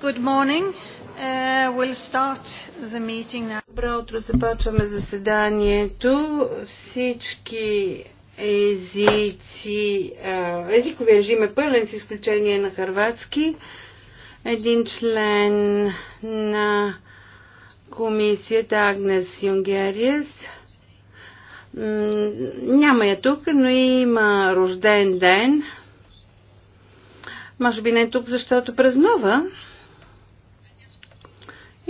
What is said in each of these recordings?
Good morning. Uh, we'll start the meeting now. Добро утро, започваме заседанието. Всички езици, езикови режим е пълен с изключение на хърватски. Един член на комисията Агнес Юнгериес няма я тук, но има рожден ден. Може би не е тук, защото празнува.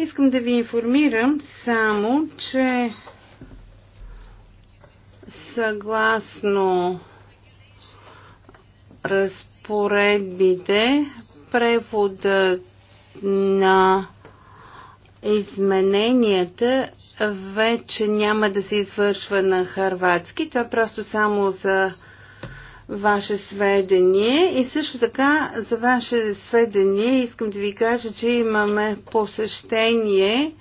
Искам да ви информирам само, че съгласно разпоредбите, преводът на измененията вече няма да се извършва на харватски. Той е просто само за ваше сведение. И също така, за ваше сведение, искам да ви кажа, че имаме посещение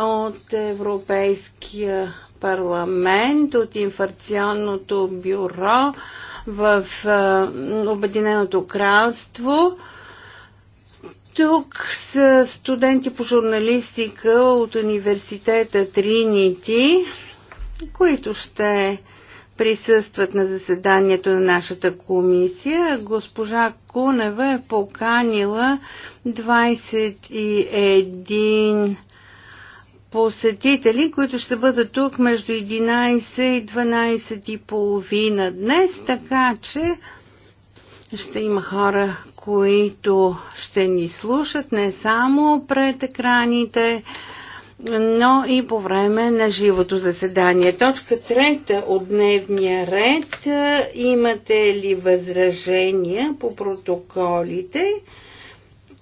от Европейския парламент, от инфарционното бюро в Обединеното кралство. Тук са студенти по журналистика от университета Тринити, които ще присъстват на заседанието на нашата комисия. Госпожа Кунева е поканила 21 посетители, които ще бъдат тук между 11 и 12 и половина днес, така че ще има хора, които ще ни слушат не само пред екраните, но и по време на живото заседание. Точка трета от дневния ред. Имате ли възражения по протоколите?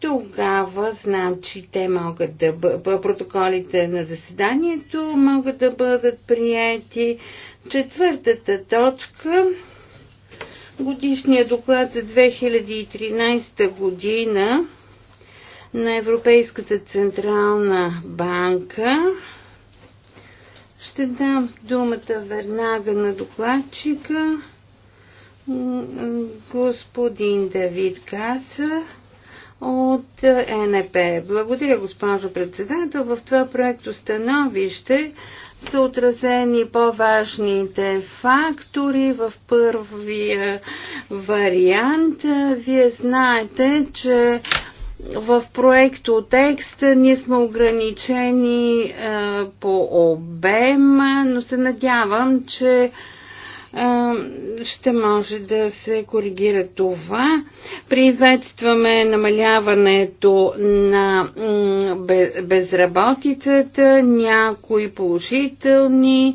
Тогава знам, че те могат да бъдат, протоколите на заседанието могат да бъдат приети. Четвъртата точка годишния доклад за 2013 година на Европейската централна банка. Ще дам думата веднага на докладчика господин Давид Каса от е НП. Благодаря, госпожо председател. В това проекто становище са отразени по-важните фактори в първия вариант. Вие знаете, че в проекто текст ние сме ограничени е, по обем, но се надявам, че е, ще може да се коригира това. Приветстваме намаляването на безработицата, някои положителни е,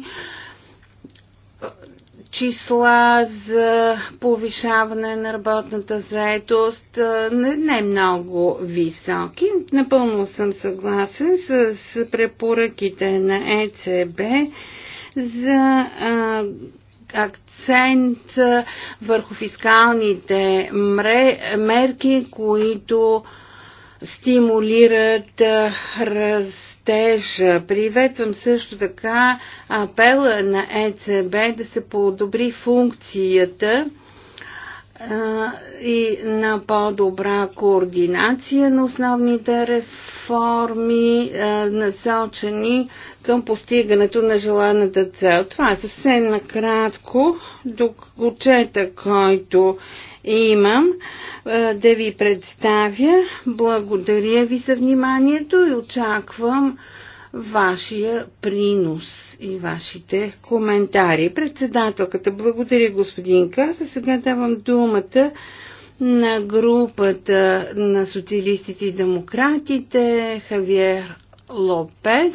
числа за повишаване на работната заетост не, не много високи. Напълно съм съгласен с, с препоръките на ЕЦБ за а, акцент върху фискалните мре, мерки, които стимулират раз растежа. Приветвам също така апела на ЕЦБ да се подобри функцията и на по-добра координация на основните реформи, насочени към постигането на желаната цел. Това е съвсем накратко до отчета, който имам да ви представя. Благодаря ви за вниманието и очаквам вашия принос и вашите коментари. Председателката, благодаря господин Каза. Сега давам думата на групата на социалистите и демократите Хавиер Лопес.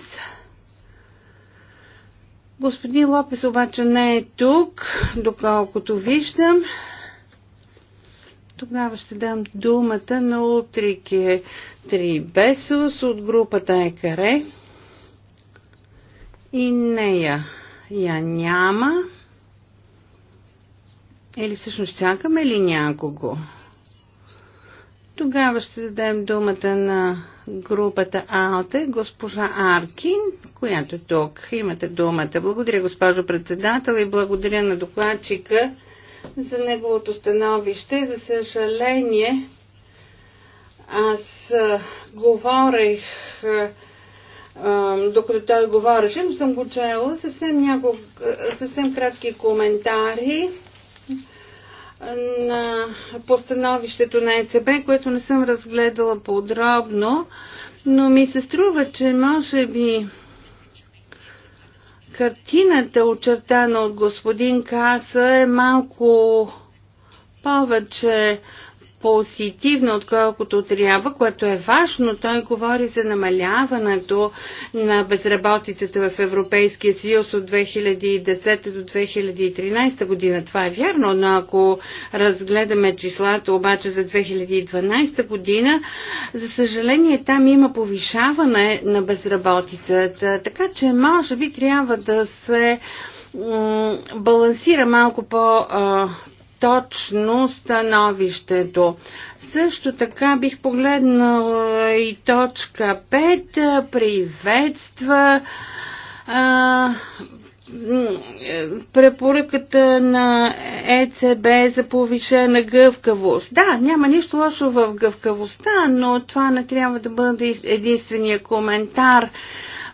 Господин Лопес обаче не е тук, доколкото виждам. Тогава ще дам думата на Утрике Трибесос от групата Екаре. И нея я няма. Или всъщност чакаме ли някого? Тогава ще дадем думата на групата АЛТЕ, госпожа Аркин, която е тук. Имате думата. Благодаря, госпожо председател, и благодаря на докладчика за неговото становище. За съжаление, аз говорех, докато той говореше, но съм го чела съвсем, няколко, съвсем кратки коментари на постановището на ЕЦБ, което не съм разгледала подробно, но ми се струва, че може би Картината, очертана от господин Каса, е малко повече по-позитивна, отколкото трябва, което е важно. Той говори за намаляването на безработицата в Европейския съюз от 2010 до 2013 година. Това е вярно, но ако разгледаме числата обаче за 2012 година, за съжаление там има повишаване на безработицата. Така че може би трябва да се балансира малко по- точно становището. Също така бих погледнала и точка 5. Приветства а, препоръката на ЕЦБ за повишена гъвкавост. Да, няма нищо лошо в гъвкавостта, но това не трябва да бъде единствения коментар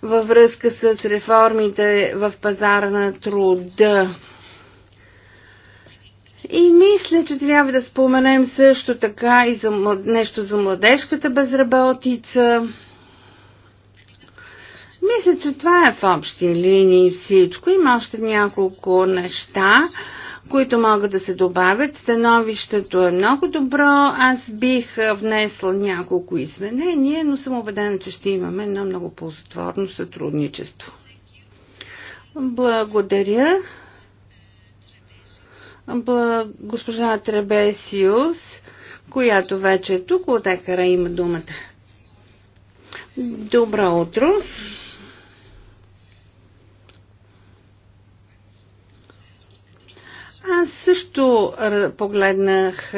във връзка с реформите в пазара на труда. И мисля, че трябва да споменем също така и за млад... нещо за младежката безработица. Мисля, че това е в общи линии всичко. Има още няколко неща, които могат да се добавят. Становището е много добро. Аз бих внесла няколко изменения, но съм убедена, че ще имаме едно много ползотворно сътрудничество. Благодаря госпожа Требесиус, която вече е тук. от екара има думата. Добро утро! Аз също погледнах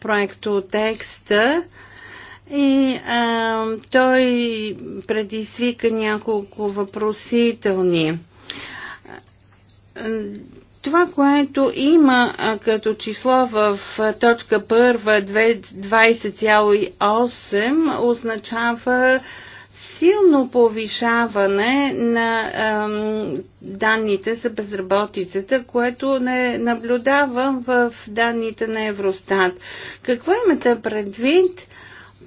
проекто текста и а, той предизвика няколко въпросителни това, което има като число в точка 1 20,8 означава силно повишаване на ам, данните за безработицата, което не наблюдавам в данните на Евростат. Какво имате предвид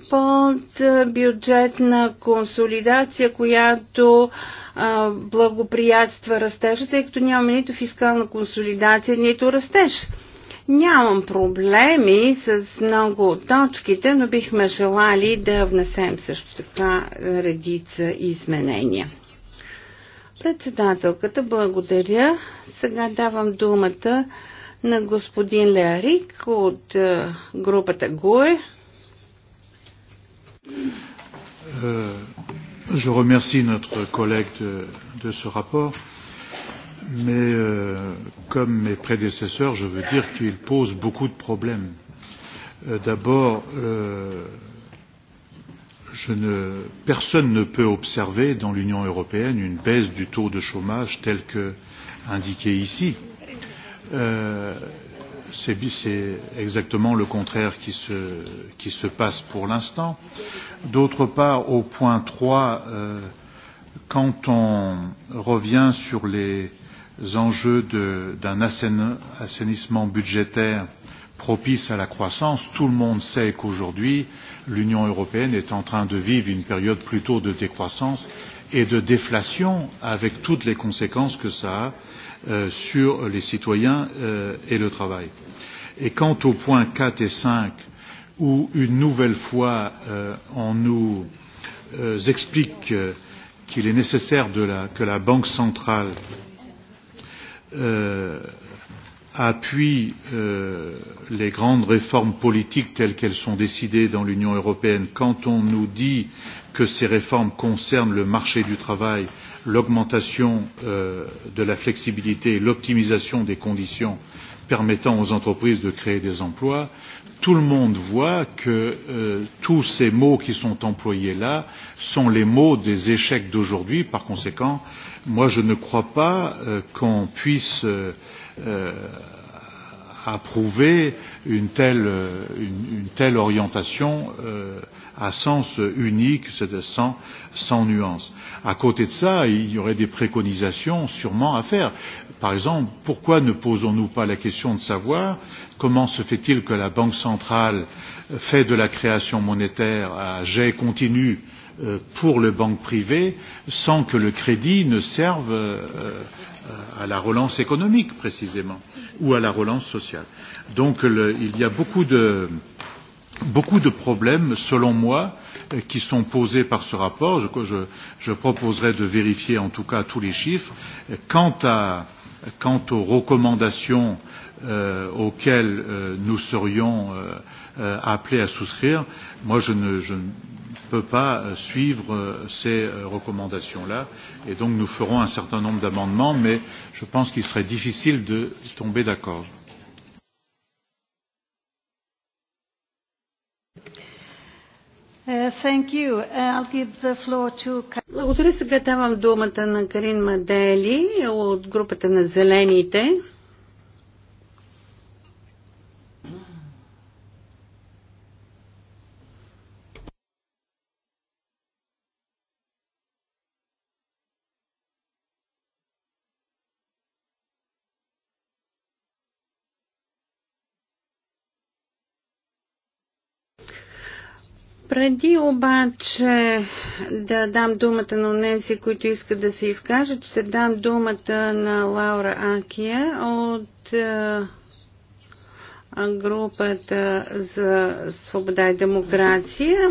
под бюджетна консолидация, която благоприятства растежа, тъй като нямаме нито фискална консолидация, нито растеж. Нямам проблеми с много точките, но бихме желали да внесем също така редица изменения. Председателката, благодаря. Сега давам думата на господин Леарик от групата ГУЕ je remercie notre collègue de, de ce rapport, mais euh, comme mes prédécesseurs, je veux dire qu'il pose beaucoup de problèmes. Euh, D'abord, euh, ne, personne ne peut observer dans l'Union européenne une baisse du taux de chômage tel que indiqué ici. Euh, c'est exactement le contraire qui se, qui se passe pour l'instant. D'autre part, au point 3, euh, quand on revient sur les enjeux d'un assainissement budgétaire propice à la croissance, tout le monde sait qu'aujourd'hui, l'Union européenne est en train de vivre une période plutôt de décroissance et de déflation, avec toutes les conséquences que ça a sur les citoyens et le travail. Et quant aux points 4 et 5, où une nouvelle fois euh, on nous euh, explique euh, qu'il est nécessaire de la, que la Banque centrale euh, appuie euh, les grandes réformes politiques telles qu'elles sont décidées dans l'Union européenne, quand on nous dit que ces réformes concernent le marché du travail, l'augmentation euh, de la flexibilité et l'optimisation des conditions euh, permettant aux entreprises de créer des emplois, tout le monde voit que euh, tous ces mots qui sont employés là sont les mots des échecs d'aujourd'hui. Par conséquent, moi je ne crois pas euh, qu'on puisse euh, euh, approuver une telle, une, une telle orientation euh, à sens unique, sans, sans nuance. À côté de ça, il y aurait des préconisations sûrement à faire. Par exemple, pourquoi ne posons-nous pas la question de savoir comment se fait-il que la Banque centrale fait de la création monétaire à jet continu pour les banques privées sans que le crédit ne serve à la relance économique précisément ou à la relance sociale. Donc le, il y a beaucoup de, beaucoup de problèmes, selon moi, qui sont posés par ce rapport. Je, je, je proposerai de vérifier en tout cas tous les chiffres. Quant à quant aux recommandations euh, auxquelles euh, nous serions euh, appelés à souscrire, moi je ne, je ne peux pas suivre ces recommandations-là. Et donc nous ferons un certain nombre d'amendements, mais je pense qu'il serait difficile de tomber d'accord. Uh, uh, Благодаря. Сега давам думата на Карин Мадели от групата на Зелените. Преди обаче да дам думата на тези, които искат да се изкажат, ще дам думата на Лаура Акия от е, групата за свобода и демокрация.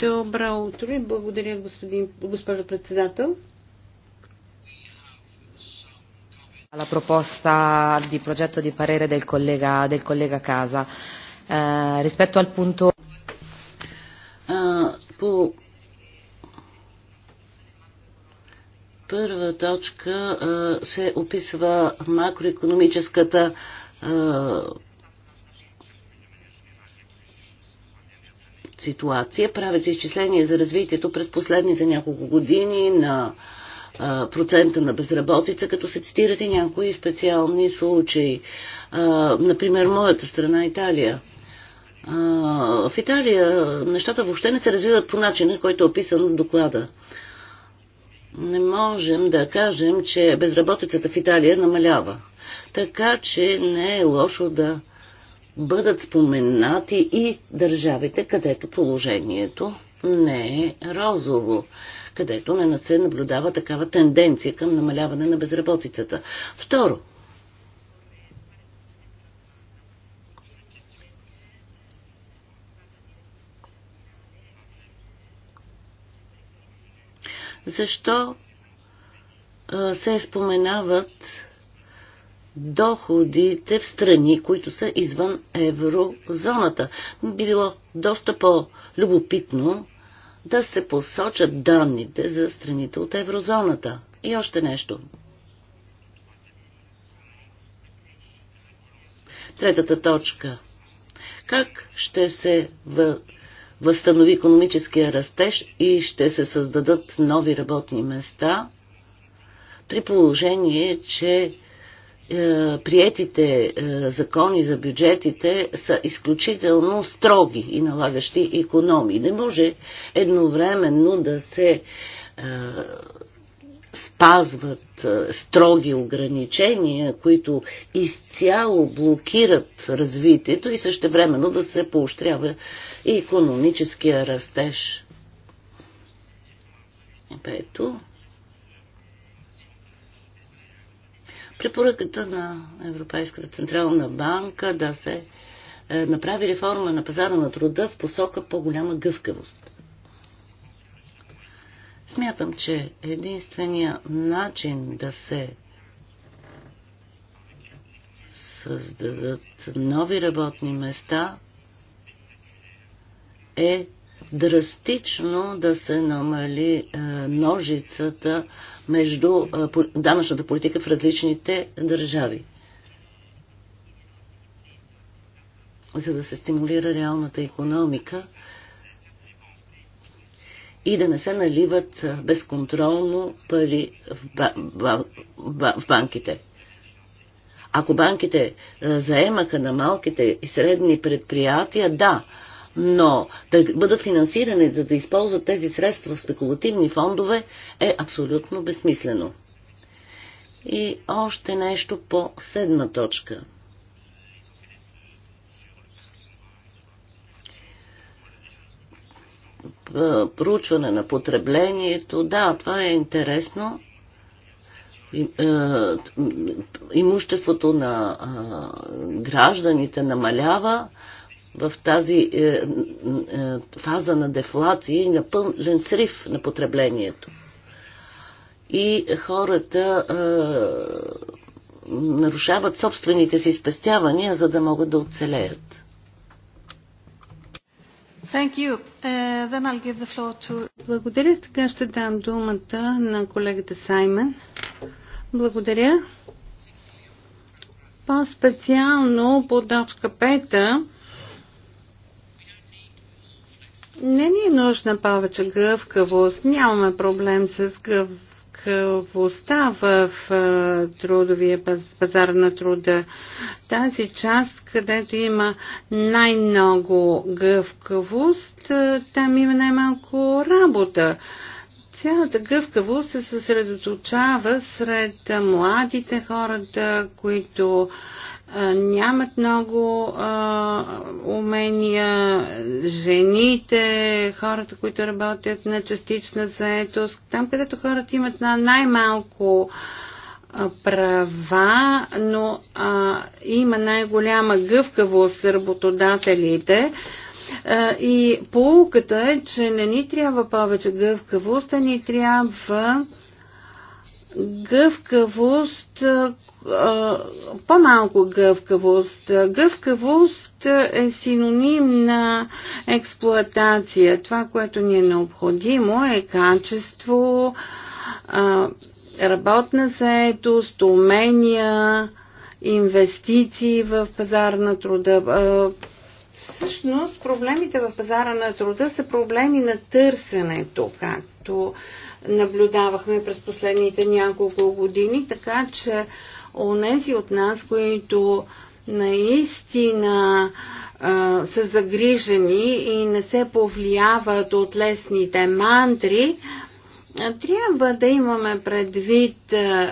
Добро утро и благодаря, господин, госпожо председател. La proposta di progetto di parere del collega, del collega Casa. Eh, rispetto al punto по първа точка се описва макроекономическата ситуация. Правят се изчисления за развитието през последните няколко години на процента на безработица, като се цитират и някои специални случаи. Например, моята страна Италия – в Италия нещата въобще не се развиват по начина, който е описан в доклада. Не можем да кажем, че безработицата в Италия намалява. Така че не е лошо да бъдат споменати и държавите, където положението не е розово, където не се наблюдава такава тенденция към намаляване на безработицата. Второ, защо се споменават доходите в страни, които са извън еврозоната. Би било доста по-любопитно да се посочат данните за страните от еврозоната. И още нещо. Третата точка. Как ще се възстанови економическия растеж и ще се създадат нови работни места, при положение, че е, приетите е, закони за бюджетите са изключително строги и налагащи економии. Не може едновременно да се е, спазват строги ограничения, които изцяло блокират развитието и също времено да се поощрява и економическия растеж. Ето. Препоръката на Европейската централна банка да се е, направи реформа на пазара на труда в посока по-голяма гъвкавост. Смятам, че единствения начин да се създадат нови работни места е драстично да се намали е, ножицата между е, данъчната политика в различните държави. За да се стимулира реалната економика и да не се наливат безконтролно пари в, ба, ба, ба, в банките. Ако банките заемаха на малките и средни предприятия, да, но да бъдат финансирани, за да използват тези средства в спекулативни фондове, е абсолютно безсмислено. И още нещо по седма точка – Е, проучване на потреблението. Да, това е интересно. И, е, имуществото на е, гражданите намалява в тази е, е фаза на дефлация и на пълен срив на потреблението. И хората е, нарушават собствените си спестявания, за да могат да оцелеят. Thank you. Uh, then I'll give the floor to... Благодаря. Така ще дам думата на колегата Саймен. Благодаря. По-специално по точка 5 не ни е нужна повече гъвкавост. Нямаме проблем с гъв в трудовия пазар на труда. Тази част, където има най-много гъвкавост, там има най-малко работа. Цялата гъвкавост се съсредоточава сред младите хората, които нямат много а, умения, жените, хората, които работят на частична заетост, там където хората имат на най-малко права, но а, има най-голяма гъвкавост работодателите. А, и полуката е, че не ни трябва повече гъвкавост, а ни трябва гъвкавост, по-малко гъвкавост. Гъвкавост е синоним на експлоатация. Това, което ни е необходимо е качество, работна заетост, умения, инвестиции в пазар на труда. Всъщност проблемите в пазара на труда са проблеми на търсенето, както наблюдавахме през последните няколко години, така че онези от нас, които наистина а, са загрижени и не се повлияват от лесните мантри, трябва да имаме предвид а,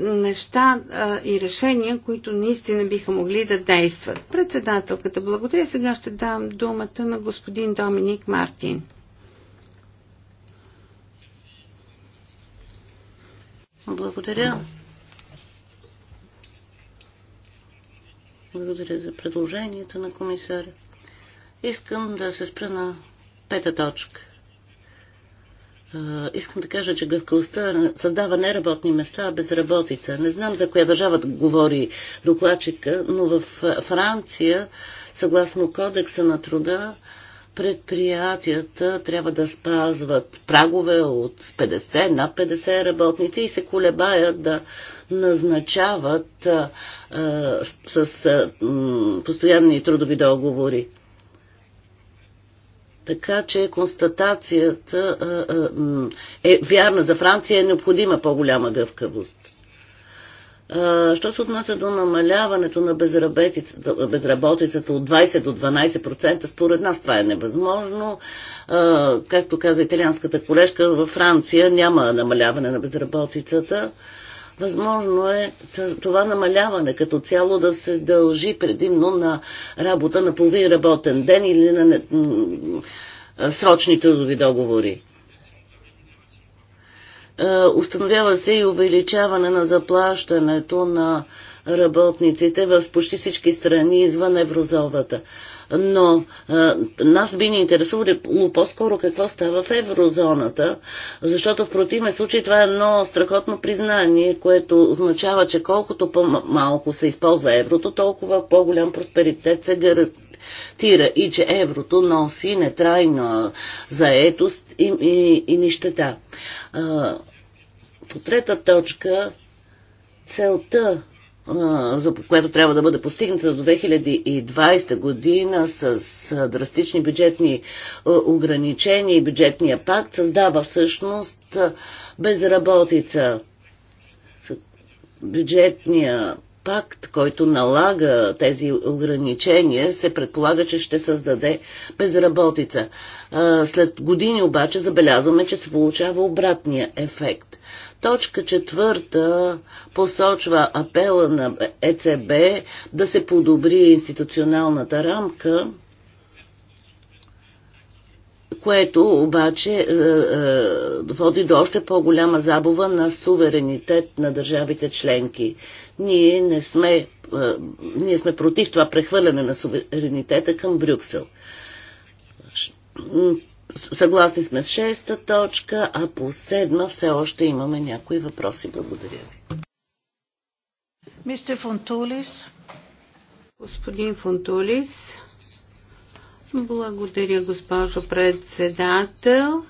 неща а, и решения, които наистина биха могли да действат. Председателката, благодаря. Сега ще дам думата на господин Доминик Мартин. Благодаря. Благодаря за предложението на комисаря. Искам да се спра на пета точка. Искам да кажа, че гъвкавостта създава неработни места, а безработица. Не знам за коя държава да говори докладчика, но в Франция, съгласно кодекса на труда, предприятията трябва да спазват прагове от 50 на 50 работници и се колебаят да назначават а, а, с а, м, постоянни трудови договори. Така че констатацията а, а, е вярна. За Франция е необходима по-голяма гъвкавост. Що се отнася до намаляването на безработицата, от 20 до 12%, според нас това е невъзможно. Както каза италианската колежка, във Франция няма намаляване на безработицата. Възможно е това намаляване като цяло да се дължи предимно на работа на половин работен ден или на срочни трудови договори. Е, установява се и увеличаване на заплащането на работниците в почти всички страни извън еврозовата. Но а, е, нас би ни интересувало по-скоро какво става в еврозоната, защото в противен случай това е едно страхотно признание, което означава, че колкото по-малко се използва еврото, толкова по-голям просперитет се гарантира и че еврото носи нетрайна заетост и, и, и нищета. Е, по трета точка, целта, за която трябва да бъде постигната до 2020 година с драстични бюджетни ограничения и бюджетния пакт, създава всъщност безработица. Бюджетния пакт, който налага тези ограничения, се предполага, че ще създаде безработица. След години обаче забелязваме, че се получава обратния ефект. Точка четвърта посочва апела на ЕЦБ да се подобри институционалната рамка, което обаче е, е, води до още по-голяма забава на суверенитет на държавите членки. Ние не сме, е, ние сме против това прехвърляне на суверенитета към Брюксел Съгласни сме с шеста точка, а по седма все още имаме някои въпроси. Благодаря ви. Мистер Фонтулис. Господин Фонтулис. Благодаря, госпожо председател.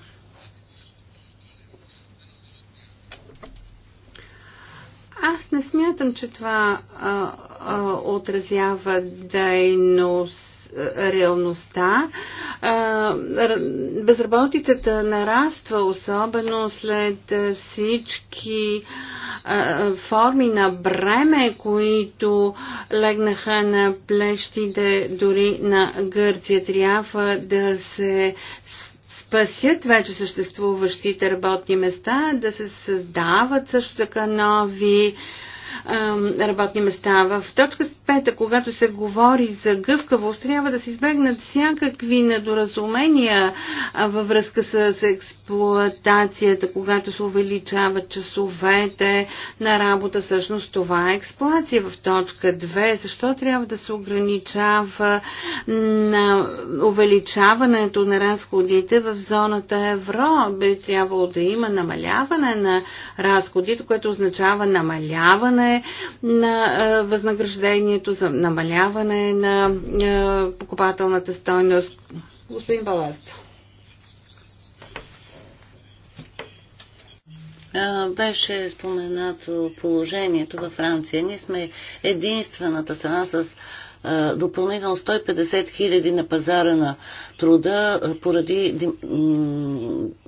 Аз не смятам, че това а, а, отразява дейност реалността. Безработицата нараства, особено след всички форми на бреме, които легнаха на плещите дори на Гърция. Трябва да се спасят вече съществуващите работни места, да се създават също така нови работни места. В точка 5, когато се говори за гъвкавост, трябва да се избегнат всякакви недоразумения във връзка с експлуатацията, когато се увеличават часовете на работа. Всъщност това е експлуатация в точка 2. Защо трябва да се ограничава на увеличаването на разходите в зоната евро? Би трябвало да има намаляване на разходите, което означава намаляване намаляване на възнаграждението, за намаляване на покупателната стойност. Господин Баласт. Беше споменато положението във Франция. Ние сме единствената страна с допълнително 150 хиляди на пазара на труда поради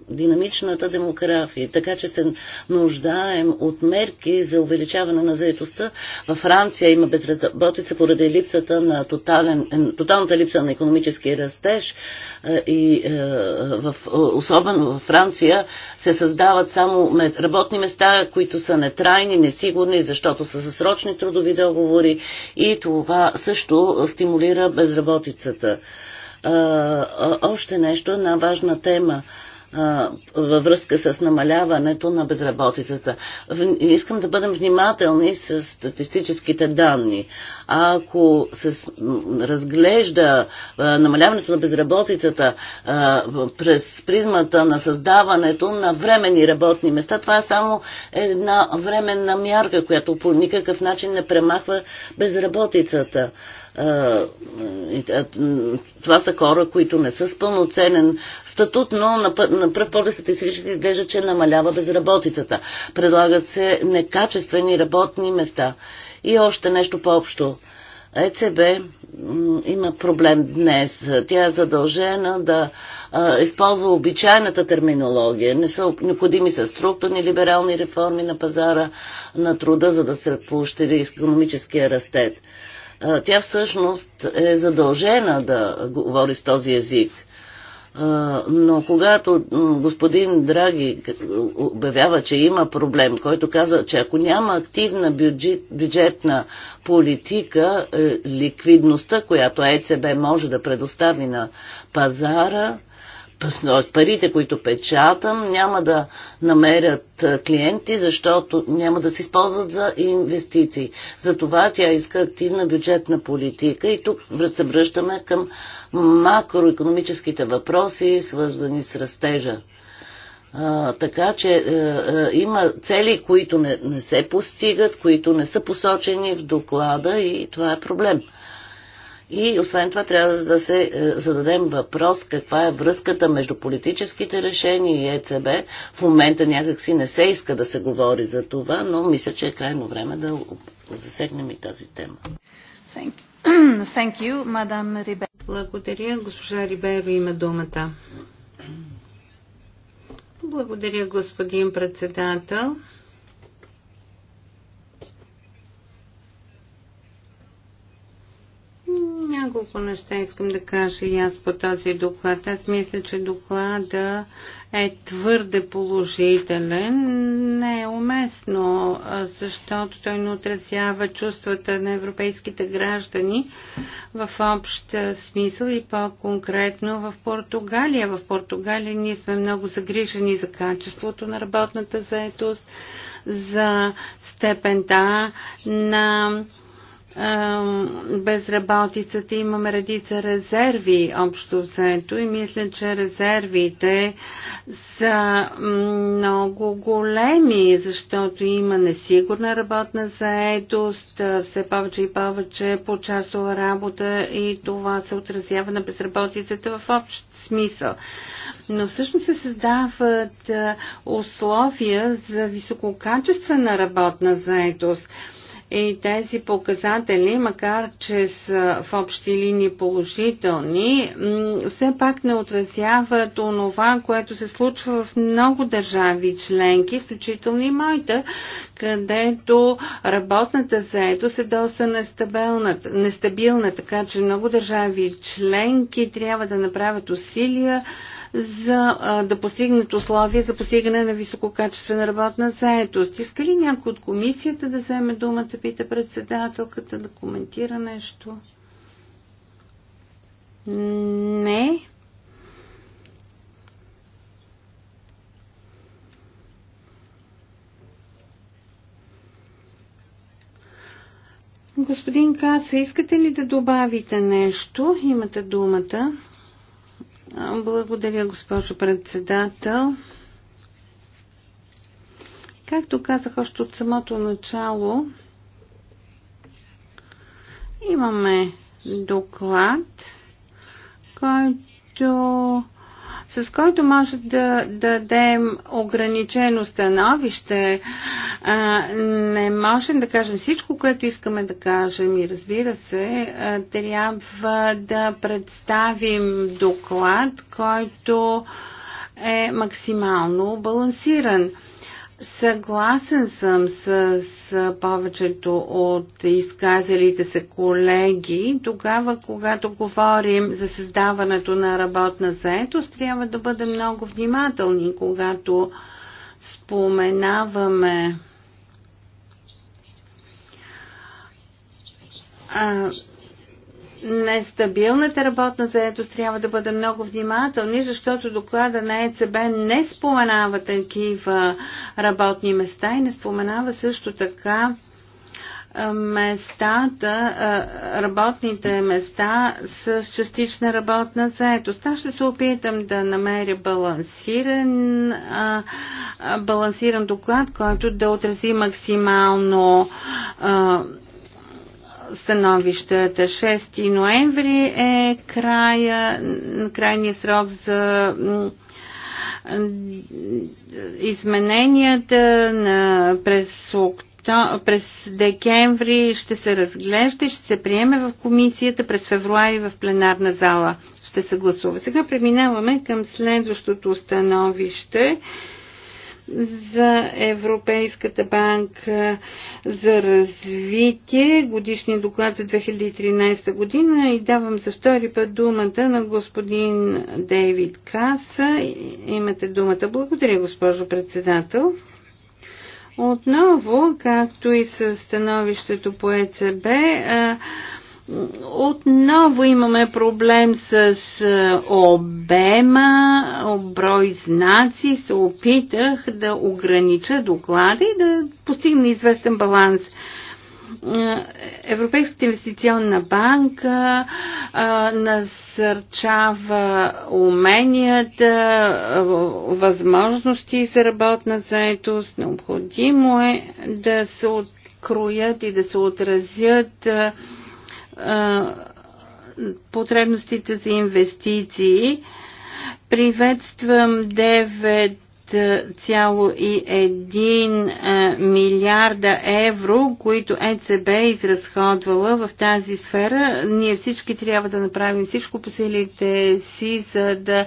динамичната демография, така че се нуждаем от мерки за увеличаване на заедостта. Във Франция има безработица поради липсата на тотален, тоталната липса на економически растеж е, и е, в, особено във Франция се създават само работни места, които са нетрайни, несигурни, защото са със срочни трудови договори и това също стимулира безработицата е, още нещо, една важна тема във връзка с намаляването на безработицата. Искам да бъдем внимателни с статистическите данни. Ако се разглежда намаляването на безработицата през призмата на създаването на временни работни места, това е само една временна мярка, която по никакъв начин не премахва безработицата. Е, е, това са хора, които не са с пълноценен статут, но на, на пръв поглед статистически изглежда, че намалява безработицата. Предлагат се некачествени работни места. И още нещо по-общо. ЕЦБ има проблем днес. Тя е задължена да а, е, използва обичайната терминология. Не са необходими са структурни либерални реформи на пазара на труда, за да се поощри економическия растет. Тя всъщност е задължена да говори с този език. Но когато господин Драги обявява, че има проблем, който каза, че ако няма активна бюджет, бюджетна политика, е, ликвидността, която ЕЦБ може да предостави на пазара, т.е. парите, които печатам, няма да намерят клиенти, защото няма да се използват за инвестиции. Затова тя иска активна бюджетна политика и тук се връщаме към макроекономическите въпроси, свързани с растежа. А, така че а, а, има цели, които не, не се постигат, които не са посочени в доклада и това е проблем. И освен това трябва да се е, зададем въпрос каква е връзката между политическите решения и ЕЦБ. В момента някакси не се иска да се говори за това, но мисля, че е крайно време да засегнем и тази тема. Thank you, мадам Рибер. Благодаря. Госпожа Риберо има думата. Благодаря, господин председател. Няколко неща искам да кажа и аз по този доклад. Аз мисля, че доклада е твърде положителен. Не е уместно, защото той не отразява чувствата на европейските граждани в общ смисъл и по-конкретно в Португалия. В Португалия ние сме много загрижени за качеството на работната заетост, за степента на безработицата имаме редица резерви общо взето и мисля, че резервите са много големи, защото има несигурна работна заедост, все повече и повече по часова работа и това се отразява на безработицата в общ смисъл. Но всъщност се създават условия за висококачествена работна заедост. И тези показатели, макар че са в общи линии положителни, все пак не отразяват онова, което се случва в много държави членки, включително и моите, където работната заето е доста нестабилна, нестабилна, така че много държави членки трябва да направят усилия за а, да постигнат условия за постигане на висококачествена работна заедост. Иска ли някой от комисията да вземе думата, пита председателката, да коментира нещо? Не. Господин Каса, искате ли да добавите нещо? Имате думата. Благодаря, госпожо председател. Както казах още от самото начало, имаме доклад, който с който може да дадем ограничено становище. Не можем да кажем всичко, което искаме да кажем и разбира се, трябва да представим доклад, който е максимално балансиран. Съгласен съм с, с повечето от изказалите се колеги. Тогава, когато говорим за създаването на работна заетост, трябва да бъдем много внимателни, когато споменаваме а, нестабилната работна заедост трябва да бъде много внимателни, защото доклада на ЕЦБ не споменава такива работни места и не споменава също така местата, работните места с частична работна заетост. Аз ще се опитам да намеря балансиран, балансиран доклад, който да отрази максимално становищата. 6 ноември е края, крайният срок за измененията на през октомври през декември ще се разглежда и ще се приеме в комисията през февруари в пленарна зала. Ще се гласува. Сега преминаваме към следващото становище за Европейската банка за развитие, годишния доклад за 2013 година и давам за втори път думата на господин Дейвид Каса. Имате думата. Благодаря, госпожо председател. Отново, както и със становището по ЕЦБ, отново имаме проблем с обема, брой знаци. Се опитах да огранича доклада и да постигна известен баланс. Европейската инвестиционна банка а, насърчава уменията, възможности за работна заетост. Необходимо е да се откроят и да се отразят а, потребностите за инвестиции. Приветствам 9,1 милиарда евро, които ЕЦБ е изразходвала в тази сфера. Ние всички трябва да направим всичко по силите си, за да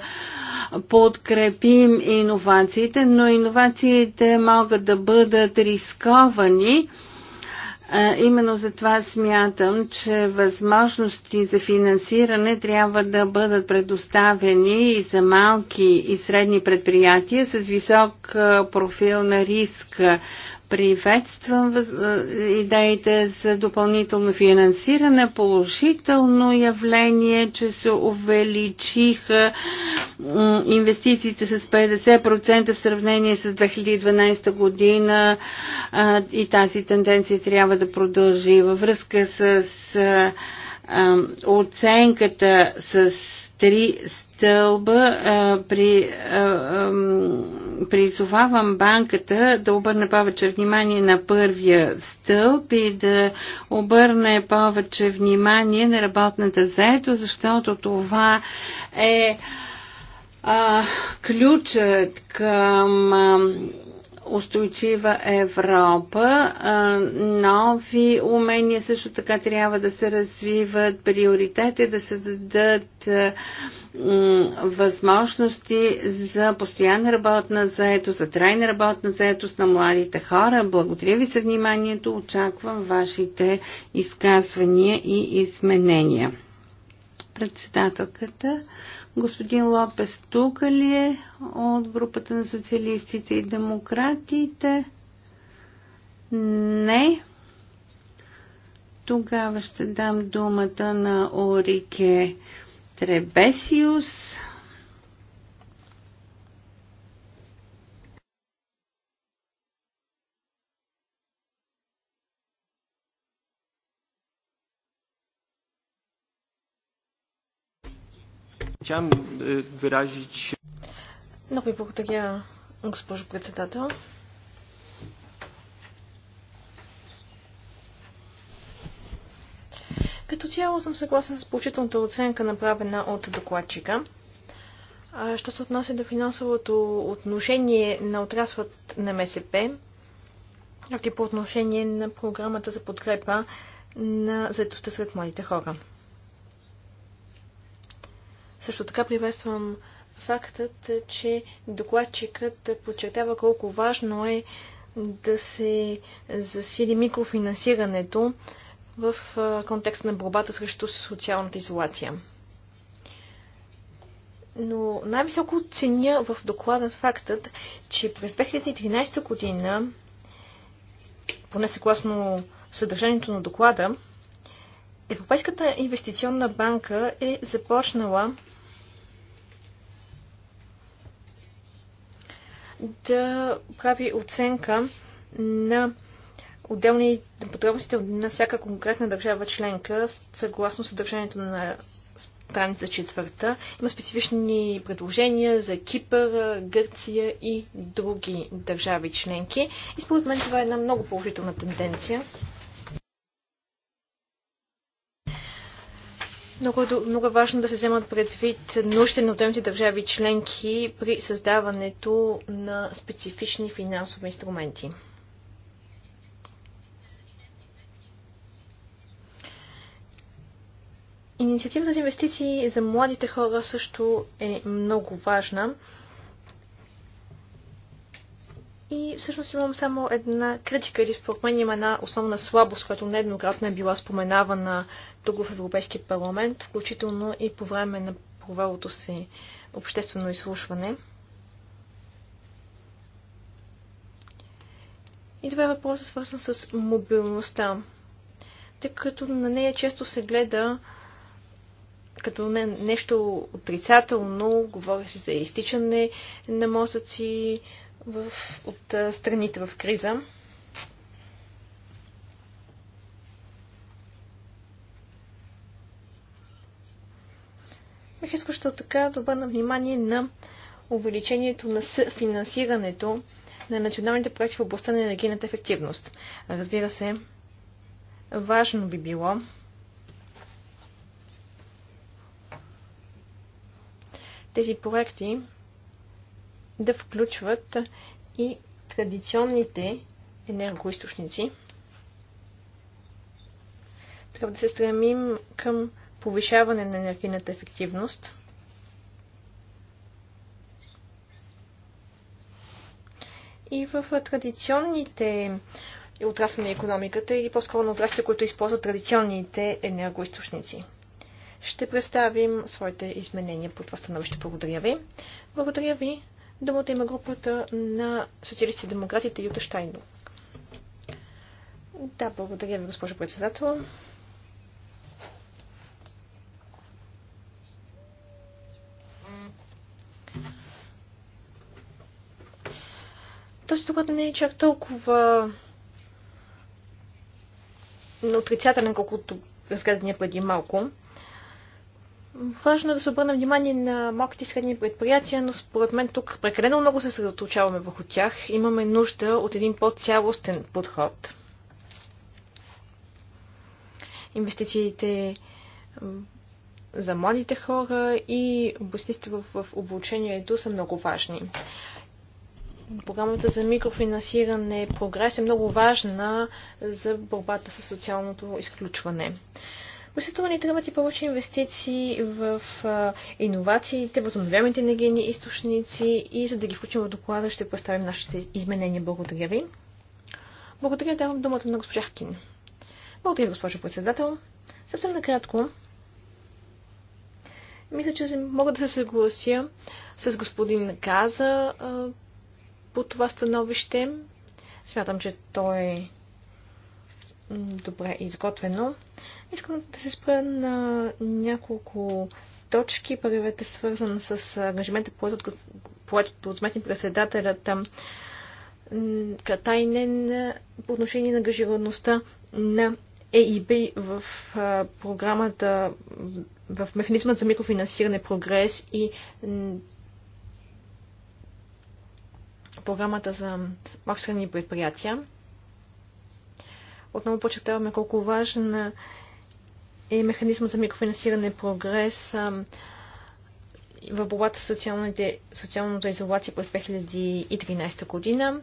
подкрепим иновациите, но иновациите могат да бъдат рисковани Именно за това смятам, че възможности за финансиране трябва да бъдат предоставени и за малки и средни предприятия с висок профил на риск. Приветствам идеите за допълнително финансиране. Положително явление, че се увеличиха инвестициите с 50% в сравнение с 2012 година и тази тенденция трябва да продължи. Във връзка с оценката с три стълба а, при, а, а, призовавам банката да обърне повече внимание на първия стълб и да обърне повече внимание на работната заето, защото това е а, ключът към а, устойчива Европа. Нови умения също така трябва да се развиват, приоритети да се дадат възможности за постоянна работна заетост, за трайна работна заетост на младите хора. Благодаря ви за вниманието. Очаквам вашите изказвания и изменения. Председателката Господин Лопес тук ли е от групата на социалистите и демократите? Не. Тогава ще дам думата на Орике Требесиус Chciałem e, wyrazić... Много ви ja, госпожо председател. Като цяло съм съгласен с получителната оценка, направена от докладчика. Що се отнася до финансовото отношение на отраслът на МСП, както и по отношение на програмата за подкрепа на заедостта сред младите хора. Също така приветствам фактът, че докладчикът подчертава колко важно е да се засили микрофинансирането в контекст на борбата срещу социалната изолация. Но най-високо ценя в докладът фактът, че през 2013 година, поне съгласно съдържанието на доклада, Европейската инвестиционна банка е започнала да прави оценка на отделни подробности на всяка конкретна държава членка, съгласно съдържанието на страница четвърта. Има специфични предложения за Кипър, Гърция и други държави членки. И според мен това е една много положителна тенденция. Много, много е важно да се вземат предвид нуждите на отделните държави членки при създаването на специфични финансови инструменти. Инициативата за инвестиции за младите хора също е много важна. И всъщност имам само една критика или според мен има една основна слабост, която нееднократно е била споменавана тук в Европейския парламент, включително и по време на провалото си обществено изслушване. И това е въпросът свързан с мобилността. Тъй като на нея често се гледа като не, нещо отрицателно, говори се за изтичане на мозъци, в, от страните в криза. Бих искал така да обърна внимание на увеличението на финансирането на националните проекти в областта на енергийната ефективност. Разбира се, важно би било тези проекти да включват и традиционните енергоисточници. Трябва да се стремим към повишаване на енергийната ефективност. И в традиционните отрасли на економиката или по-скоро на отрасли, които използват традиционните енергоисточници. Ще представим своите изменения по това становище. Благодаря ви. Благодаря ви. Думата има групата на социалисти и демократите Юта Штайнбург. Да, благодаря ви, госпожо председател. Този доклад не е чак толкова на отрицателен, колкото разгледания преди малко. Важно е да се обърне внимание на малките и средни предприятия, но според мен тук прекалено много се съсредоточаваме върху тях. Имаме нужда от един по-цялостен подход. Инвестициите за младите хора и областите в, в обучението са много важни. Програмата за микрофинансиране е прогрес е много важна за борбата с социалното изключване. Действително ни трябват и повече инвестиции в иновациите, възобновяемите енергийни източници и за да ги включим в доклада ще представим нашите изменения. Благодаря ви. Благодаря, давам думата на госпожа Хкин. Благодаря, госпожо председател. Съвсем накратко, мисля, че мога да се съглася с господин Каза по това становище. Смятам, че той. е добре изготвено. Искам да се спра на няколко точки. Първият е свързан с ангажимента, поет от, от председателя там Катайнен по отношение на ангажираността на ЕИБ в програмата, в механизма за микрофинансиране прогрес и програмата за максимални предприятия отново почетаваме колко важен е механизмът за микрофинансиране прогрес в борбата с социалната изолация през 2013 година.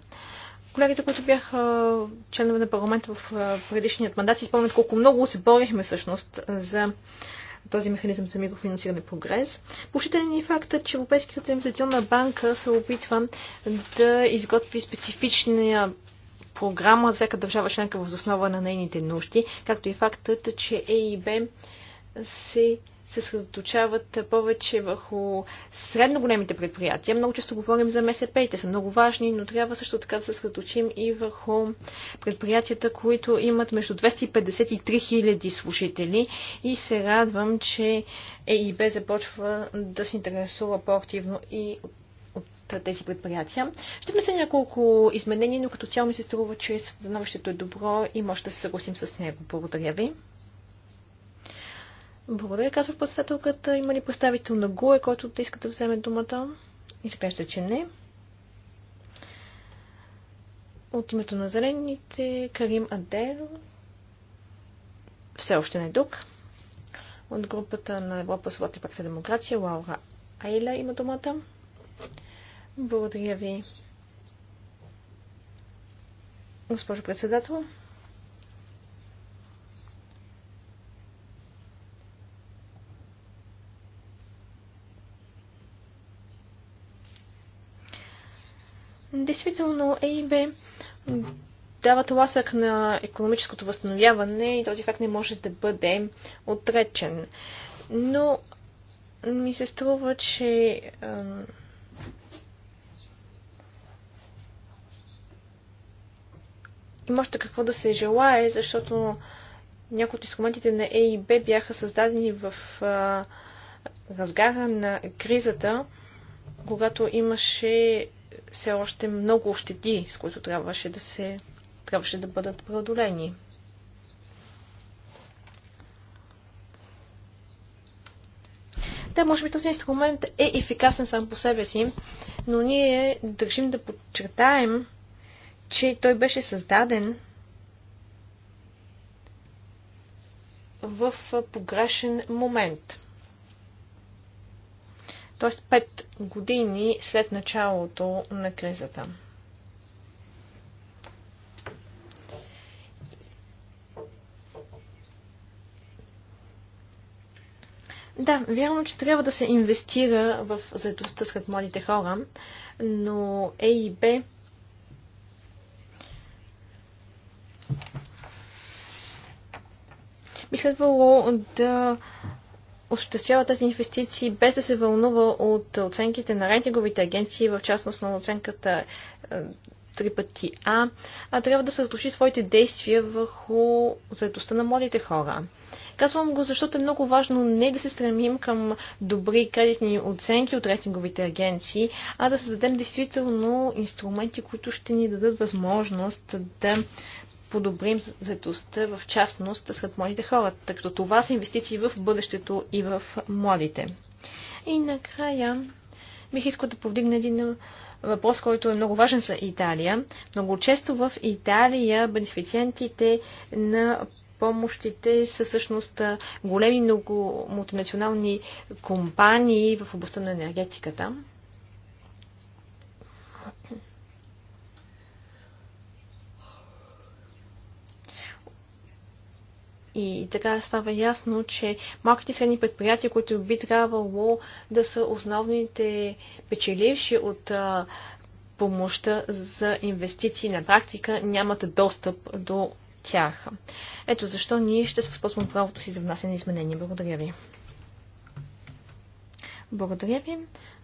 Колегите, които бяха членове на парламента в предишният мандат, си спомнят колко много се борихме всъщност за този механизъм за микрофинансиране прогрес. Пушителен е фактът, че Европейската инвестиционна банка се опитва да изготви специфичния програма за всяка държава членка въз основа на нейните нужди, както и фактът, че ЕИБ се се съсредоточават повече върху средно големите предприятия. Много често говорим за МСП и те са много важни, но трябва също така да се съсредоточим и върху предприятията, които имат между 253 хиляди слушатели служители и се радвам, че ЕИБ започва да се интересува по-активно и от тези предприятия. Ще внесе няколко изменения, но като цяло ми се струва, че становището е добро и може да се съгласим с него. Благодаря ви. Благодаря, казва председателката. Има ли представител на ГУЕ, който да иска да вземе думата? Изглежда, че не. От името на зелените Карим Адер все още не е тук. От групата на Европа Свобода и демокрация Лаура Айла има думата. Благодаря ви, госпожо председател. Действително, ЕИБ дава тласък на економическото възстановяване и този факт не може да бъде отречен. Но ми се струва, че има още какво да се желае, защото някои от инструментите на B бяха създадени в а, разгара на кризата, когато имаше все още много щети, с които трябваше да се трябваше да бъдат преодолени. Да, може би този инструмент е ефикасен сам по себе си, но ние държим да подчертаем, че той беше създаден в погрешен момент. Тоест 5 години след началото на кризата. Да, вярно, че трябва да се инвестира в заедостта сред младите хора, но Е и Б би следвало да осъществява тези инвестиции без да се вълнува от оценките на рейтинговите агенции, в частност на оценката е, три пъти А, а трябва да съсредоточи своите действия върху заедостта на младите хора. Казвам го, защото е много важно не да се стремим към добри кредитни оценки от рейтинговите агенции, а да създадем действително инструменти, които ще ни дадат възможност да подобрим заедостта в частност сред младите хора, тъй като това са инвестиции в бъдещето и в младите. И накрая бих искал да повдигна един въпрос, който е много важен за Италия. Много често в Италия бенефициентите на помощите са всъщност големи много мултинационални компании в областта на енергетиката. И така става ясно, че малките и средни предприятия, които би трябвало да са основните печеливши от а, помощта за инвестиции на практика, нямат достъп до тях. Ето защо ние ще се възползваме правото си за внасяне на изменения. Благодаря ви. Благодаря ви.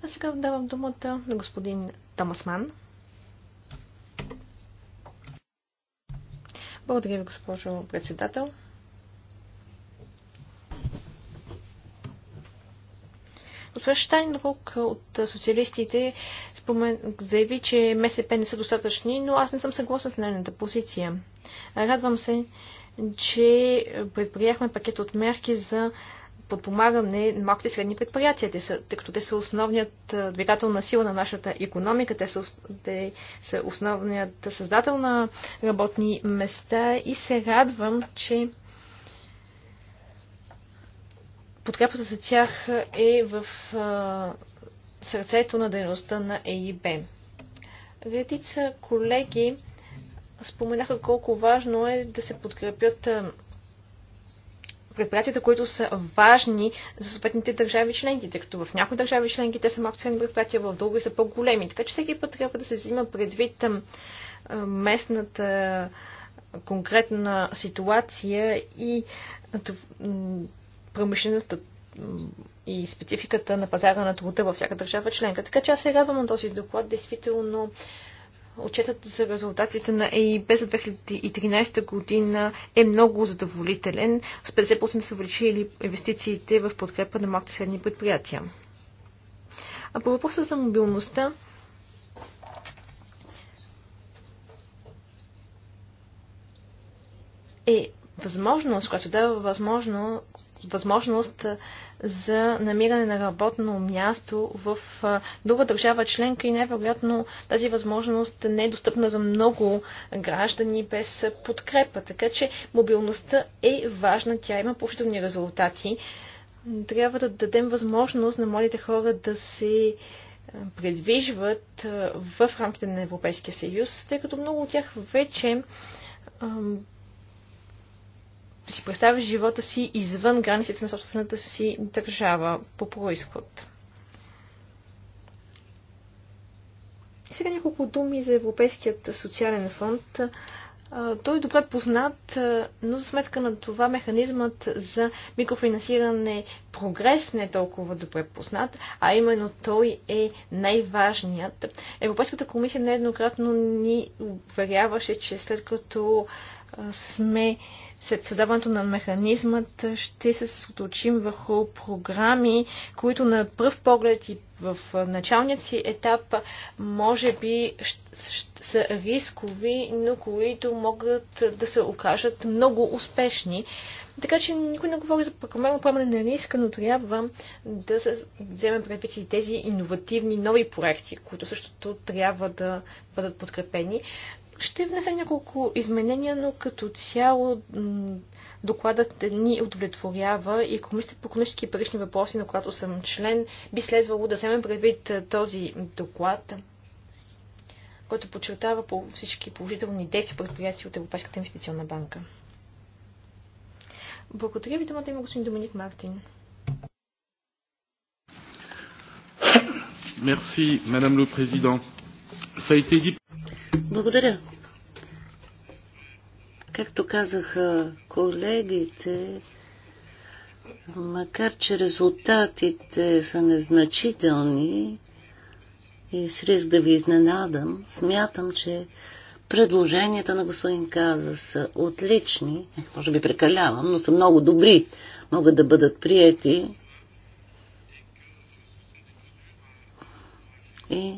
А сега давам думата на господин Тамасман. Благодаря ви, госпожо председател. Госпожа Штайнрук от социалистите спомен... заяви, че МСП не са достатъчни, но аз не съм съгласна с нейната позиция. Радвам се, че предприяхме пакет от мерки за подпомагане на малките и средни предприятия, те са, тъй като те са основният двигател на сила на нашата економика, те са, те са основният създател на работни места и се радвам, че подкрепата за тях е в а, сърцето на дейността на ЕИБ. Редица колеги споменаха колко важно е да се подкрепят предприятията, които са важни за съответните държави членки, тъй като в някои държави членки те са малко ценни предприятия, в други са по-големи. Така че всеки път трябва да се взима предвид местната конкретна ситуация и промишлеността и спецификата на пазара на труда във всяка държава членка. Така че аз се радвам на този доклад. Действително, отчетът за резултатите на ЕИБ за 2013 година е много задоволителен. С 50% са увеличили инвестициите в подкрепа на малките средни предприятия. А по въпроса за мобилността, е възможност, която дава възможно, възможност за намиране на работно място в друга държава членка и най-вероятно тази възможност не е достъпна за много граждани без подкрепа. Така че мобилността е важна, тя има положителни резултати. Трябва да дадем възможност на младите хора да се предвижват в рамките на Европейския съюз, тъй като много от тях вече си представиш живота си извън границите на собствената си държава по происход. И сега няколко думи за Европейският социален фонд. Той е добре познат, но за сметка на това механизмът за микрофинансиране прогрес не е толкова добре познат, а именно той е най-важният. Европейската комисия нееднократно ни уверяваше, че след като сме след създаването на механизмът ще се съсредоточим върху програми, които на пръв поглед и в началният си етап може би са рискови, но които могат да се окажат много успешни. Така че никой не говори за прекомерно поемане на риска, но трябва да се вземе предвид и тези иновативни нови проекти, които същото трябва да бъдат подкрепени. Ще внесе няколко изменения, но като цяло докладът ни удовлетворява и Комисията по економически и парични въпроси, на която съм член, би следвало да вземем предвид този доклад, който подчертава по всички положителни действия предприятия от Европейската инвестиционна банка. Благодаря ви, думата има господин Доминик Мартин. Merci, Madame le Président. Ça a été dit. Благодаря. Както казаха колегите, макар че резултатите са незначителни и с риск да ви изненадам, смятам, че предложенията на господин Каза са отлични, е, може би прекалявам, но са много добри, могат да бъдат приети. И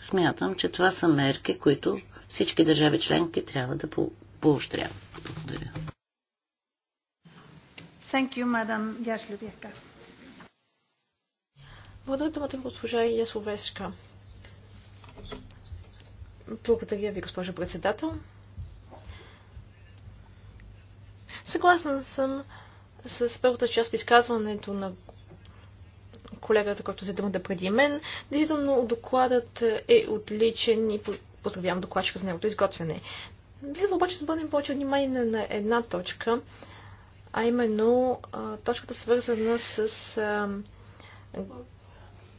Смятам, че това са мерки, които всички държави членки трябва да по поощряват. Благодаря. Thank you, madam Благодаря думата госпожа Ясловешка. Благодаря ви, госпожа председател. Съгласна съм с първата част изказването на колегата, който се труда преди мен. Действително, докладът е отличен и поздравявам докладчика за неговото изготвяне. Следва обаче да бъдем повече внимание на една точка, а именно точката свързана с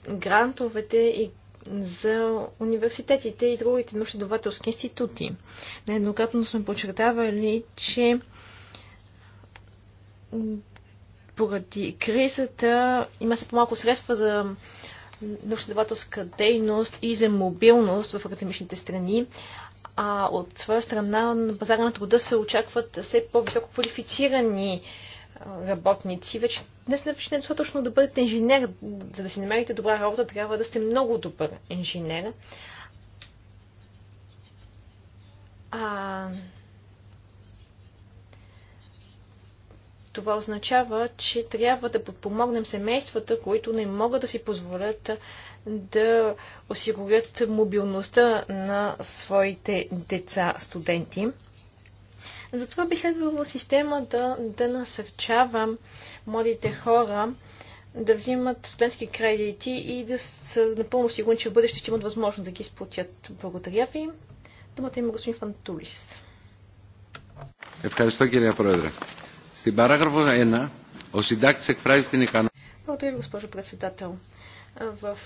грантовете и за университетите и другите научно-давателски институти. Нееднократно сме подчертавали, че поради кризата има се по-малко средства за научно-давателска дейност и за мобилност в академичните страни, а от своя страна на пазара на труда се очакват все по-високо квалифицирани работници. Вече не не е достатъчно да бъдете инженер, за да си намерите добра работа, трябва да сте много добър инженер. А, Това означава, че трябва да подпомогнем семействата, които не могат да си позволят да осигурят мобилността на своите деца, студенти. Затова би следвало системата да, да насърчава младите хора да взимат студентски кредити и да са напълно сигурни, че в бъдеще ще имат възможност да ги изплатят. Благодаря ви. Думата има господин Фантулис. Ευχαριστώ κύριε Πρόεδρε. Στην παράγραφο 1, ο συντάκτης εκφράζει την ικανότητα... Благодаря, госпожо председател. В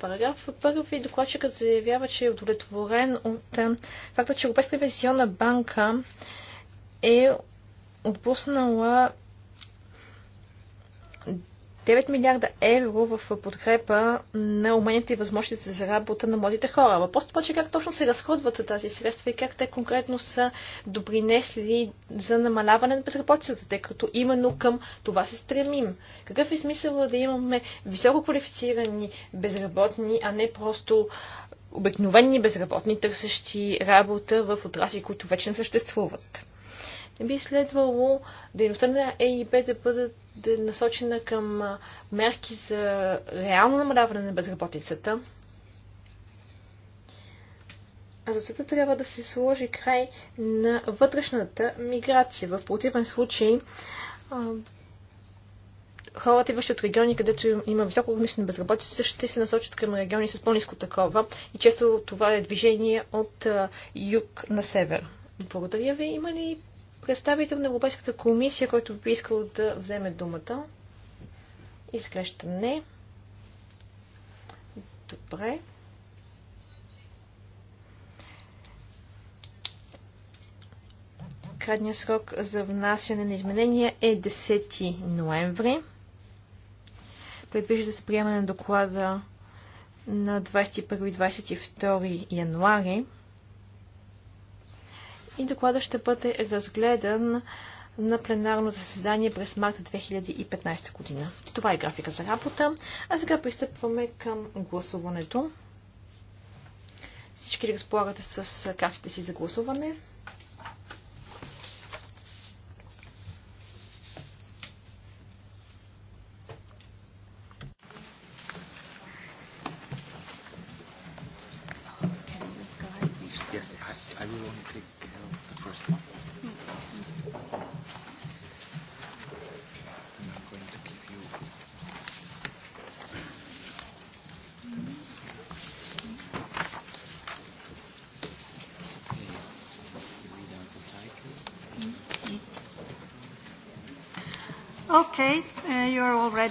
параграф първи докладчикът заявява, че е удовлетворен от факта, че Европейска инвестиционна банка е отпуснала 9 милиарда евро в подкрепа на уменията и възможности за работа на младите хора. Въпросът обаче е как точно се разходват тази средства и как те конкретно са допринесли за намаляване на безработицата, тъй като именно към това се стремим. Какъв е смисъл да имаме високо квалифицирани безработни, а не просто обикновени безработни, търсещи работа в отрасли, които вече не съществуват? би следвало дейността на ЕИБ да бъдат да е насочена към мерки за реално намаляване на безработицата. А за трябва да се сложи край на вътрешната миграция. В противен случай хората, идващи от региони, където има високо равнище на безработица, ще се насочат към региони с по-низко такова. И често това е движение от юг на север. Благодаря ви. Има ли представител на Европейската комисия, който би искал да вземе думата? Изглежда не. Добре. Крайният срок за внасяне на изменения е 10 ноември. Предвижда се приемане на доклада на 21-22 януари и докладът ще бъде разгледан на пленарно заседание през март 2015 година. Това е графика за работа. А сега пристъпваме към гласуването. Всички разполагате с картите си за гласуване.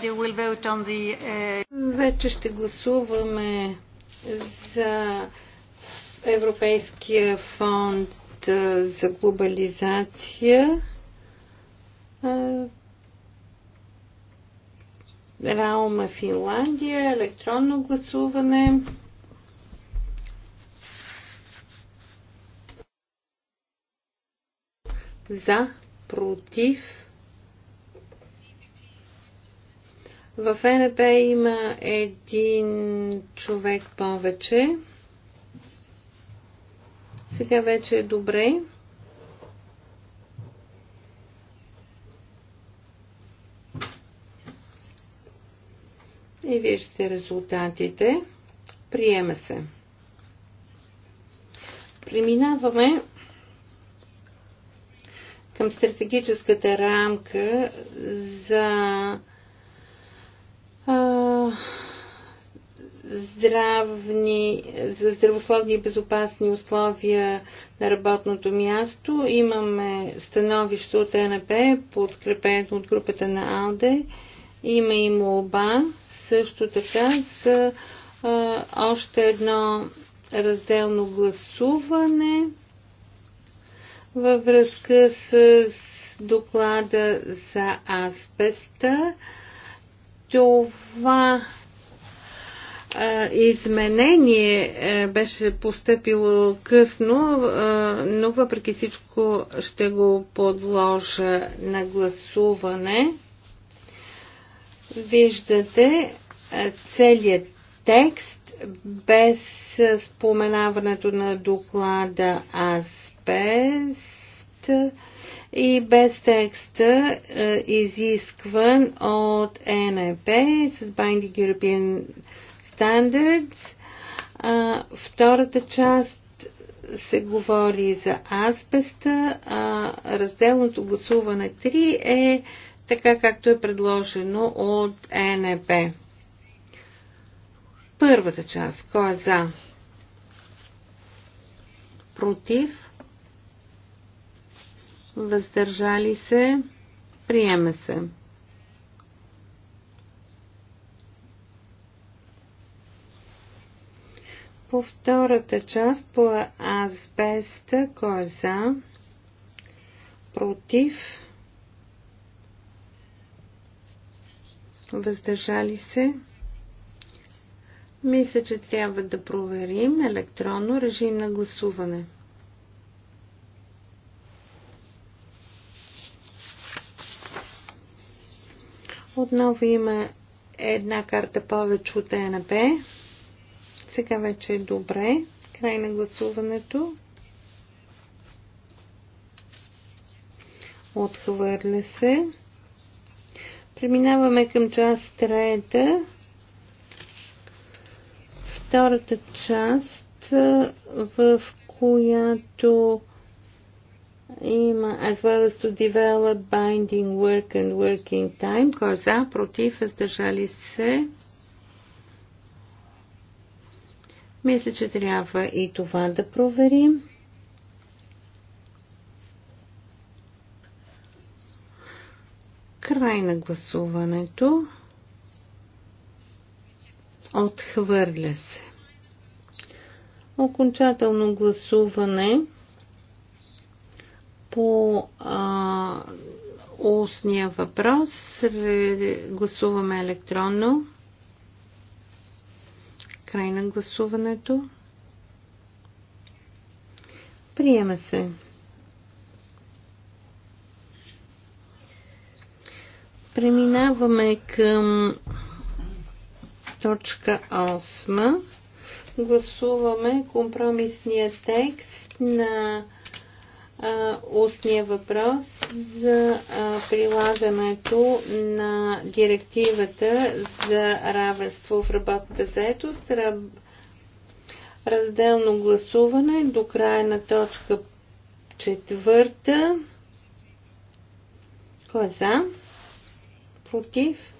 Uh, Вече ще гласуваме за Европейския фонд за глобализация. Раума Финландия, електронно гласуване. За, против, В НП има един човек повече. Сега вече е добре. И виждате резултатите. Приема се. Преминаваме към стратегическата рамка за здравни, за здравословни и безопасни условия на работното място. Имаме становище от НП, подкрепено от групата на АЛДЕ. Има и молба също така за а, още едно разделно гласуване във връзка с доклада за аспеста. Това изменение е, беше поступило късно, е, но въпреки всичко ще го подложа на гласуване. Виждате е, целият текст без споменаването на доклада Аспест и без текста изискван от ЕНП с Binding European Standards. А, втората част се говори за азбеста, а разделното гласуване 3 е така както е предложено от е НЕП. Първата част. Кой е за? Против? Въздържали се? Приема се. по втората част по азбеста, кой е за, против, въздържали се. Мисля, че трябва да проверим електронно режим на гласуване. Отново има една карта повече от ЕНП. Сега вече е добре. Край на гласуването. Отхвърля се. Преминаваме към част трета. Втората част, в която има as well as to develop binding work and working time. коза е за, против, въздържали се, Мисля, че трябва и това да проверим. Край на гласуването. Отхвърля се. Окончателно гласуване по а, устния въпрос. Гласуваме електронно. Край на гласуването. Приема се. Преминаваме към точка 8. Гласуваме компромисния текст на устния въпрос за прилагането на директивата за равенство в работната заетост. Разделно гласуване до края на точка четвърта. Кой е за? Против?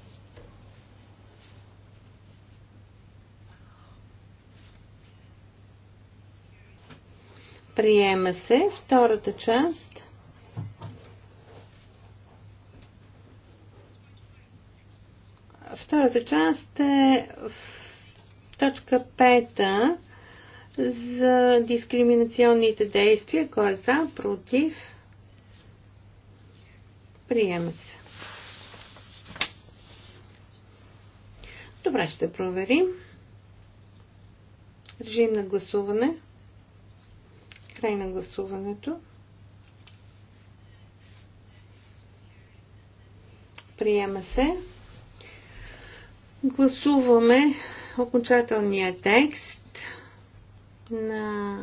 Приема се втората част. Втората част е в точка 5 за дискриминационните действия. Кой е за, против? Приема се. Добре, ще проверим. Режим на гласуване. Край на гласуването. Приема се. Гласуваме окончателния текст на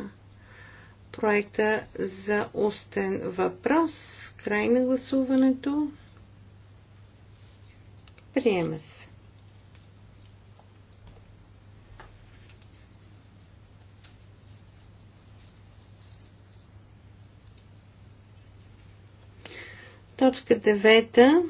проекта за устен въпрос. Край на гласуването. Приема се. Точка девета.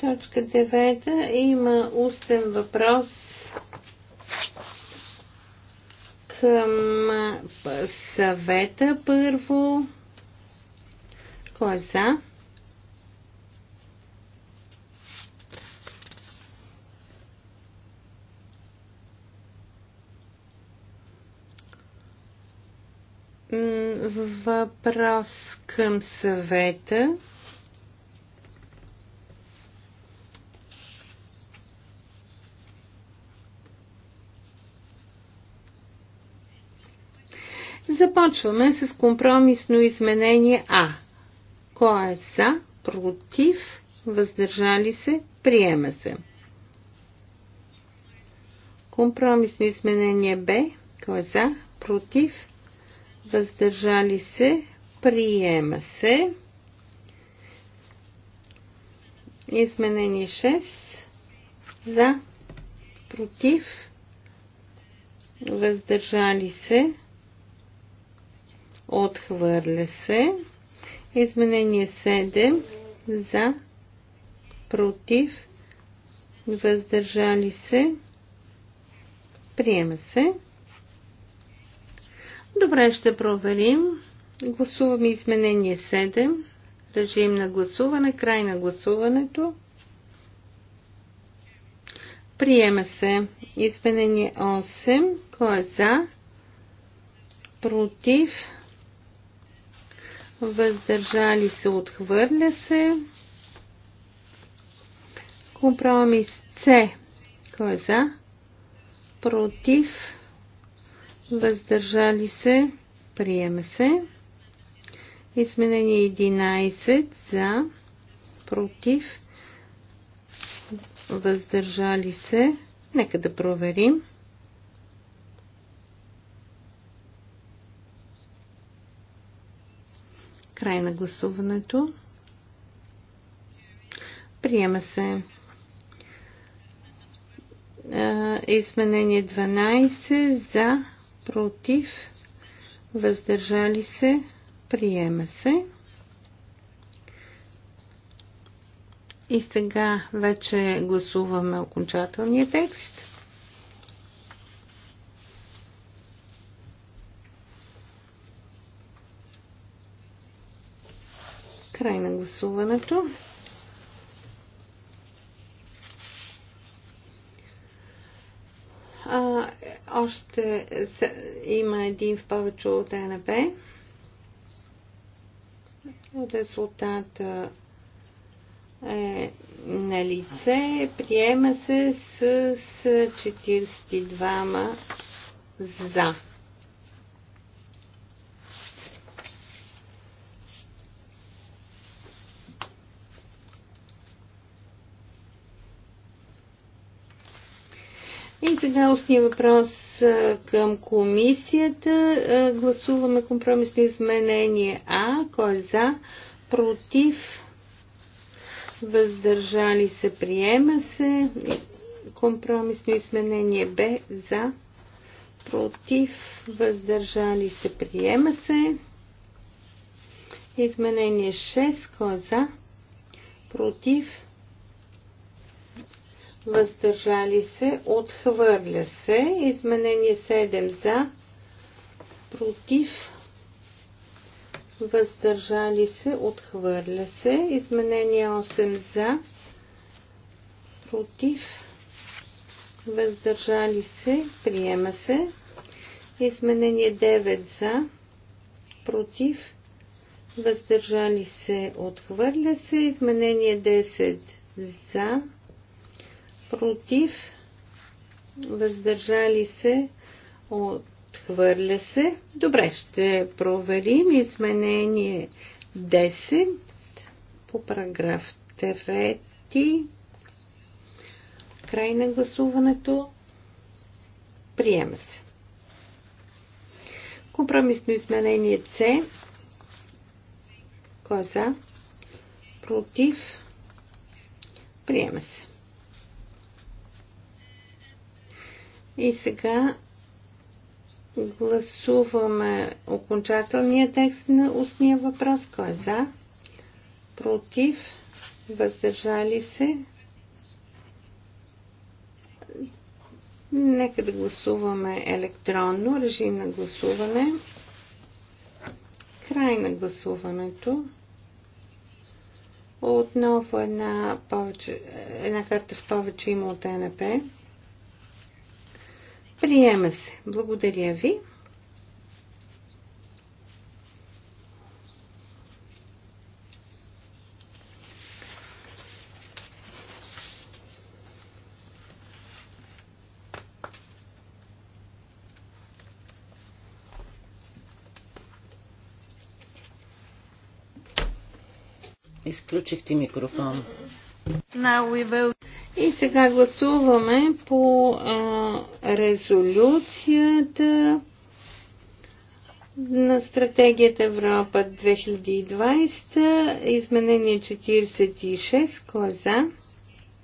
Точка девета. Има устен въпрос към съвета първо. Кой е за? въпрос към съвета. Започваме с компромисно изменение А. Кой е за, против, въздържали се, приема се. Компромисно изменение Б. Кой е за, против, въздържали се, приема се. Изменение 6 за, против, въздържали се, отхвърля се. Изменение 7 за, против, въздържали се, приема се. Добре, ще проверим. Гласуваме изменение 7. Режим на гласуване, край на гласуването. Приема се изменение 8. Кой е за? Против? Въздържали се? Отхвърля се? Компромис С. Кой е за? Против? въздържали се, приема се. Изменение 11 за, против, въздържали се. Нека да проверим. Край на гласуването. Приема се. Е, изменение 12 за против, въздържали се, приема се. И сега вече гласуваме окончателния текст. Край на гласуването. Още има един в повече от ЕНП. Резултата е на лице. Приема се с 42 за. Сега устния въпрос към комисията. Гласуваме компромисно изменение А. Кой е за? Против? Въздържали се? Приема се. Компромисно изменение Б. За? Против? Въздържали се? Приема се. Изменение 6. Кой е за? Против? въздържали се, отхвърля се. Изменение 7 за, против, въздържали се, отхвърля се. Изменение 8 за, против, въздържали се, приема се. Изменение 9 за, против, въздържали се, отхвърля се. Изменение 10 за, против, въздържали се, отхвърля се. Добре, ще проверим изменение 10 по параграф 3. Край на гласуването. Приема се. Компромисно изменение С. Кой е за? Против. Приема се. И сега гласуваме окончателния текст на устния въпрос. Кой е за? Против? Въздържали се? Нека да гласуваме електронно. Режим на гласуване. Край на гласуването. Отново една, повече, една карта в повече има от НП. Приема се. Благодаря ви. Изключихте микрофон. Now we will... И сега гласуваме по а, резолюцията на стратегията Европа 2020, изменение 46, кой е за,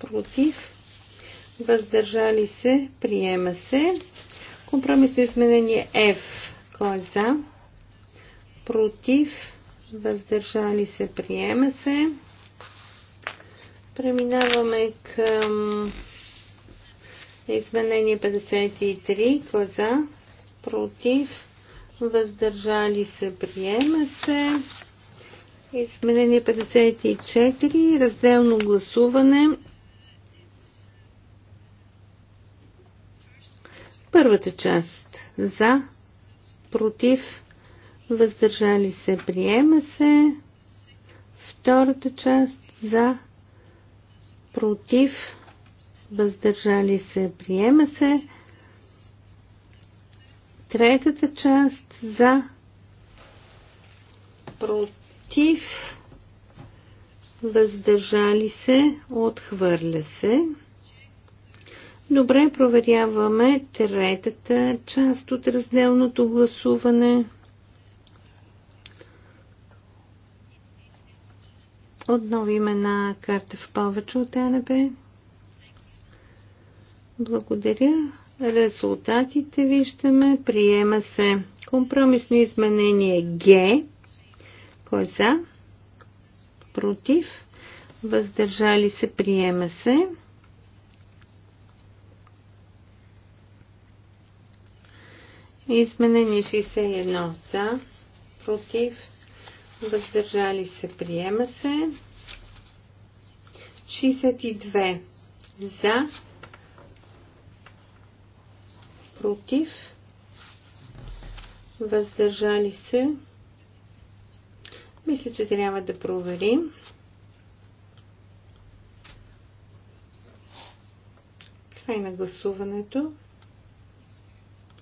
против, въздържали се, приема се. Компромисно изменение F, кой е за, против, въздържали се, приема се. Преминаваме към изменение 53. Коза е Против? Въздържали се? Приема се. Изменение 54. Разделно гласуване. Първата част. За? Против? Въздържали се? Приема се. Втората част. За? против, въздържали се, приема се. Третата част за, против, въздържали се, отхвърля се. Добре, проверяваме третата част от разделното гласуване. Отново има една карта в повече от НБ. Благодаря. Резултатите виждаме. Приема се компромисно изменение Г. Кой е за? Против. Въздържали се. Приема се. Изменение 61 за. Против въздържали се, приема се. 62 за, против, въздържали се. Мисля, че трябва да проверим. Край на гласуването.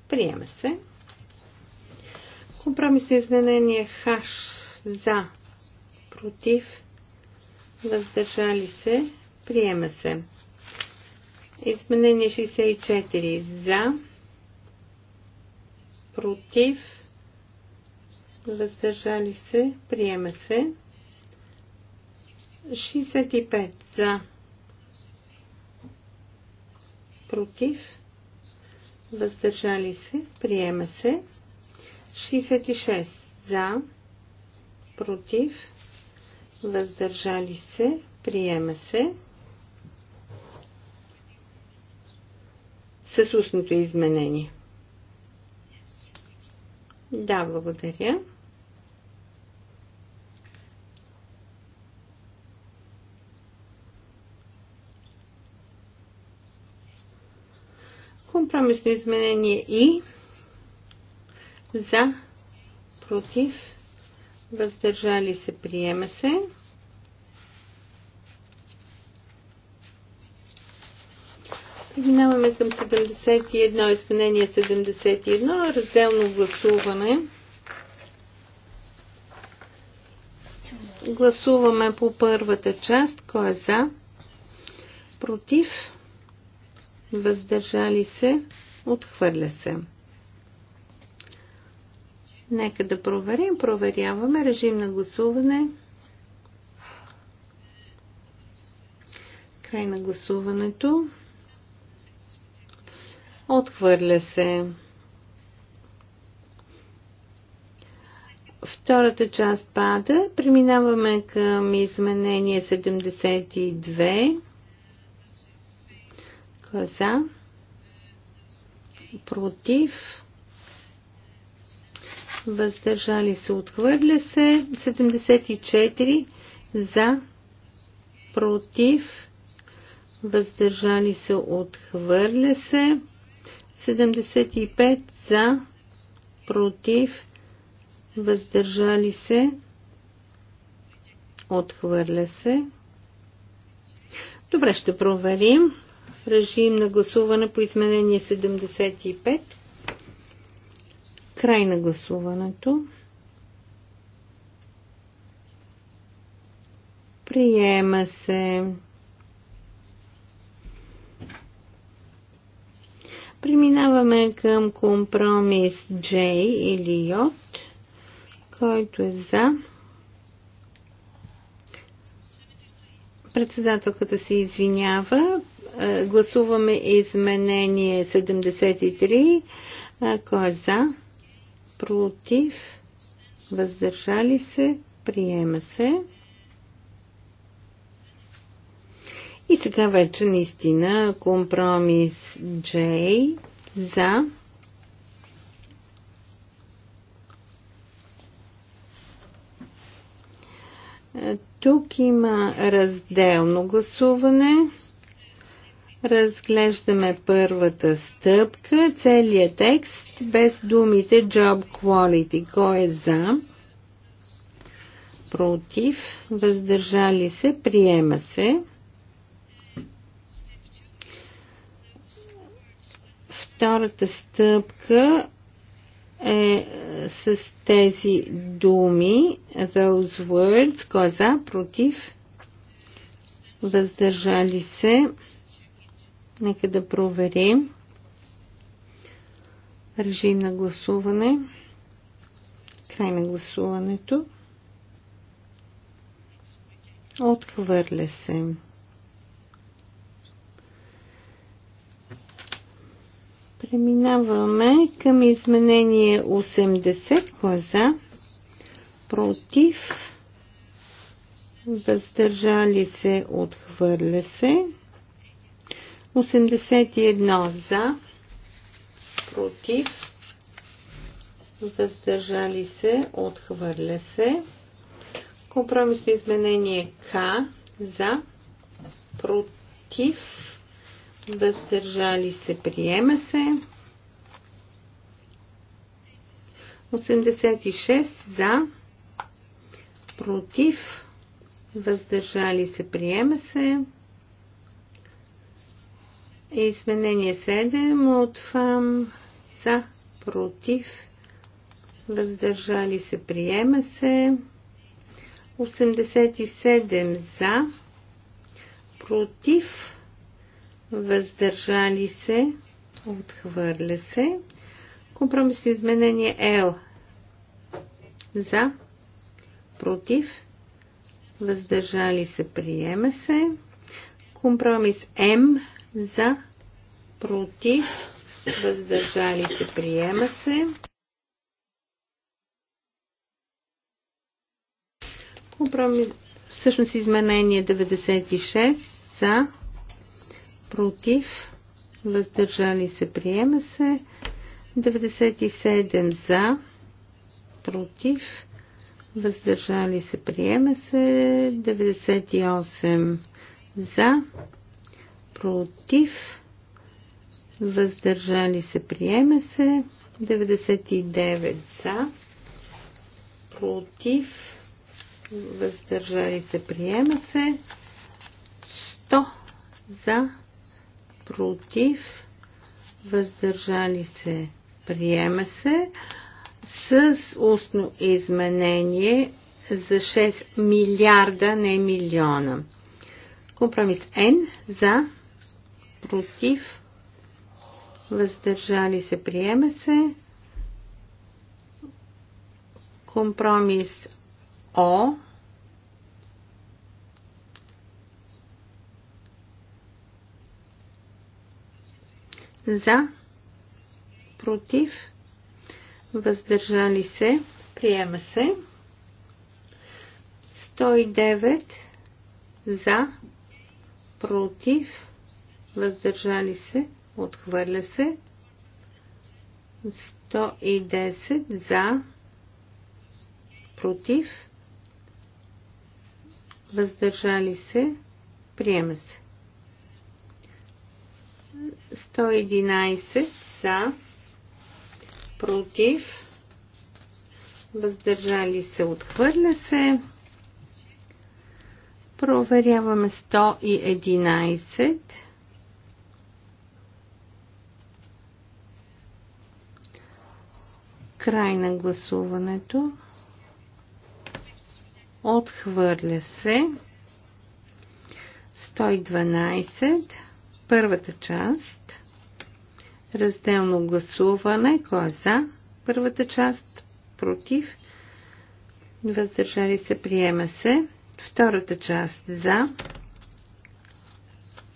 Приема се. Компромисно изменение ХАШ за, против, въздържали се, приема се. Изменение 64 за, против, въздържали се, приема се. 65 за, против, въздържали се, приема се. 66 за, против, против, въздържали се, приема се. С устното изменение. Да, благодаря. Компромисно изменение и за, против, въздържали се, приема се. Преминаваме към 71, изменение 71, разделно гласуване. Гласуваме по първата част, кой е за, против, въздържали се, отхвърля се. Нека да проверим. Проверяваме режим на гласуване. Край на гласуването. Отхвърля се. Втората част пада. Преминаваме към изменение 72. Е Против. Против въздържали се, отхвърля се. 74 за, против, въздържали се, отхвърля се. 75 за, против, въздържали се, отхвърля се. Добре, ще проверим. Режим на гласуване по изменение 75. Край на гласуването. Приема се. Преминаваме към компромис J или J, който е за. Председателката се извинява. Е, гласуваме изменение 73. Е, кой е за? против, въздържали се, приема се. И сега вече наистина компромис J за Тук има разделно гласуване разглеждаме първата стъпка, целият текст без думите job quality. Кой е за? Против? Въздържали се? Приема се. Втората стъпка е с тези думи, those words, кой е за, против, въздържали се, Нека да проверим. Режим на гласуване. Край на гласуването. Отхвърля се. Преминаваме към изменение 80 е за против въздържали се, отхвърля се. 81 за, против, въздържали се, отхвърля се. Компромисно изменение К за, против, въздържали се, приема се. 86 за, против, въздържали се, приема се. Изменение 7 от ФАМ за, против, въздържали се, приема се. 87 за, против, въздържали се, отхвърля се. Компромисно изменение L за, против, въздържали се, приема се. Компромис М за, против, въздържали се, приема се. всъщност изменение 96 за, против, въздържали се, приема се. 97 за, против, въздържали се, приема се. 98 за, против, въздържали се, приема се, 99 за, против, въздържали се, приема се, 100 за, против, въздържали се, приема се, с устно изменение за 6 милиарда, не милиона. Компромис N за против, въздържали се, приема се. Компромис О. За, против, въздържали се, приема се. 109 за, против, въздържали се, отхвърля се. 110 за, против, въздържали се, приема се. 111 за, против, въздържали се, отхвърля се. Проверяваме 111. Край на гласуването. Отхвърля се. 112. Първата част. Разделно гласуване. Кой е за? Първата част. Против. Въздържали се. Приема се. Втората част. За.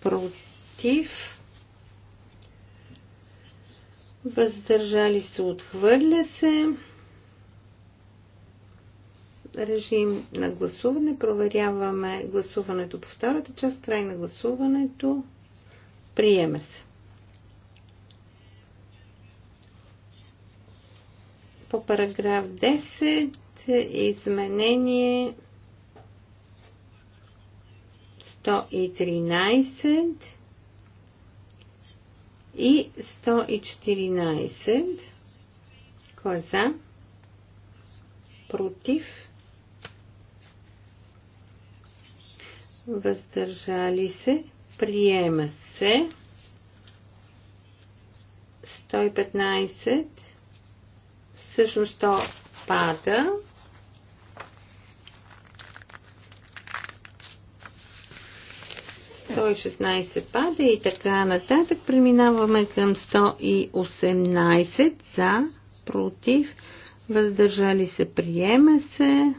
Против въздържали се, отхвърля се. Режим на гласуване. Проверяваме гласуването по втората част. Край на гласуването. Приеме се. По параграф 10 изменение 113 и 114. Кой е за? Против? Въздържали се? Приема се. 115. Всъщност то пада. 116 пада и така нататък. Преминаваме към 118 за, против, въздържали се, приема се.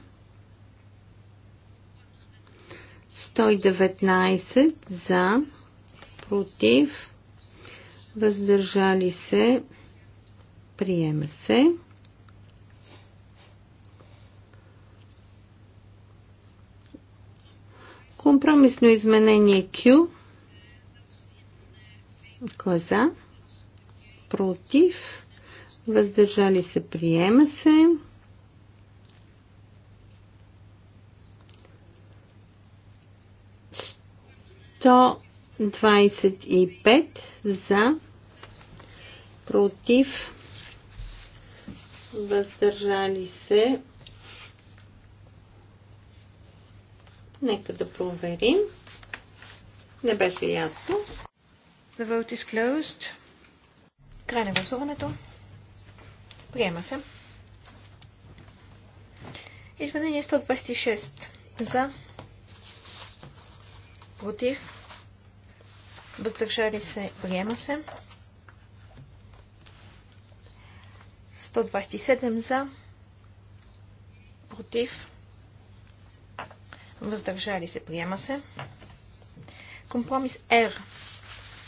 119 за, против, въздържали се, приема се. Компромисно изменение Q. коза е за? Против. Въздържали се. Приема се. То 25 за против въздържали се Нека да проверим. Не беше ясно. The vote is closed. Край на гласуването. Приема се. Изменение 126. За. Против. Въздържали се. Приема се. 127 за. Против въздържали се, приема се. Компромис Р.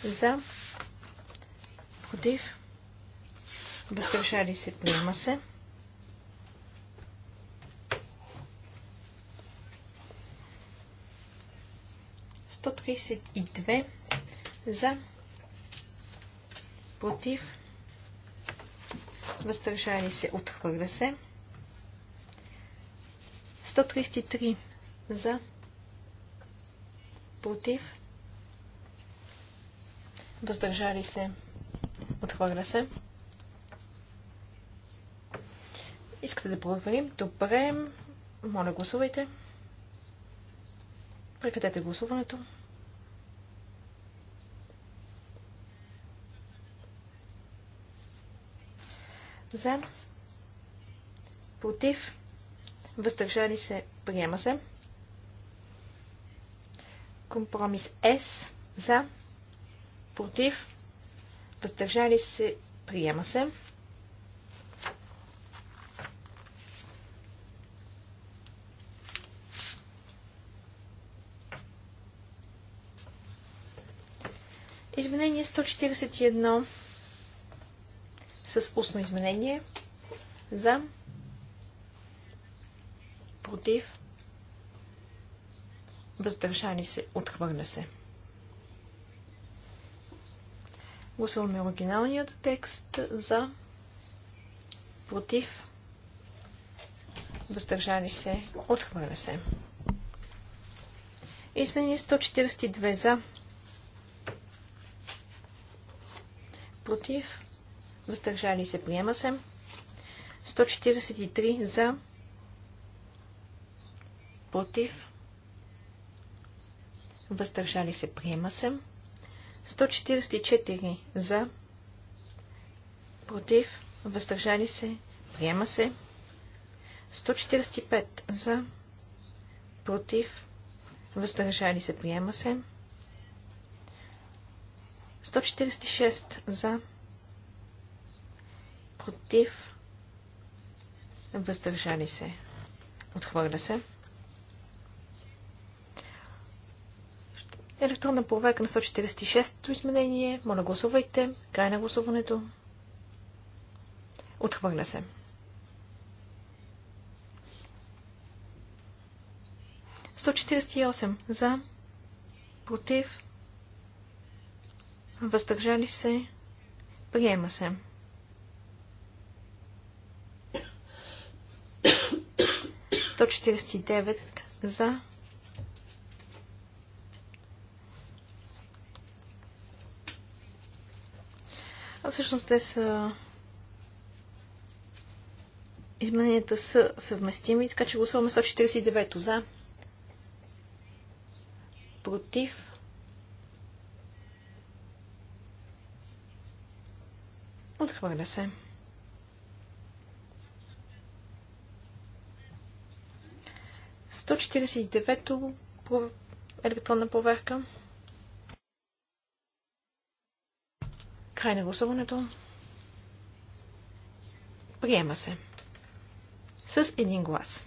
за, против, въздържали се, приема се. и две за, против, въздържали се, отхвърля се. 133 за, против, въздържали се, отхвърля се. Искате да проверим? Добре. Моля, гласувайте. Прекратете гласуването. За. Против. Въздържали се. Приема се. Компромис С за, против, въздържали се, приема се. Изменение 141 с устно изменение за, против, въздържали се, отхвърля се. Гласуваме оригиналният текст за, против, въздържали се, отхвърля се. Изменение 142 за, против, въздържали се, приема се. 143 за, против, въздържали се, приема се. 144 за, против, въздържали се, приема се. 145 за, против, въздържали се, приема се. 146 за, против, въздържали се, отхвърля се. Електронна проверка на 146-то изменение. Моля гласувайте. Край на гласуването. Отхвърля се. за. Против. Въздържали се. Приема се. за. А всъщност те са измененията са съвместими, така че гласуваме 149 за. Против. Отхвърля се. Сто четиридесет и девето електронна проверка. Край на гласуването. Приема се. С един глас.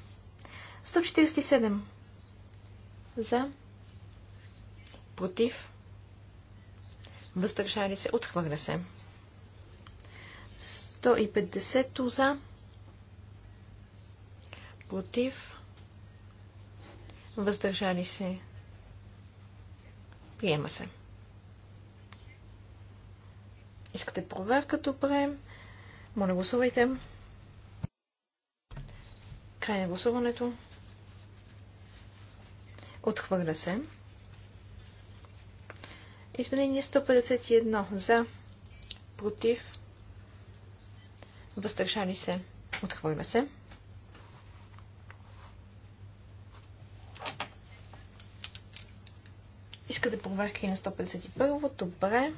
147. За. Против. Въздържали се. Отхвърля се. 150 за. Против. Въздържали се. Приема се. Искате проверка? Добре. Моля, гласувайте. Край на гласуването. Отхвърля се. Изменение 151. За. Против. Въздържали се. Отхвърля се. Искате проверки на 151. Добре.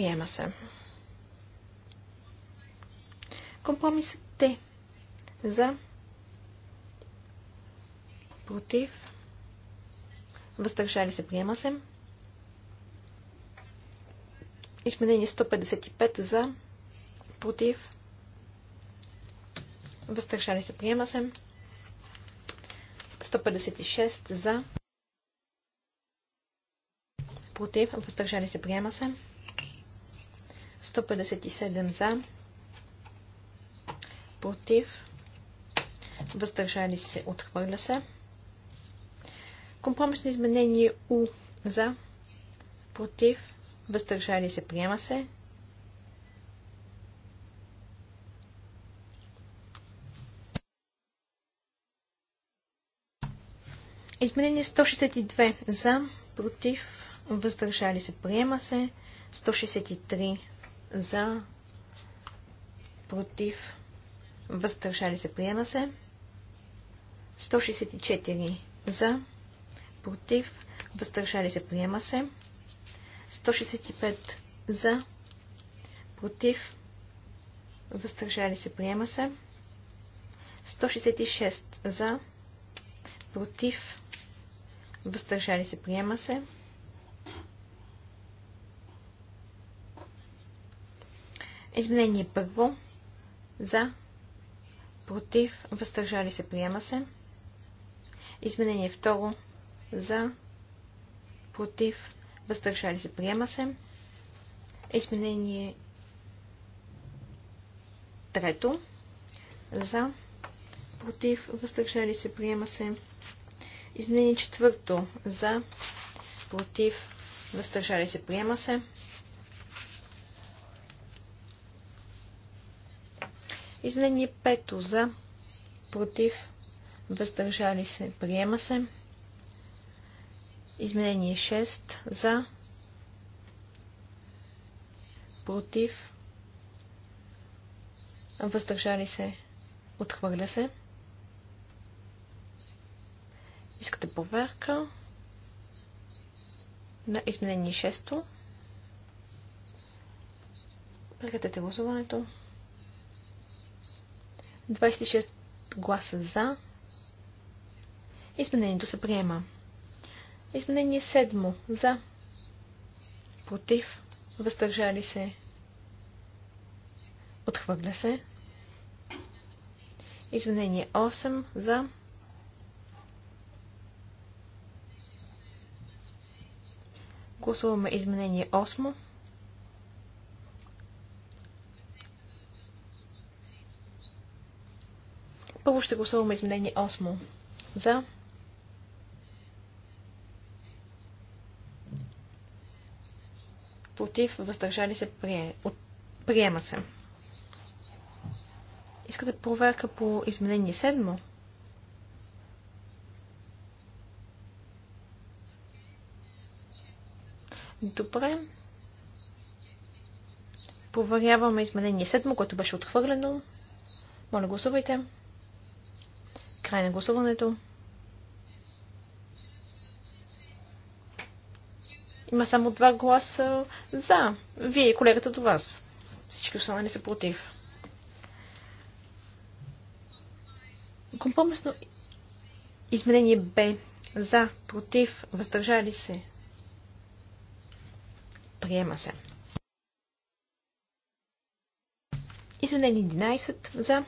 Приема се. Компромисът Т. За. Против. Въздържали се. Приема се. Изменение 155 за. Против. Въздържали се. Приема се. 156 за. Против. Въздържали се. Приема се. 157 за, против, въздържали се, отхвърля се. Компромисно изменение У за, против, въздържали се, приема се. Изменение 162 за, против, въздържали се, приема се. 163 за, против, въздържали се, приема се. 164 за, против, въздържали се, приема се. 165 за, против, въздържали се, приема се. 166 за, против, въздържали се, приема се. Изменение първо. За. Против. Въздържали се. Приема се. Изменение второ. За. Против. Въздържали се. Приема се. Изменение трето. За. Против. Въздържали се. Приема се. Изменение четвърто. За. Против. Въздържали се. Приема се. Изменение 5 за, против, въздържали се, приема се. Изменение 6 за, против, въздържали се, отхвърля се. Искате проверка на изменение 6. Прекратете гласуването. 26 гласа за. Изменението се приема. Изменение 7 за. Против. Въздържали се. Отхвърля се. Изменение 8 за. Гласуваме изменение 8. Първо ще гласуваме изменение 8. За. Против. Въздържали се. Прие... От... Приема се. Искате проверка по изменение 7? Добре. Проверяваме изменение 7, което беше отхвърлено. Моля, гласувайте. Край на гласуването. Има само два гласа за. Вие и колегата до вас. Всички останали са против. Компромисно изменение Б. За, против, въздържали се. Приема се. Изменение 11. За,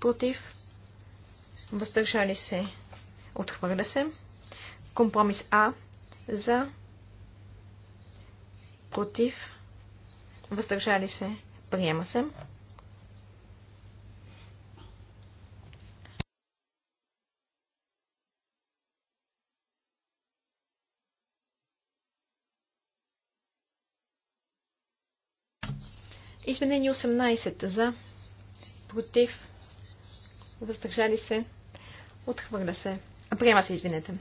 против, въздържали се, отхвърля се. Компромис А за, против, въздържали се, приема се. Изменение 18 за, против, въздържали се, Отхвърля се. А, приема се, извинете.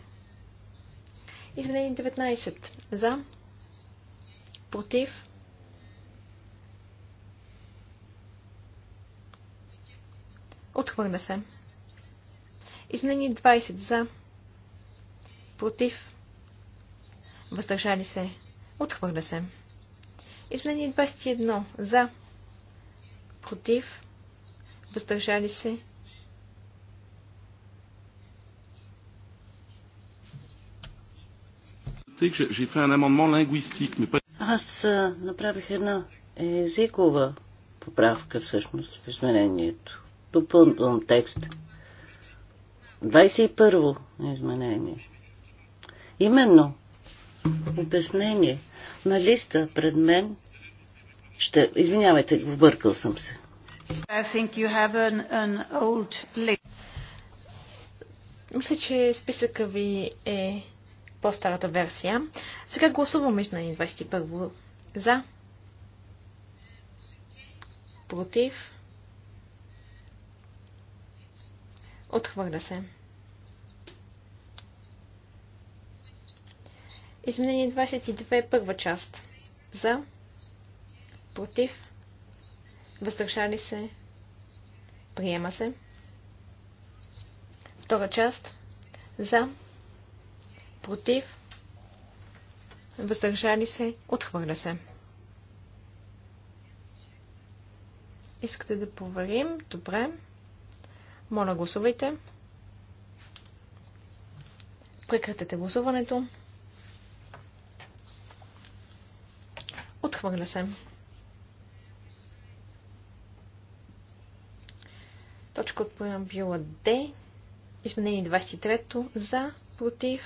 Извинение 19. За. Против. Отхвърля се. Извинение 20. За. Против. Въздържали се. Отхвърля се. Извинение 21. За. Против. Въздържали се. j'ai fait un amendement linguistique, mais pas... Аз направих една езикова поправка, всъщност, в изменението. Допълвам текст. 21-во изменение. Именно обяснение на листа пред мен ще... Извинявайте, объркал съм се. I think you have an, an old list. Мисля, че списъка ви е по-старата версия. Сега гласуваме на 21 за, против, отхвърля се. Изменение 22, първа част. За, против, въздържали се, приема се. Втора част. За, против, въздържали се, отхвърля се. Искате да проверим? Добре. Моля, гласувайте. Прекратете гласуването. Отхвърля се. Точка от била Д. Изменение 23 За, против,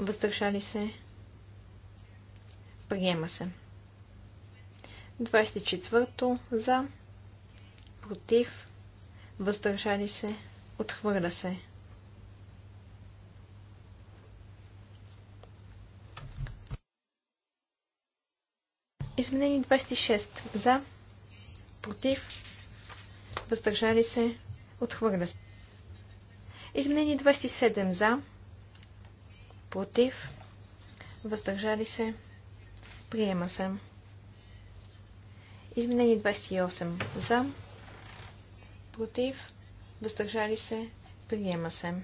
въздържали се, приема се. 24-то за, против, въздържали се, отхвърля се. Изменени 26 за, против, въздържали се, отхвърля се. Изменени 27 за, против, въздържали се, приема се. Изменени 28 за, против, въздържали се, приема се.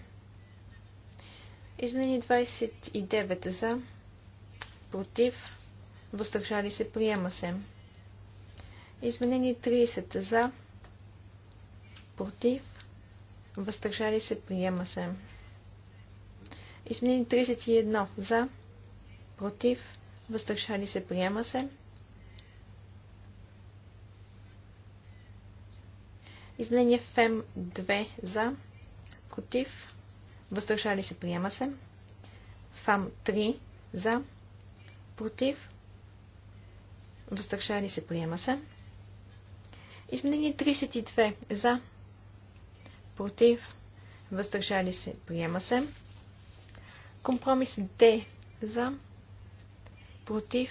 Изменени 29 за, против, въздържали се, приема се. Изменени 30 за, против, въздържали се, приема се. Изменени 31. За. Против. Въздържали се. Приема се. Изменение ФЕМ 2. За. Против. Въздържали се. Приема се. ФАМ 3. За. Против. Въздържали се. Приема се. Изменение 32. За. Против. Въздържали се. Приема се. Компромис Д за, против,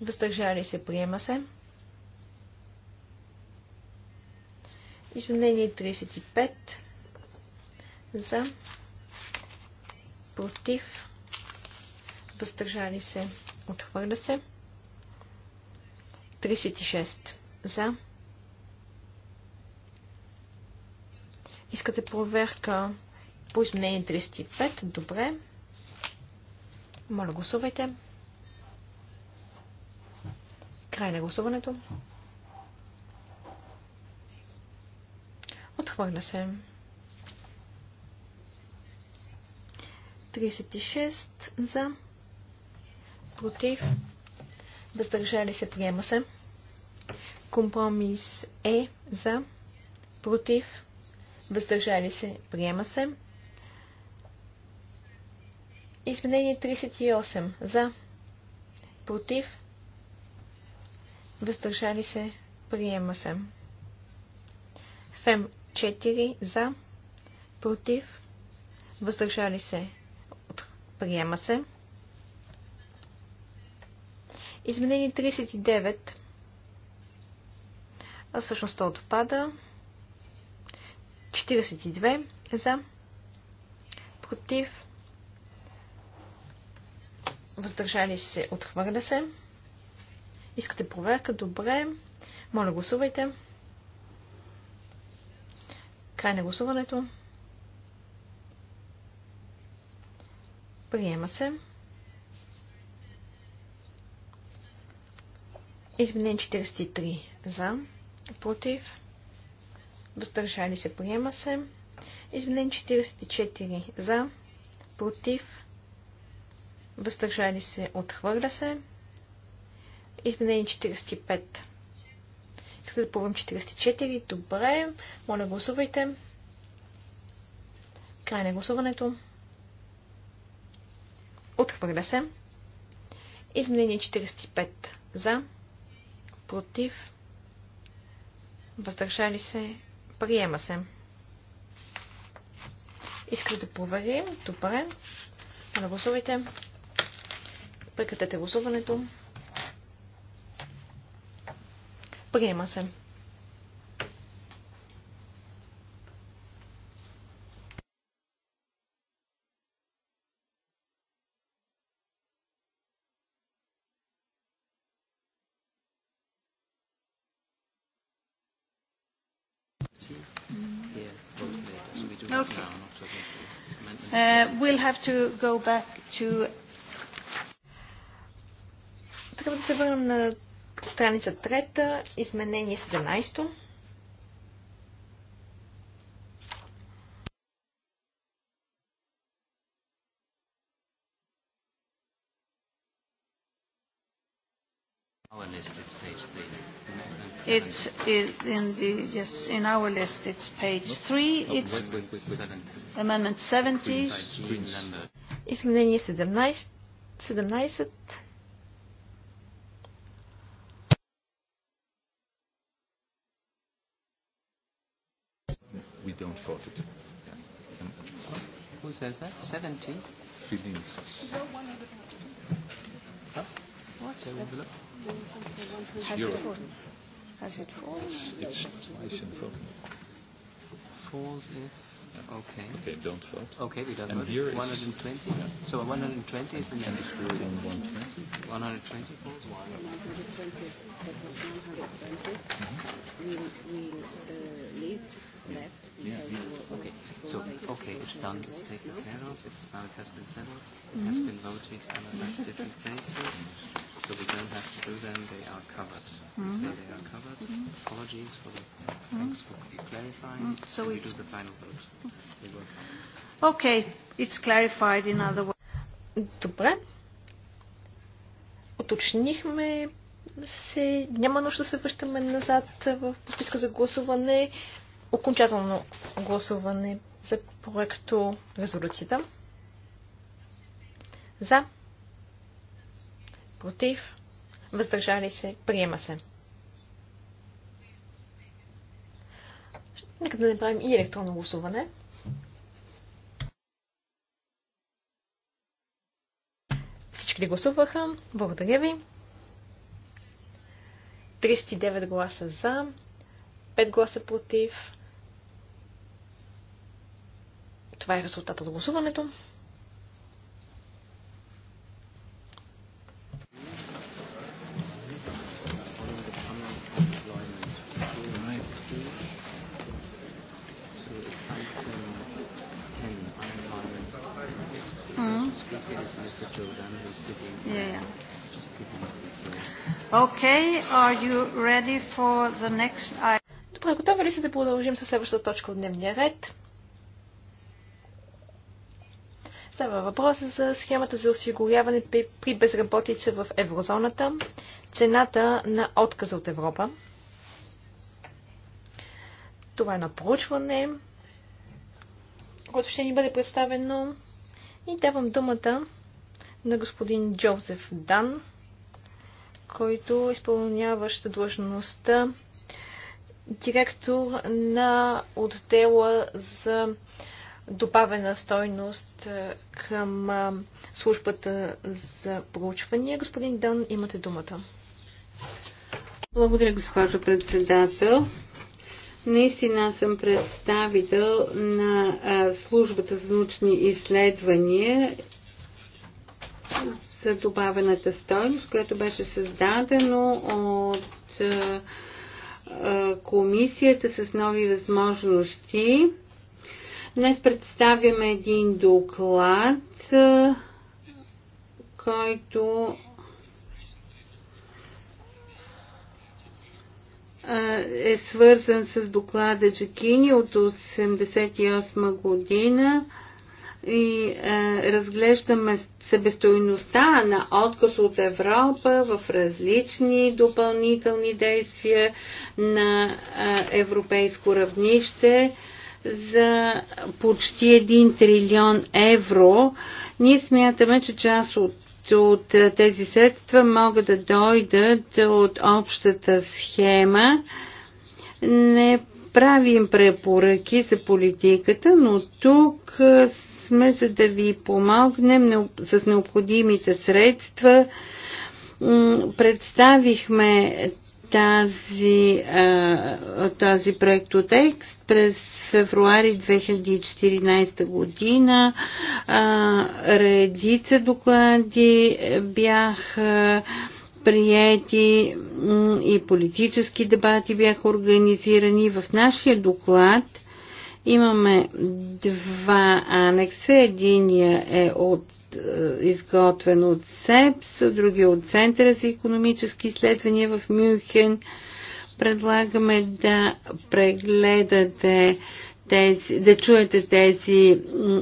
въздържали се, приема се. Изменение 35 за, против, въздържали се, отхвърля се. 36 за. Искате проверка по изменение 35. Добре. Моля, гласувайте. Край на гласуването. Отхвърля се. 36 за. Против. Въздържали се. Приема се. Компромис Е за. Против. Въздържали се. Приема се. Изменение 38. За. Против. Въздържали се. Приема се. Фем 4. За. Против. Въздържали се. Приема се. Изменение 39. А всъщност то отпада. 42. За. Против въздържали се, отхвърля се. Искате проверка? Добре. Моля, гласувайте. Край на гласуването. Приема се. Изменен 43 за, против, въздържали се, приема се. Изменен 44 за, против, въздържали се, отхвърля се. Изменение 45. Искате да пробвам 44. Добре. Моля, гласувайте. Край на гласуването. Отхвърля се. Изменение 45. За. Против. Въздържали се. Приема се. Искате да проверим. Добре. Моля, гласувайте. Прекратете гласуването. Приема се. Okay. Uh, we'll have to go back to искам да се върнем на страница 3, изменение 17. It's in the yes in our list. It's page three. It's amendment 70. Изменение 17. 17. says that? 70? Feelings. What? Has it fallen? It's twice in fallen. Falls if... Okay. Okay, don't vote. Okay, we don't and vote. 120? Yeah. So 120 is the next. 120. 120 falls? 120. That was 120. We'll, leave left. Yeah, yeah. Okay. So, okay, it's done. It's taken care of. It's now it has been settled. It has been voted on at different places. So we don't have to do them. They are covered. We say they are covered. Apologies for the. Thanks for clarifying. So we do the final vote. Okay, it's clarified in other words. Добре. Уточнихме се, няма нужда да се връщаме назад в подписка за гласуване окончателно гласуване за проекто резолюцията. За. Против. Въздържали се. Приема се. Нека да направим и електронно гласуване. Всички ли гласуваха? Благодаря ви. 39 гласа за, 5 гласа против, Това е резултата от гласуването. Mm-hmm. Добре, готови ли сте да продължим с следващата точка от дневния ред? Става въпрос за схемата за осигуряване при безработица в еврозоната, цената на отказа от Европа. Това е на проучване, което ще ни бъде представено. И давам думата на господин Джозеф Дан, който изпълняващ длъжността директор на отдела за добавена стойност е, към е, службата за проучвания. Господин Дън, имате думата. Благодаря, госпожо председател. Наистина съм представител на е, службата за научни изследвания за добавената стойност, която беше създадено от комисията с нови възможности. Днес представяме един доклад, който е свързан с доклада Джакини от 1988 година и е, разглеждаме себестоиността на отказ от Европа в различни допълнителни действия на е, европейско равнище за почти 1 трилион евро. Ние смятаме, че част от от тези средства могат да дойдат от общата схема. Не правим препоръки за политиката, но тук сме за да ви помогнем с необходимите средства. Представихме тази, този проектотекст през февруари 2014 година. Редица доклади бяха приети и политически дебати бяха организирани. В нашия доклад – Имаме два анекса. Единия е от, е, изготвен от СЕПС, другия от Центъра за економически изследвания в Мюнхен. Предлагаме да прегледате тези, да чуете тези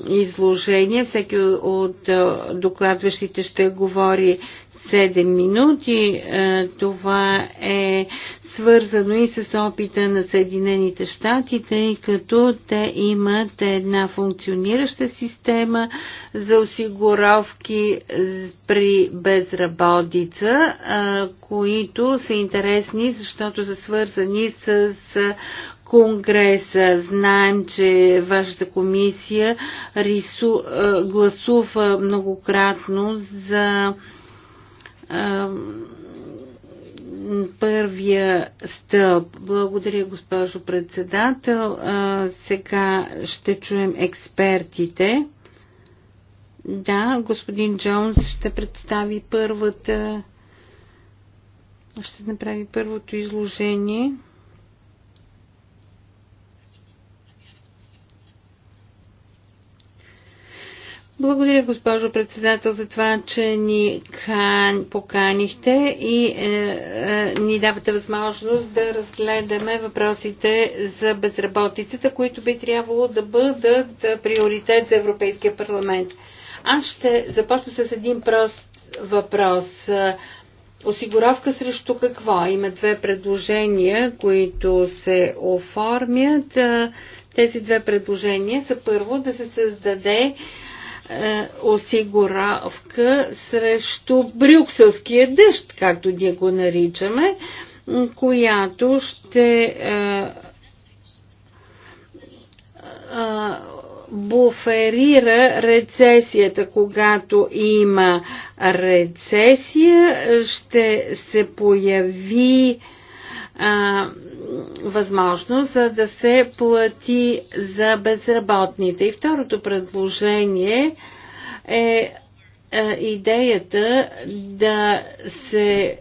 изложения. Всеки от докладващите ще говори 7 минути. Е, това е свързано и с опита на Съединените щати, тъй като те имат една функционираща система за осигуровки при безработица, е, които са интересни, защото са свързани с Конгреса. Знаем, че вашата комисия рису, е, гласува многократно за първия стълб. Благодаря, госпожо председател. сега ще чуем експертите. Да, господин Джонс ще представи първата. Ще направи първото изложение. Благодаря, госпожо председател, за това, че ни кан... поканихте и е, е, ни давате възможност да разгледаме въпросите за безработицата, които би трябвало да бъдат е, приоритет за Европейския парламент. Аз ще започна с един прост въпрос. Осигуровка срещу какво? Има две предложения, които се оформят. Е, тези две предложения са първо да се създаде е, осигуравка срещу брюкселския дъжд, както ние го наричаме, която ще е, е, буферира рецесията. Когато има рецесия, ще се появи възможно, за да се плати за безработните. И второто предложение е идеята да се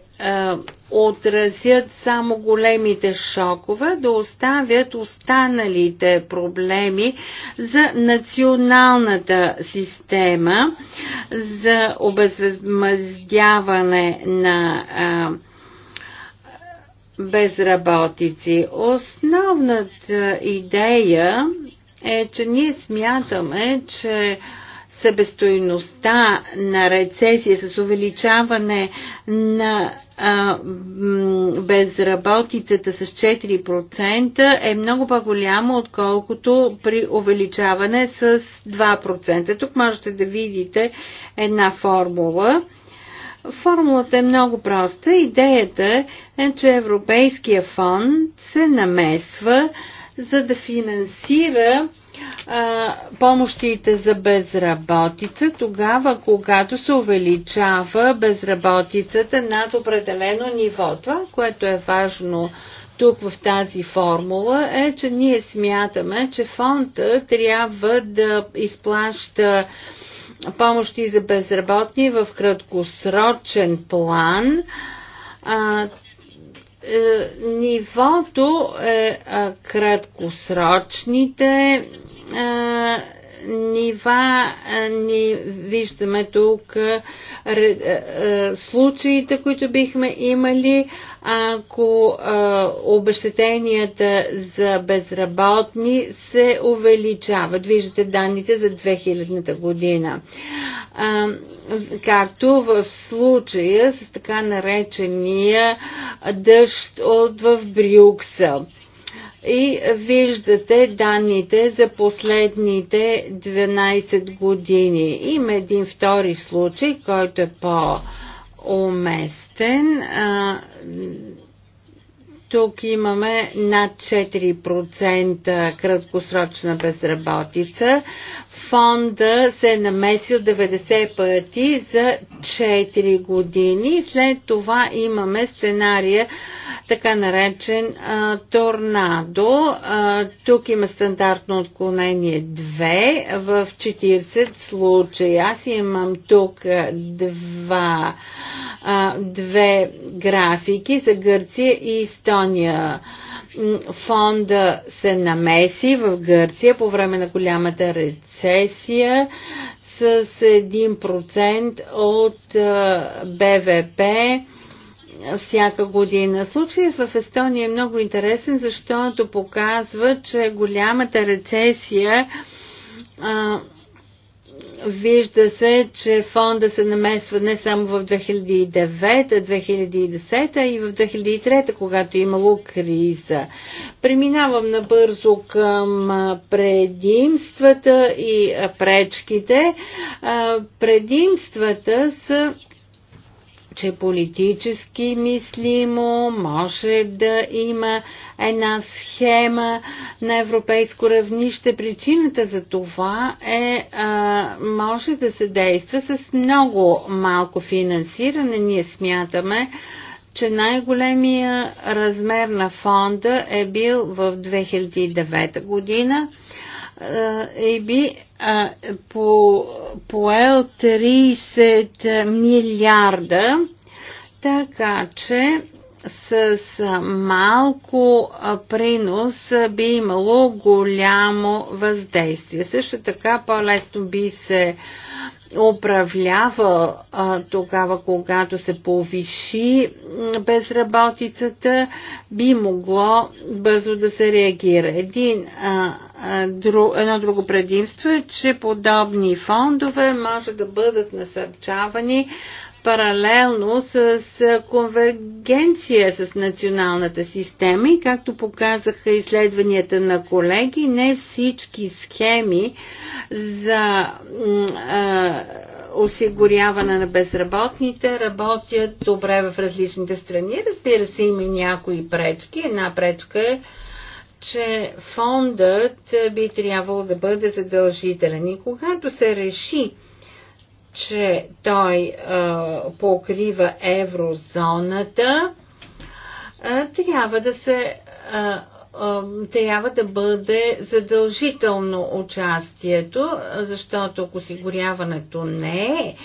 отразят само големите шокове, да оставят останалите проблеми за националната система за обезвъзмъздяване на а, безработици. Основната идея е, че ние смятаме, че събестойността на рецесия с увеличаване на а, безработицата с 4% е много по-голяма, отколкото при увеличаване с 2%. Тук можете да видите една формула. Формулата е много проста. Идеята е, че Европейския фонд се намесва за да финансира а, помощите за безработица тогава, когато се увеличава безработицата над определено ниво. Това, което е важно тук в тази формула е, че ние смятаме, че фонда трябва да изплаща а, помощи за безработни в краткосрочен план. А, е, нивото е а, краткосрочните а, нива ни виждаме тук случаите, които бихме имали, ако обещетенията за безработни се увеличават. Виждате данните за 2000-та година. Както в случая с така наречения дъжд от в Брюксел и виждате данните за последните 12 години. Има един втори случай, който е по-уместен. Тук имаме над 4% краткосрочна безработица фонда се е намесил 90 пъти за 4 години. След това имаме сценария, така наречен а, торнадо. А, тук има стандартно отклонение 2 в 40 случая. Аз имам тук два, а, две графики за Гърция и Естония фонда се намеси в Гърция по време на голямата рецесия с 1% от БВП всяка година. Случаят в Естония е много интересен, защото показва, че голямата рецесия а, Вижда се, че фонда се намесва не само в 2009-2010, а и в 2003, когато е имало криза. Преминавам набързо към предимствата и пречките. Предимствата са че политически мислимо може да има една схема на европейско равнище. Причината за това е, а, може да се действа с много малко финансиране. Ние смятаме, че най-големия размер на фонда е бил в 2009 година ЕБИ по, поел 30 милиарда, така че с малко принос би имало голямо въздействие. Също така по-лесно би се а, управлява а, тогава, когато се повиши безработицата, би могло бързо да се реагира. Един, а, а, дру, едно друго предимство е, че подобни фондове може да бъдат насърчавани паралелно с конвергенция с националната система и както показаха изследванията на колеги, не всички схеми за осигуряване на безработните работят добре в различните страни. Разбира се, има и някои пречки. Една пречка е, че фондът би трябвало да бъде задължителен. И когато се реши че той а, покрива еврозоната, а, трябва да се а, трябва да бъде задължително участието, защото ако осигуряването не е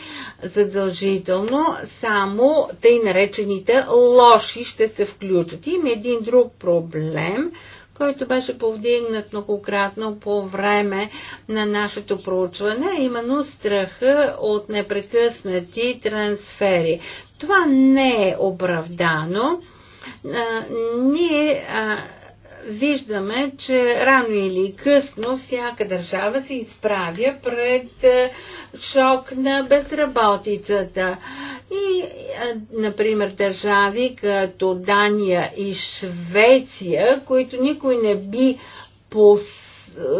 задължително, само тъй наречените лоши ще се включат. Има един друг проблем, който беше повдигнат многократно по време на нашето проучване, именно страха от непрекъснати трансфери. Това не е оправдано. А, ние а, виждаме, че рано или късно всяка държава се изправя пред е, шок на безработицата. И, е, например, държави като Дания и Швеция, които никой не би посъщал,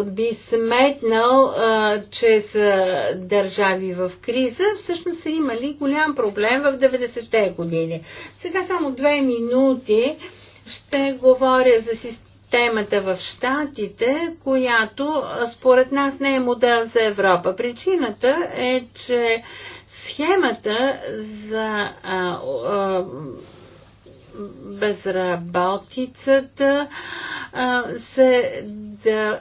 би сметнал, е, че са държави в криза, всъщност са имали голям проблем в 90-те години. Сега само две минути ще говоря за системата темата в Штатите, която според нас не е модел за Европа. Причината е, че схемата за а, а, безработицата а, се да,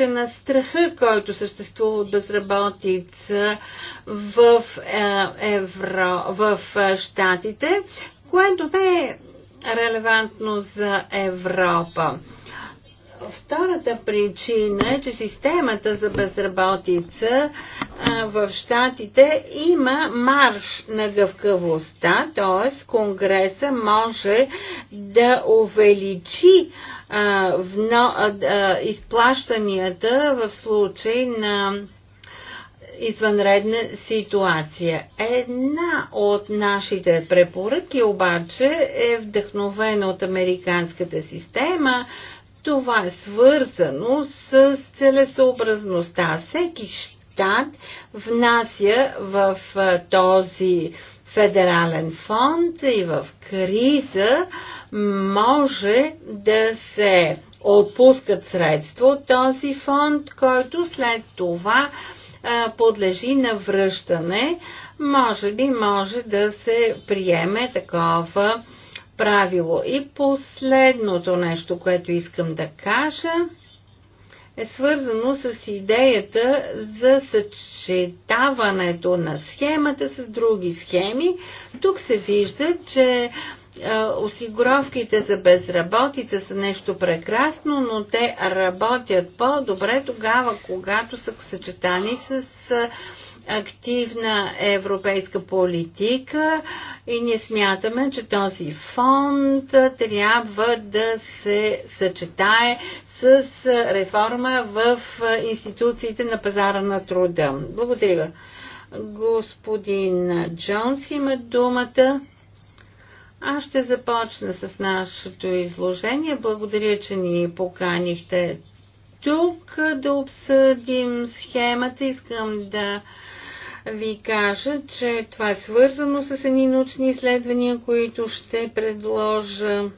на страха, който съществува от безработица в, а, е, евро, в а, е, Штатите, което не е релевантно за Европа. Втората причина е, че системата за безработица в Штатите има марш на гъвкавостта, т.е. Конгреса може да увеличи изплащанията в случай на извънредна ситуация. Една от нашите препоръки обаче е вдъхновена от американската система. Това е свързано с целесообразността. Всеки щат внася в този федерален фонд и в криза може да се отпускат средства от този фонд, който след това подлежи на връщане. Може би може да се приеме такова правило. И последното нещо, което искам да кажа, е свързано с идеята за съчетаването на схемата с други схеми. Тук се вижда, че е, осигуровките за безработица са нещо прекрасно, но те работят по-добре тогава, когато са съчетани с е, активна европейска политика и ние смятаме, че този фонд е, трябва да се съчетае с реформа в институциите на пазара на труда. Благодаря. Господин Джонс има думата. Аз ще започна с нашето изложение. Благодаря, че ни поканихте тук да обсъдим схемата. Искам да ви кажа, че това е свързано с едни научни изследвания, които ще предложа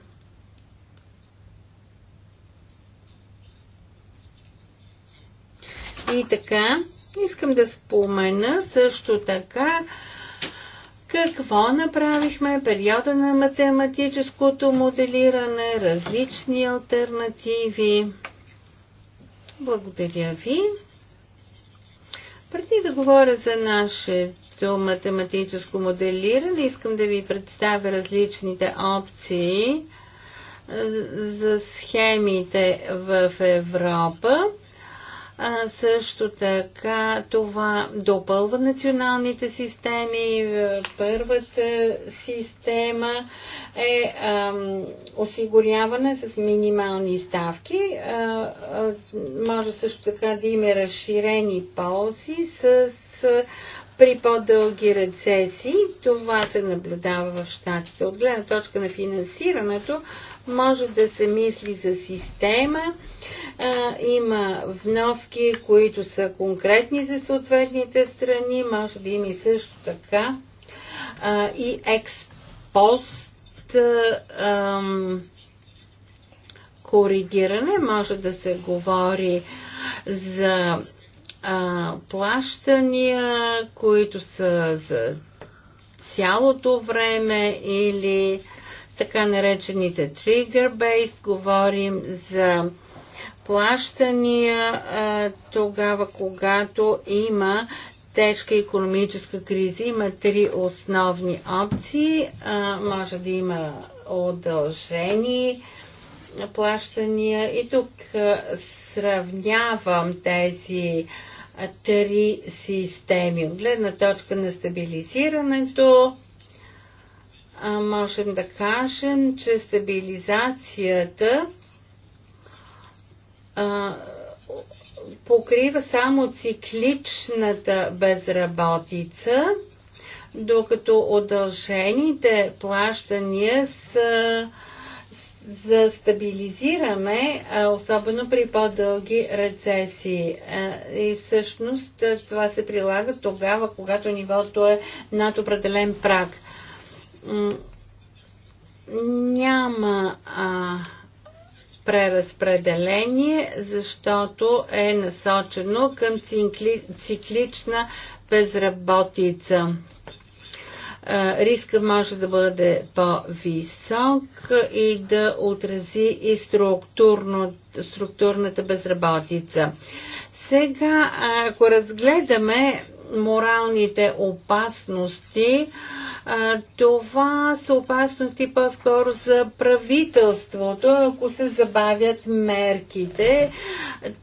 И така, искам да спомена също така какво направихме? Периода на математическото моделиране, различни альтернативи. Благодаря ви. Преди да говоря за нашето математическо моделиране, искам да ви представя различните опции за схемите в Европа. А, също така това допълва националните системи. Е, първата система е а, осигуряване с минимални ставки. А, а, може също така да има разширени ползи с, с при по-дълги рецесии. Това се наблюдава в щатите. От гледна точка на финансирането, може да се мисли за система. А, има вноски, които са конкретни за съответните страни, може да има и също така а, и експост а, коригиране, може да се говори за а, плащания, които са за цялото време или така наречените trigger-based, говорим за плащания тогава, когато има тежка економическа криза. Има три основни опции. Може да има удължени плащания и тук сравнявам тези три системи. От гледна точка на стабилизирането, а, можем да кажем, че стабилизацията а, покрива само цикличната безработица, докато удължените плащания са за стабилизираме, особено при по-дълги рецесии. И всъщност това се прилага тогава, когато нивото е над определен прак няма а, преразпределение, защото е насочено към цикли, циклична безработица. Риска може да бъде по-висок и да отрази и структурната безработица. Сега, ако разгледаме моралните опасности. Това са опасности по-скоро за правителството, ако се забавят мерките.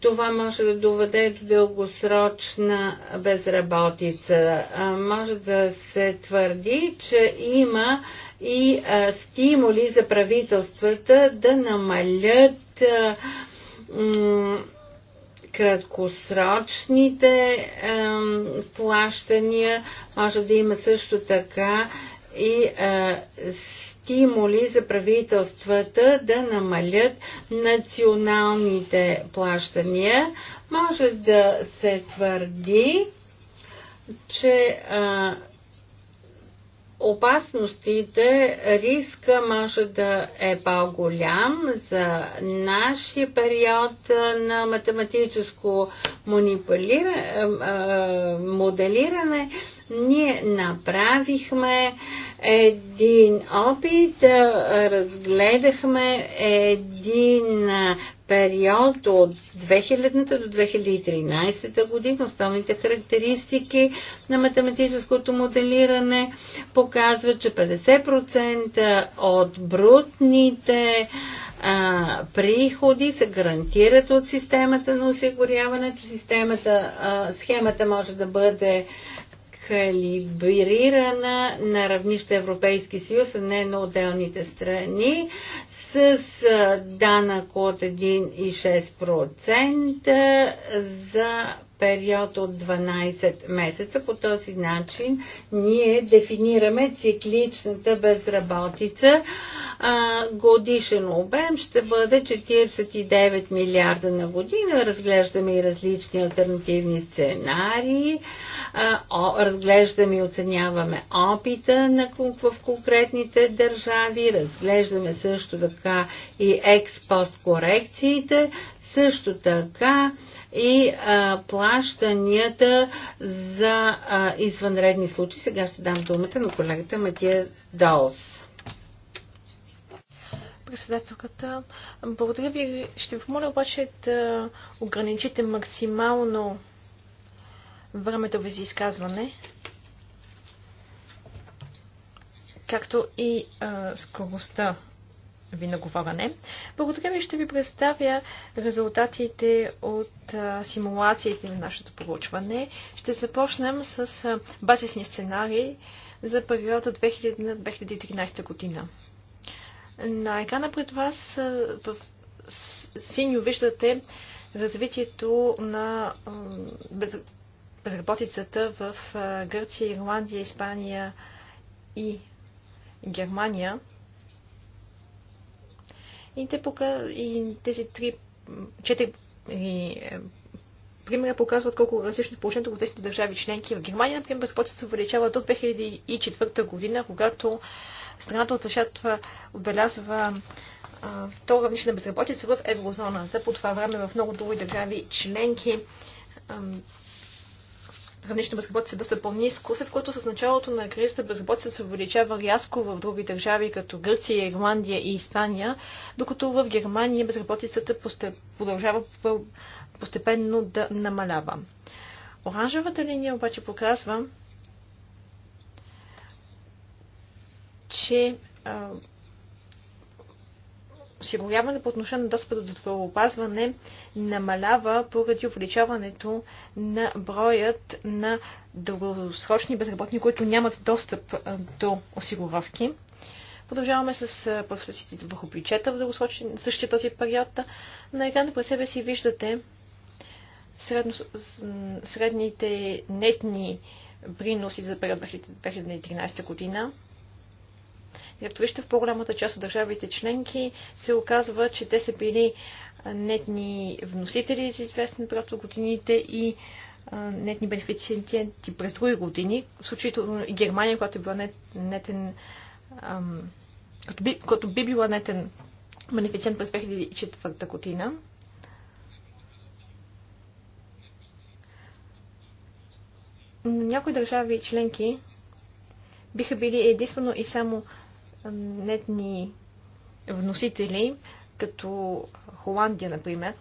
Това може да доведе до дългосрочна безработица. Може да се твърди, че има и стимули за правителствата да намалят краткосрочните плащания, може да има също така и е, стимули за правителствата да намалят националните плащания. Може да се твърди, че е, опасностите, риска може да е по-голям за нашия период на математическо е, е, моделиране. Ние направихме един опит, е, разгледахме един период от 2000 та до 2013 година. Основните характеристики на математическото моделиране показват, че 50% от брутните а, приходи се гарантират от системата на осигуряването. Системата, а, схемата може да бъде калибрирана на равнище Европейски съюз, а не на отделните страни с данък от 1,6% за период от 12 месеца. По този начин ние дефинираме цикличната безработица. годишен обем ще бъде 49 милиарда на година. Разглеждаме и различни альтернативни сценарии разглеждаме и оценяваме опита на, в конкретните държави, разглеждаме също така и експост корекциите, също така и а, плащанията за а, извънредни случаи. Сега ще дам думата на колегата Матия Долс. Председателката, благодаря ви. Ще ви помоля обаче да ограничите максимално времето ви за изказване, както и а, скоростта ви на говорене. Благодаря ви, ще ви представя резултатите от а, симулациите на нашето проучване. Ще започнем с а, базисни сценарии за периода 2000-2013 година. На екрана пред вас в синьо виждате развитието на безработицата в Гърция, Ирландия, Испания и Германия. И, те пока... и тези три, четири е, примера показват колко е различно положението в различните държави членки. В Германия, например, безработицата се увеличава до 2004 година, когато страната отбелязва, отбелязва втора равнище на безработица в еврозоната. По това време в много други държави членки равнище безработица е доста по-низко, след което с началото на кризата безработица се увеличава рязко в други държави, като Гърция, Ирландия и Испания, докато в Германия безработицата постеп... продължава постепенно да намалява. Оранжевата линия обаче показва, че осигуряване по отношение на достъпа до здравеопазване намалява поради увеличаването на броят на дългосрочни безработни, които нямат достъп до осигуровки. Продължаваме с професиите върху бюджета в дългосрочен същия този период. На екрана пред себе си виждате средно, средните нетни приноси за период 2013 година Както вижте, в по-голямата част от държавите членки се оказва, че те са били нетни вносители за известен период от годините и нетни бенефициенти през други години. В случаито и Германия, която е била нет, нетен, ам, като, би, като би била нетен бенефициент през 2004 година. Но някои държави членки биха били единствено и само нетни вносители, като Холандия, например,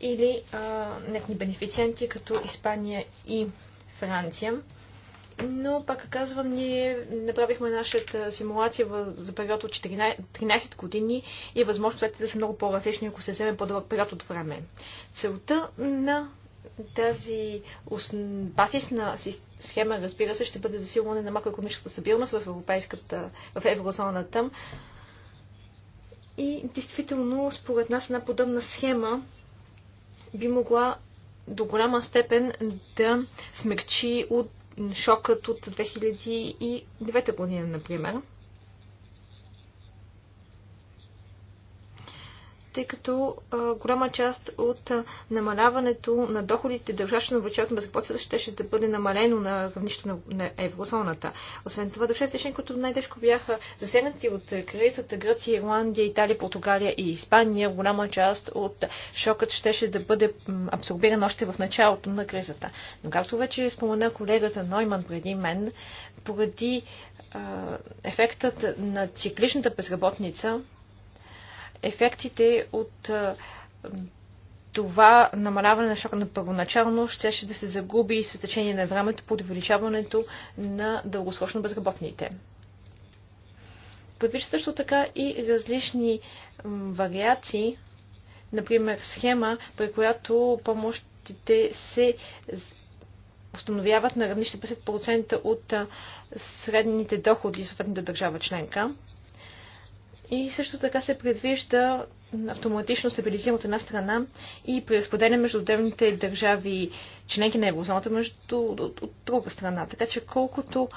или а, нетни бенефициенти, като Испания и Франция. Но, пак казвам, ние направихме нашата симулация за период от 14, 13 години и възможно да са много по-различни, ако се вземе по-дълъг период от време. Целта на тази базисна схема, разбира се, ще бъде засилване на макроекономическата стабилност в европейската, в еврозоната. И действително, според нас, една подобна схема би могла до голяма степен да смекчи от шокът от 2009 година, например. тъй като а, голяма част от а, намаляването на доходите, държавите на обучението на безработицата, ще, ще да бъде намалено на равнището на, на еврозоната. Освен това, държавите които най-тежко бяха засегнати от кризата, Гръция, Ирландия, Италия, Португалия и Испания, голяма част от шокът ще, ще да бъде абсорбиран още в началото на кризата. Но както вече спомена колегата Нойман преди мен, поради а, ефектът на цикличната безработница, ефектите от това намаляване на шока на първоначално щеше да се загуби с течение на времето под увеличаването на дългосрочно безработните. Предвижда също така и различни вариации, например схема, при която помощите се установяват на равнище 50% от средните доходи съответната държава членка. И също така се предвижда автоматично стабилизиране от една страна и преразпределяне между отделните държави, членки на еврозоната, между, от, от, друга страна. Така че колкото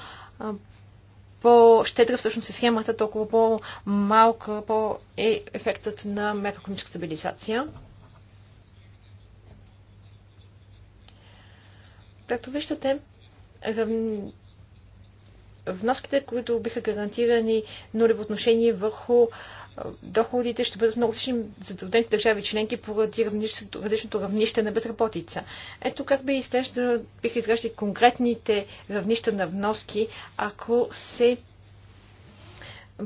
по-щедра всъщност е схемата, толкова по-малка по е ефектът на макроекономическа стабилизация. Както виждате, вноските, които биха гарантирани нулево отношение върху доходите ще бъдат много различни за отделните държави членки поради различното равнище на безработица. Ето как би изглежда, биха изглеждали конкретните равнища на вноски, ако се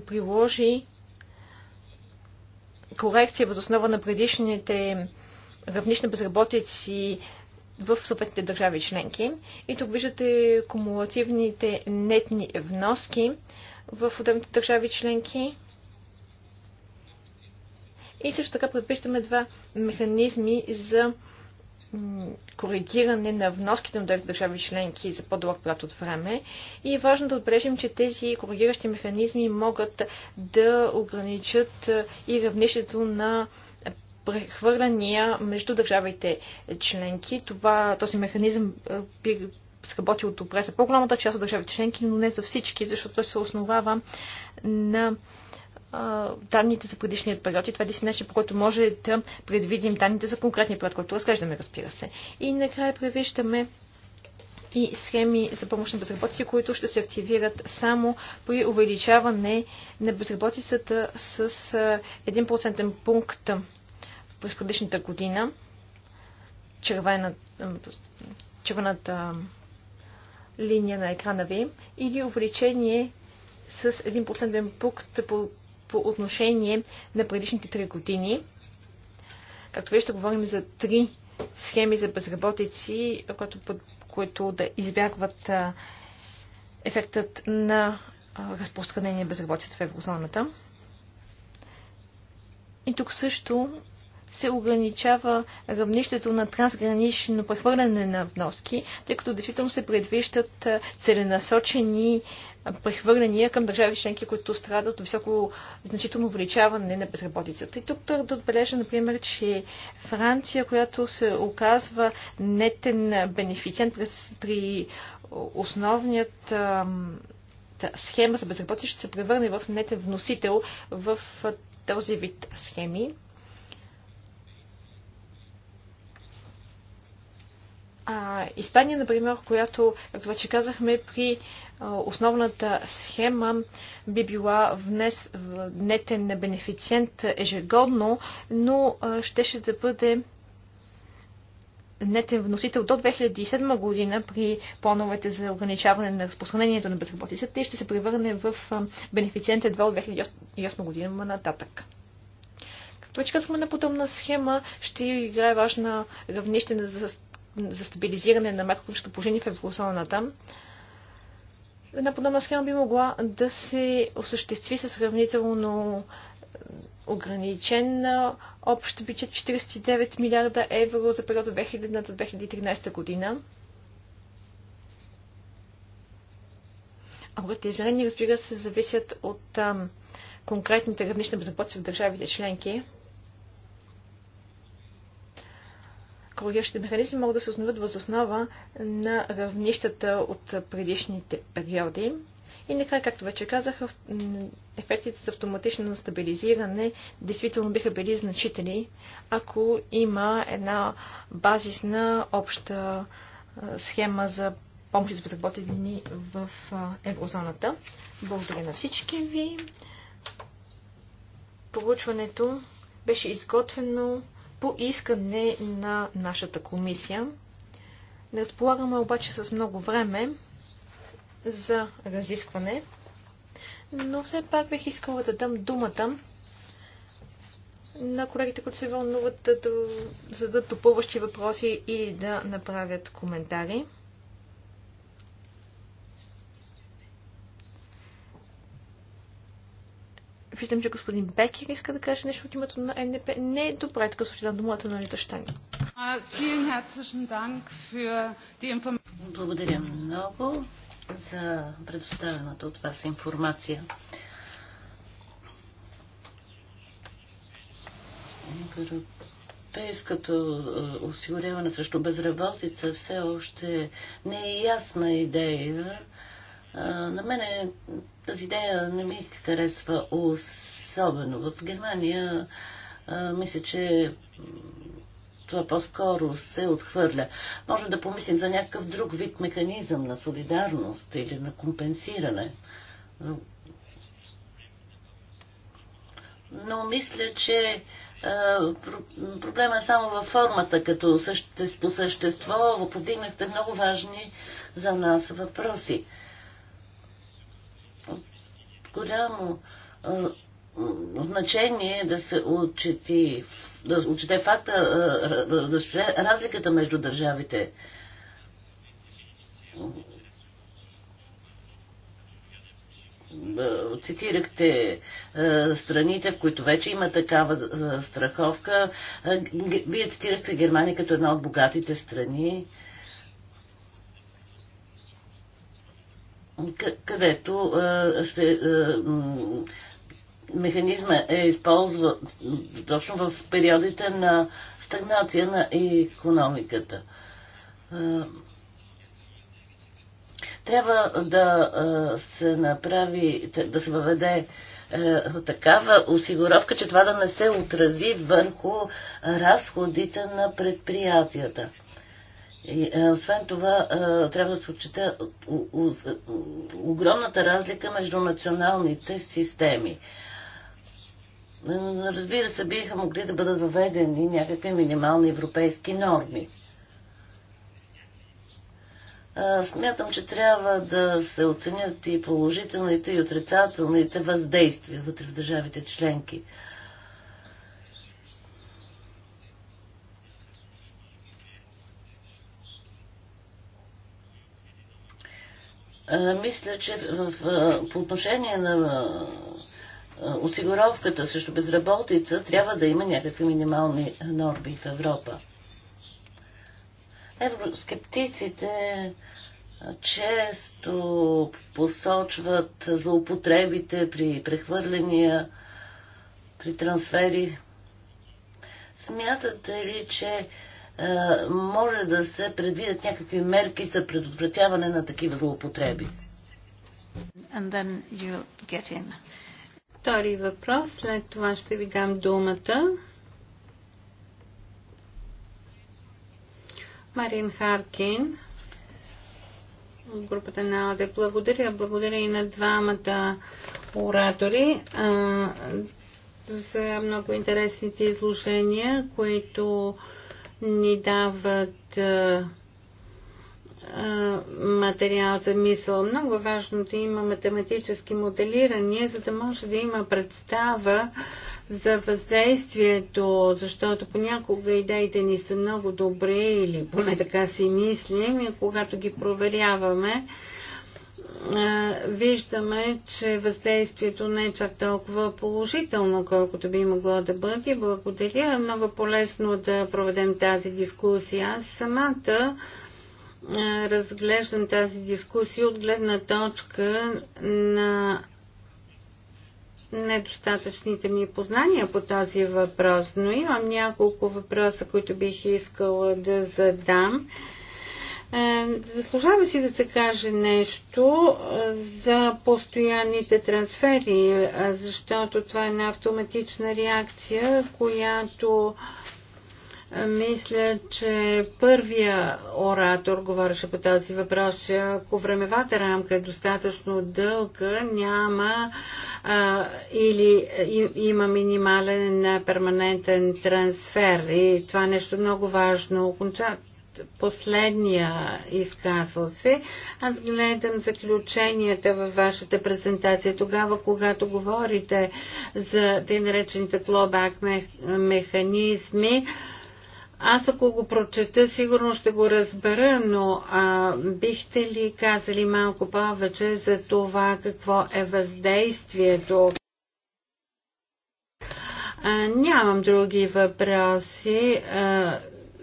приложи корекция възоснова на предишните равнища безработици в съответните държави членки. И тук виждате кумулативните нетни вноски в отделните държави членки. И също така предпиштаме два механизми за коригиране на вноските на държави членки за по-дълъг период от време. И е важно да отбележим, че тези коригиращи механизми могат да ограничат и равнището на прехвърляния между държавите членки. Това, този механизъм е, би сработил добре за по-голямата част от държавите членки, но не за всички, защото се основава на данните за предишния период и това е единствено начин, по който може да предвидим данните за конкретния период, който разглеждаме, разбира се. И накрая превиждаме и схеми за помощ на безработици, които ще се активират само при увеличаване на безработицата с 1% пункт през предишната година. Червена, червената линия на екрана ви или увеличение с 1% пункт по, по отношение на предишните 3 години. Както вижте, говорим за 3 схеми за безработици, които, които да избягват ефектът на разпространение разпространение безработицата в еврозоната. И тук също се ограничава равнището на трансгранично прехвърляне на вноски, тъй като действително се предвиждат целенасочени прехвърляния към държави членки, които страдат от високо значително увеличаване на безработицата. И тук трябва да отбележа, например, че Франция, която се оказва нетен бенефициент при основният схема за безработица, ще се превърне в нетен вносител в този вид схеми. А, Испания, например, която, както вече казахме, при основната схема би била внес, нетен на бенефициент ежегодно, но щеше да бъде нетен вносител до 2007 година при плановете за ограничаване на разпространението на безработицата и ще се превърне в бенефициент едва от 2008 година нататък. Като вече казахме на подобна схема, ще играе важна равнище на за стабилизиране на макроекономическото положение в еврозоната, една подобна схема би могла да се осъществи с сравнително ограничен общ бюджет 49 милиарда евро за периода 2000-2013 година. Обратите изменения, разбира се, зависят от а, конкретните равнища безработица в държавите членки. коригиращите механизми могат да се основат възоснова на равнищата от предишните периоди. И накрая, както вече казах, ефектите с автоматично стабилизиране действително биха били значители, ако има една базисна обща схема за помощ за безработени в еврозоната. Благодаря на всички ви. Проучването беше изготвено по искане на нашата комисия. Не разполагаме обаче с много време за разискване, но все пак бих искала да дам думата на колегите, които се вълнуват да зададат допълващи въпроси или да направят коментари. Виждам, че господин Бекер иска да каже нещо от името на НДП. Не е добре, така случай на думата на Рита Штани. Благодаря много за предоставената от вас информация. Европейското е, осигуряване срещу безработица все още не е ясна идея на мен е, тази идея не ми харесва особено. В Германия мисля, че това по-скоро се отхвърля. Можем да помислим за някакъв друг вид механизъм на солидарност или на компенсиране. Но мисля, че проблема е само във формата, като по същество подигнахте много важни за нас въпроси голямо значение да се отчети, да отчете факта, да се разликата между държавите. Цитирахте страните, в които вече има такава страховка. Вие цитирахте Германия като една от богатите страни. където се, механизма е използва точно в периодите на стагнация на економиката. Трябва да се направи, да се въведе такава осигуровка, че това да не се отрази върху разходите на предприятията. И, а, е, освен това, а, е, трябва да се отчита огромната разлика между националните системи. Е, разбира се, биха могли да бъдат въведени някакви минимални европейски норми. Смятам, че трябва да се оценят и положителните и отрицателните въздействия вътре в държавите членки. Е, мисля, че в, в, по отношение на е, осигуровката срещу безработица трябва да има някакви минимални норми в Европа. Евроскептиците е, често посочват злоупотребите при прехвърляния, при трансфери. Смятате ли, че е, може да се предвидят някакви мерки за предотвратяване на такива злоупотреби? Втори въпрос, след това ще ви дам думата. Марин Харкин от групата на АЛДЕ. Благодаря. Благодаря и на двамата оратори а, за много интересните изложения, които ни дават материал за мисъл. Много е важно да има математически моделирания, за да може да има представа за въздействието, защото понякога идеите ни са много добри или поне така си мислим и когато ги проверяваме, виждаме, че въздействието не е чак толкова положително, колкото би могло да бъде. Благодаря. Много полезно да проведем тази дискусия. Аз самата разглеждам тази дискусия от гледна точка на недостатъчните ми познания по този въпрос, но имам няколко въпроса, които бих искала да задам. Е, заслужава си да се каже нещо е, за постоянните трансфери, е, защото това е една автоматична реакция, която мисля, че първия оратор говореше по този въпрос, че ако времевата рамка е достатъчно дълга, няма а, или и, има минимален перманентен трансфер. И това е нещо много важно. Окончателно последния изказал се, аз гледам заключенията във вашата презентация. Тогава, когато говорите за тъй наречените клобак механизми, аз ако го прочета, сигурно ще го разбера, но а, бихте ли казали малко повече за това какво е въздействието? А, нямам други въпроси. А,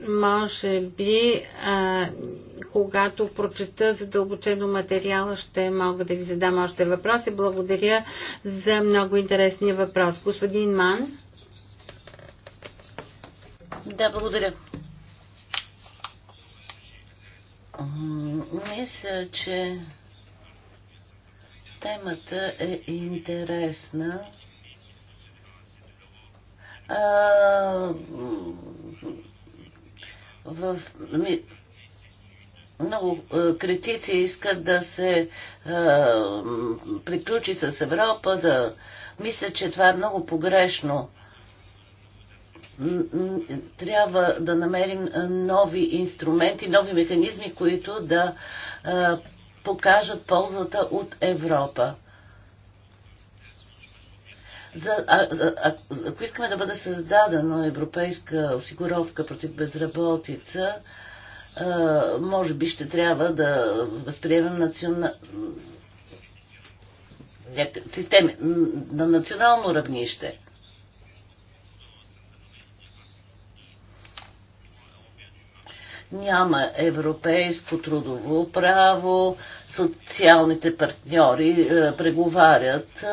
може би, а, когато прочета задълбочено материала, ще мога да ви задам още въпроси. Благодаря за много интересния въпрос. Господин Ман. Да, благодаря. Мисля, че темата е интересна. А, в много е, критици искат да се е, приключи с Европа, да мисля, че това е много погрешно. Трябва да намерим е, нови инструменти, нови механизми, които да е, покажат ползата от Европа. За, а, а, ако искаме да бъде създадена европейска осигуровка против безработица, а, може би ще трябва да възприемем национа... системи на национално равнище. няма европейско трудово право, социалните партньори е, преговарят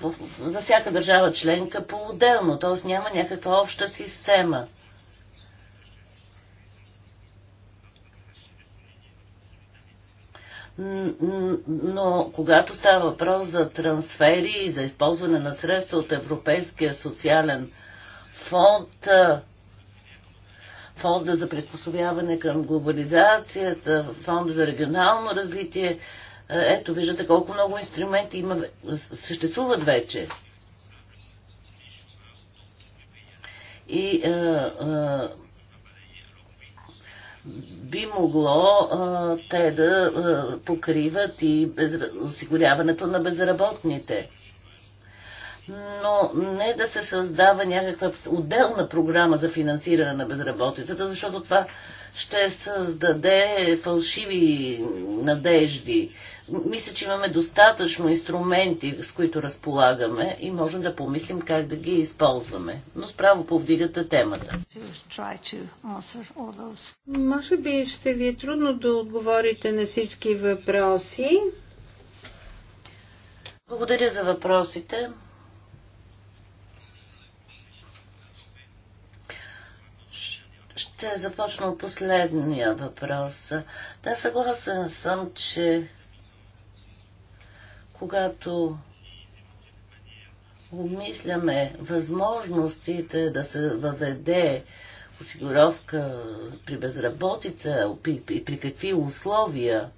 в, за всяка държава членка по-отделно, т.е. няма някаква обща система. Но когато става въпрос за трансфери и за използване на средства от Европейския социален фонд, фонда за приспособяване към глобализацията, фонда за регионално развитие, е, ето, виждате колко много инструменти има, съществуват вече. И а, е, а, е, би могло а, те да а, покриват и без, осигуряването на безработните но не да се създава някаква отделна програма за финансиране на безработицата, защото това ще създаде фалшиви надежди. Мисля, че имаме достатъчно инструменти, с които разполагаме и можем да помислим как да ги използваме. Но справо повдигате темата. Може би ще ви е трудно да отговорите на всички въпроси. Благодаря за въпросите. Ще започна от последния въпрос. Да, съгласен съм, че когато обмисляме възможностите да се въведе осигуровка при безработица и при, при какви условия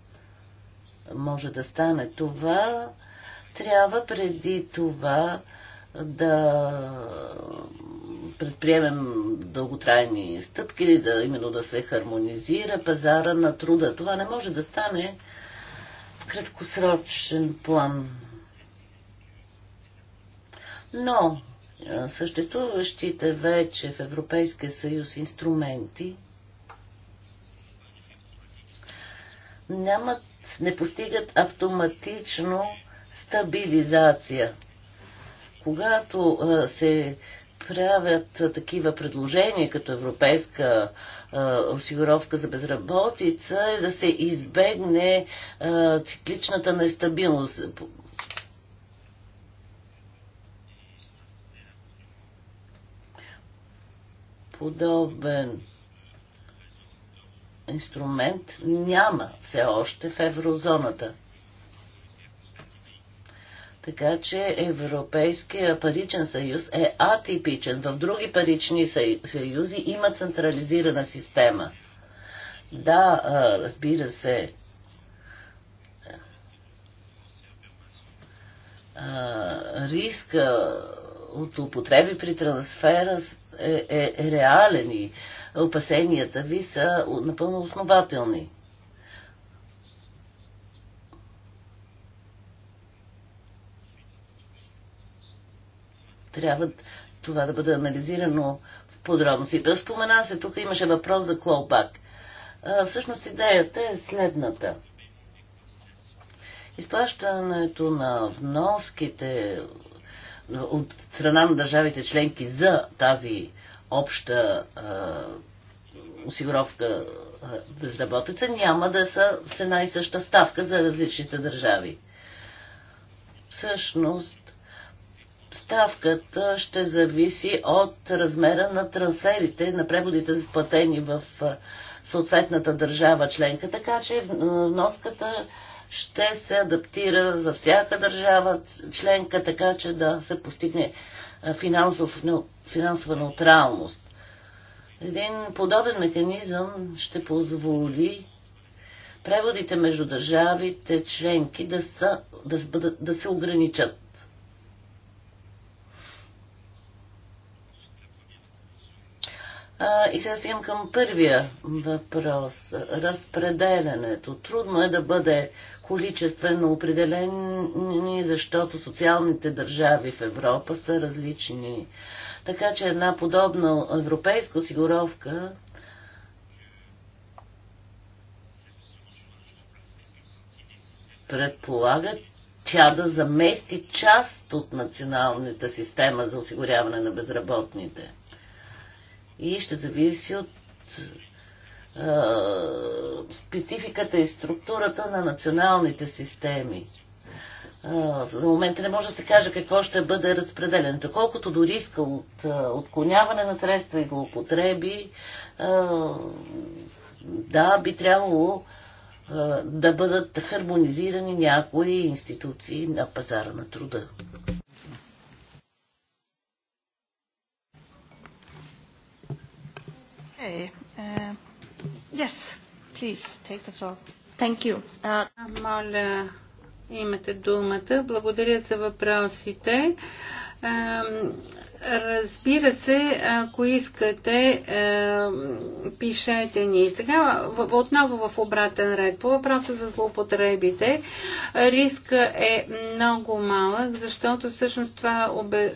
може да стане това, трябва преди това да предприемем дълготрайни стъпки или да, именно да се хармонизира пазара на труда. Това не може да стане в краткосрочен план. Но съществуващите вече в Европейския съюз инструменти нямат, не постигат автоматично стабилизация. Когато се правят такива предложения, като европейска а, осигуровка за безработица, е да се избегне а, цикличната нестабилност. Подобен инструмент няма все още в еврозоната. Така че Европейския паричен съюз е атипичен. В други парични съюзи има централизирана система. Да, разбира се, риска от употреби при трансфера е, е, е реален и опасенията ви са напълно основателни. трябва това да бъде анализирано в подробности. Да спомена се, тук имаше въпрос за клоубак. Всъщност идеята е следната. Изплащането на вноските от страна на държавите членки за тази обща осигуровка безработица няма да са с една и съща ставка за различните държави. Всъщност, ставката ще зависи от размера на трансферите, на преводите сплатени в съответната държава членка, така че вноската ще се адаптира за всяка държава членка, така че да се постигне финансов, финансова неутралност. Един подобен механизъм ще позволи преводите между държавите членки да, са, да, да се ограничат. и сега стигам към първия въпрос. Разпределянето. Трудно е да бъде количествено определени, защото социалните държави в Европа са различни. Така че една подобна европейска осигуровка предполага тя да замести част от националната система за осигуряване на безработните и ще зависи от е, спецификата и структурата на националните системи. Е, за момента не може да се каже какво ще бъде разпределено. Колкото до риска от е, отклоняване на средства и злоупотреби, да, би трябвало да бъдат хармонизирани някои институции на пазара на труда. Okay. Uh, yes, please take the floor. Thank you. Uh... Моля, имате думата. Благодаря за въпросите. разбира се, ако искате, пишете ни. Сега отново в обратен ред. По въпроса за злоупотребите, риска е много малък, защото всъщност това обе,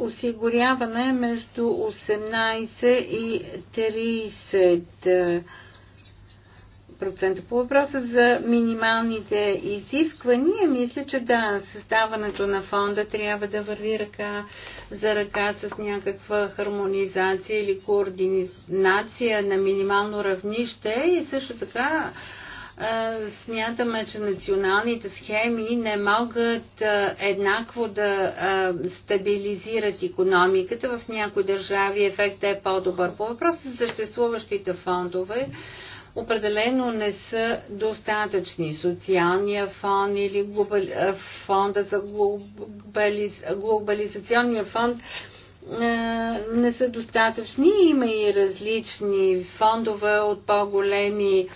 осигуряваме между 18 и 30 е, по въпроса за минималните изисквания, мисля, че да, съставането на фонда трябва да върви ръка за ръка с някаква хармонизация или координация на минимално равнище и също така смятаме, че националните схеми не могат еднакво да стабилизират економиката. В някои държави ефектът е по-добър. По въпроса за съществуващите фондове, определено не са достатъчни. Социалния фонд или глобали... фонда за глобали... глобализационния фонд не са достатъчни. Има и различни фондове от по-големи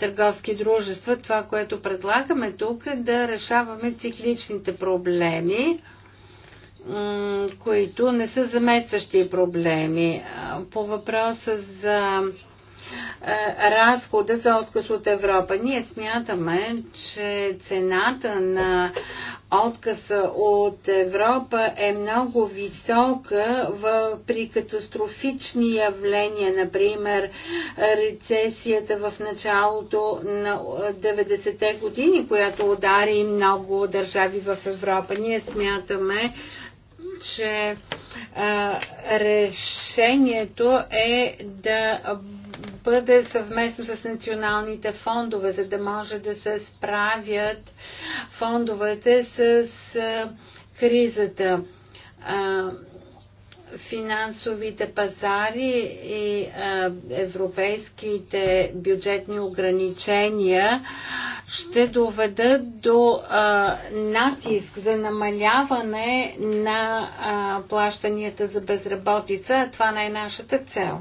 търговски дружества. Това, което предлагаме тук е да решаваме цикличните проблеми, които не са заместващи проблеми. По въпроса за е, разхода за отказ от Европа. Ние смятаме, че цената на отказа от Европа е много висока в, при катастрофични явления, например рецесията в началото на 90-те години, която удари много държави в Европа. Ние смятаме, че а, е, решението е да бъде съвместно с националните фондове, за да може да се справят фондовете с кризата. Финансовите пазари и европейските бюджетни ограничения ще доведат до а, натиск за намаляване на а, плащанията за безработица. Това не е нашата цел.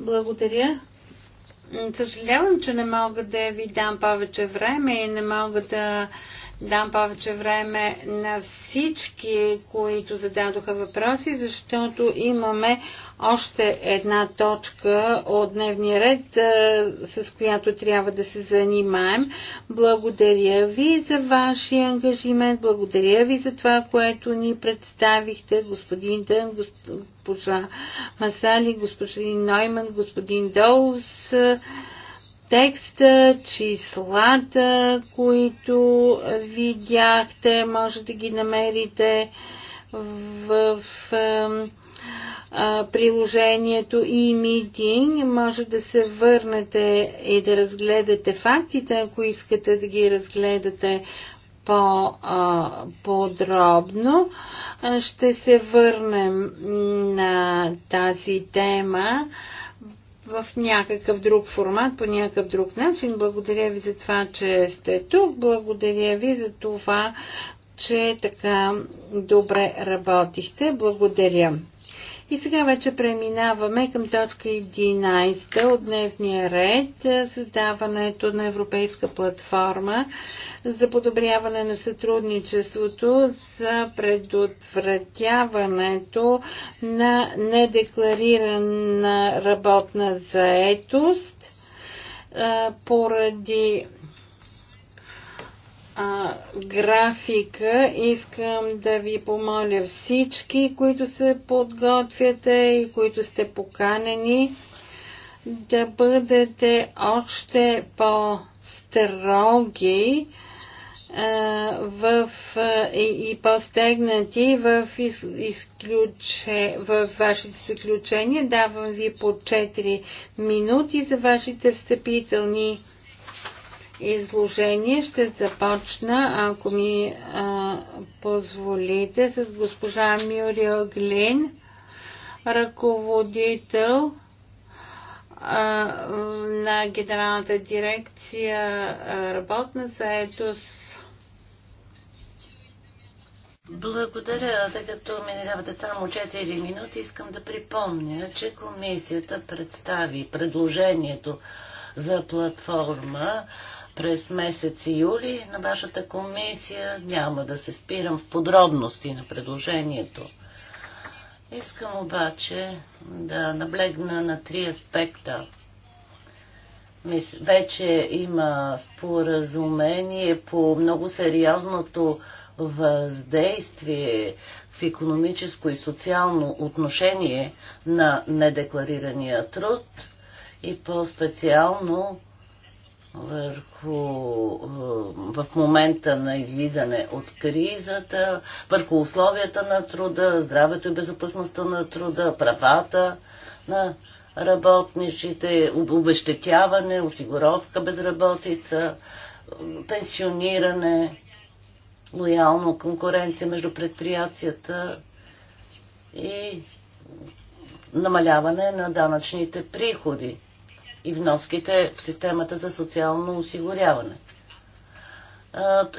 Благодаря. Съжалявам, че не мога да ви дам повече време и не мога да дам повече време на всички, които зададоха въпроси, защото имаме още една точка от дневния ред, с която трябва да се занимаем. Благодаря ви за вашия ангажимент, благодаря ви за това, което ни представихте, господин Дън, госпожа Масали, господин Нойман, господин Долс текста, числата, които видяхте, може да ги намерите в, в приложението e-meeting. Може да се върнете и да разгледате фактите, ако искате да ги разгледате по-подробно. Ще се върнем на тази тема в някакъв друг формат, по някакъв друг начин. Благодаря ви за това, че сте тук. Благодаря ви за това, че така добре работихте. Благодаря. И сега вече преминаваме към точка 11 от дневния ред, създаването на европейска платформа за подобряване на сътрудничеството за предотвратяването на недекларирана работна заетост поради а, графика, искам да ви помоля всички, които се подготвяте и които сте поканени, да бъдете още по-строги в, и, и по-стегнати в, из, изключе, в вашите заключения. Давам ви по 4 минути за вашите встъпителни изложение ще започна, ако ми а, позволите, с госпожа Мюрио Глин, ръководител а, на Генералната дирекция а, работна заедост. благодаря, тъй като ми давате само 4 минути, искам да припомня, че комисията представи предложението за платформа през месец юли на вашата комисия. Няма да се спирам в подробности на предложението. Искам обаче да наблегна на три аспекта. Вече има споразумение по много сериозното въздействие в економическо и социално отношение на недекларирания труд и по-специално върху е, в момента на излизане от кризата, върху условията на труда, здравето и безопасността на труда, правата на работничите, обещетяване, осигуровка безработица, пенсиониране, лоялна конкуренция между предприятията и намаляване на данъчните приходи и вноските в системата за социално осигуряване.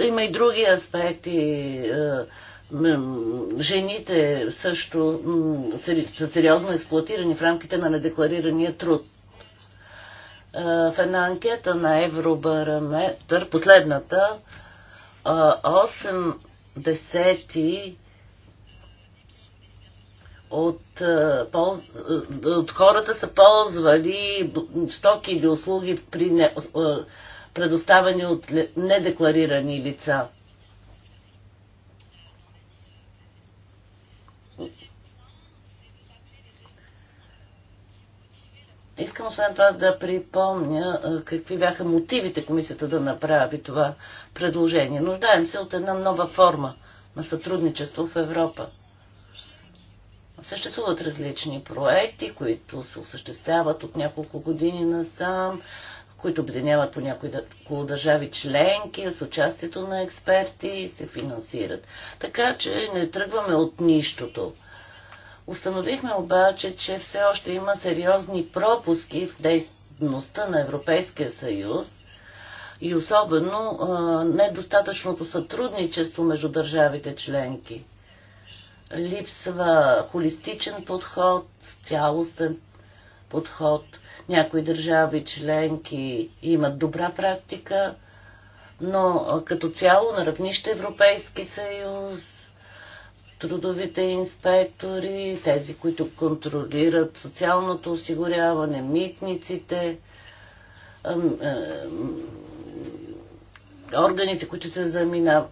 Има и други аспекти. Жените също са сериозно експлуатирани в рамките на недекларирания труд. В една анкета на Евробараметър, последната, 8 десети от, е, е, от хората са ползвали стоки или услуги при не, е, предоставени от недекларирани лица. Искам освен това да припомня какви бяха мотивите комисията да направи това предложение. Нуждаем се от една нова форма на сътрудничество в Европа. Съществуват различни проекти, които се осъществяват от няколко години насам, които обединяват по някои държави членки, с участието на експерти и се финансират. Така че не тръгваме от нищото. Установихме обаче, че все още има сериозни пропуски в дейността на Европейския съюз и особено недостатъчното сътрудничество между държавите членки липсва холистичен подход, цялостен подход. Някои държави членки имат добра практика, но като цяло на равнище Европейски съюз, трудовите инспектори, тези, които контролират социалното осигуряване, митниците, органите, които се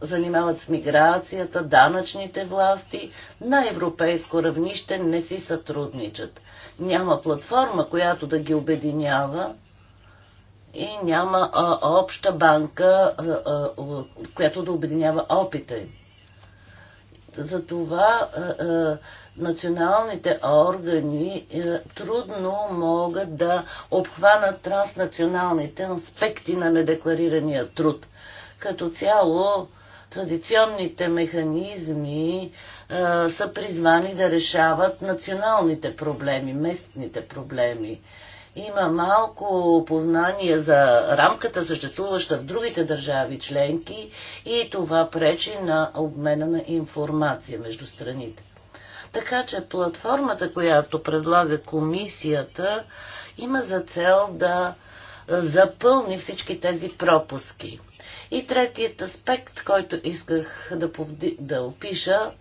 занимават с миграцията, данъчните власти на европейско равнище не си сътрудничат. Няма платформа, която да ги обединява и няма а, обща банка, а, а, която да обединява опита им. Затова а, а, националните органи а, е, трудно могат да обхванат транснационалните аспекти на недекларирания труд. Като цяло, традиционните механизми а, са призвани да решават националните проблеми, местните проблеми. Има малко познание за рамката, съществуваща в другите държави членки и това пречи на обмена на информация между страните. Така че платформата, която предлага комисията, има за цел да запълни всички тези пропуски. И третият аспект, който исках да, повди... да опиша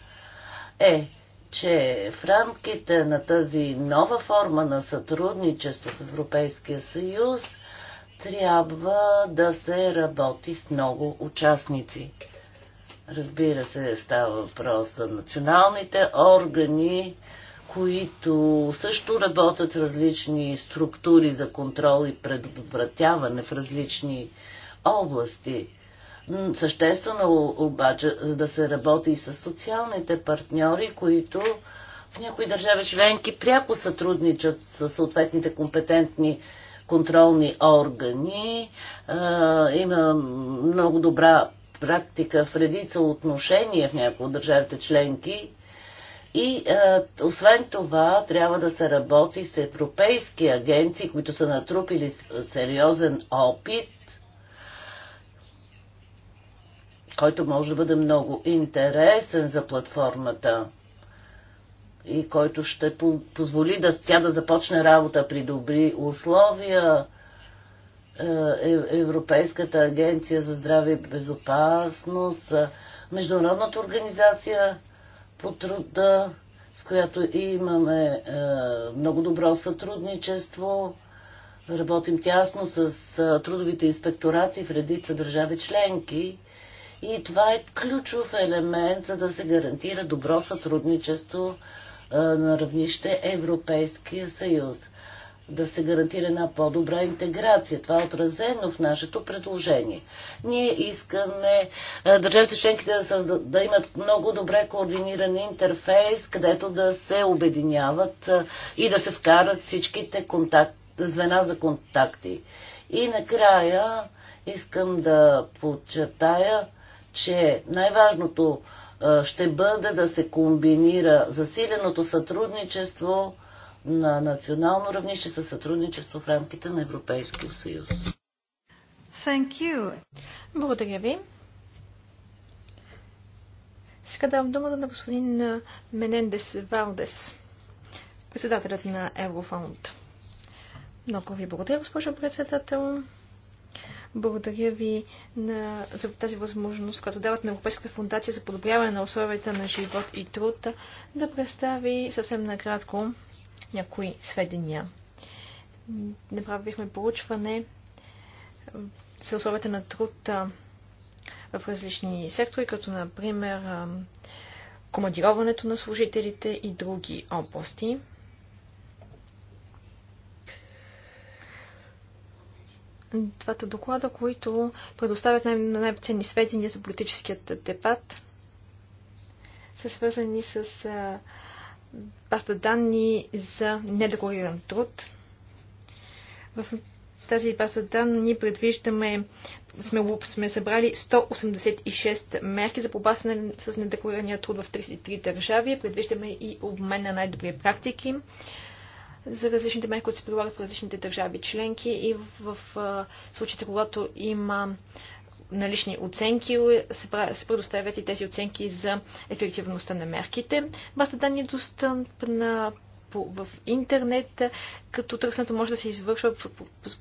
е, че в рамките на тази нова форма на сътрудничество в Европейския съюз трябва да се работи с много участници. Разбира се, става въпрос за националните органи, които също работят в различни структури за контрол и предотвратяване в различни области. Съществено обаче да се работи и с социалните партньори, които в някои държави членки пряко сътрудничат с съответните компетентни контролни органи. Има много добра практика в редица отношения в някои от държавите членки. И е, освен това, трябва да се работи с европейски агенции, които са натрупили сериозен опит който може да бъде много интересен за платформата и който ще позволи да, тя да започне работа при добри условия. Е, е, Европейската агенция за здраве и безопасност, е, Международната организация по труда, с която имаме много добро сътрудничество. Работим тясно с трудовите инспекторати в редица държави членки и това е ключов елемент, за да се гарантира добро сътрудничество на равнище Европейския съюз. Да се гарантира една по-добра интеграция. Това е отразено в нашето предложение. Ние искаме държавите членки да, създад, да имат много добре координиран интерфейс, където да се обединяват и да се вкарат всичките контакт, звена за контакти. И накрая искам да подчертая, че най-важното ще бъде да се комбинира засиленото сътрудничество на национално равнище със сътрудничество в рамките на Европейския съюз. Thank you. Благодаря ви. Сега давам думата на господин Менендес Валдес, председателят на Еврофонд. Много ви благодаря, госпожо председател. Благодаря ви на, за тази възможност, която дават на Европейската фундация за подобряване на условията на живот и труд, да представи съвсем накратко някои сведения. Направихме проучване за условията на труд в различни сектори, като например командироването на служителите и други области. двата доклада, които предоставят най- най-ценни сведения за политическият дебат, са свързани с а, база данни за недеклариран труд. В тази база данни предвиждаме, сме, сме събрали 186 мерки за борба с недекларирания труд в 33 държави. Предвиждаме и обмен на най-добри практики за различните мерки, които се прилагат в различните държави членки и в, в случаите, когато има налични оценки, се, се предоставят и тези оценки за ефективността на мерките. Баста данни е достъпна в интернет, като търсенето може да се извършва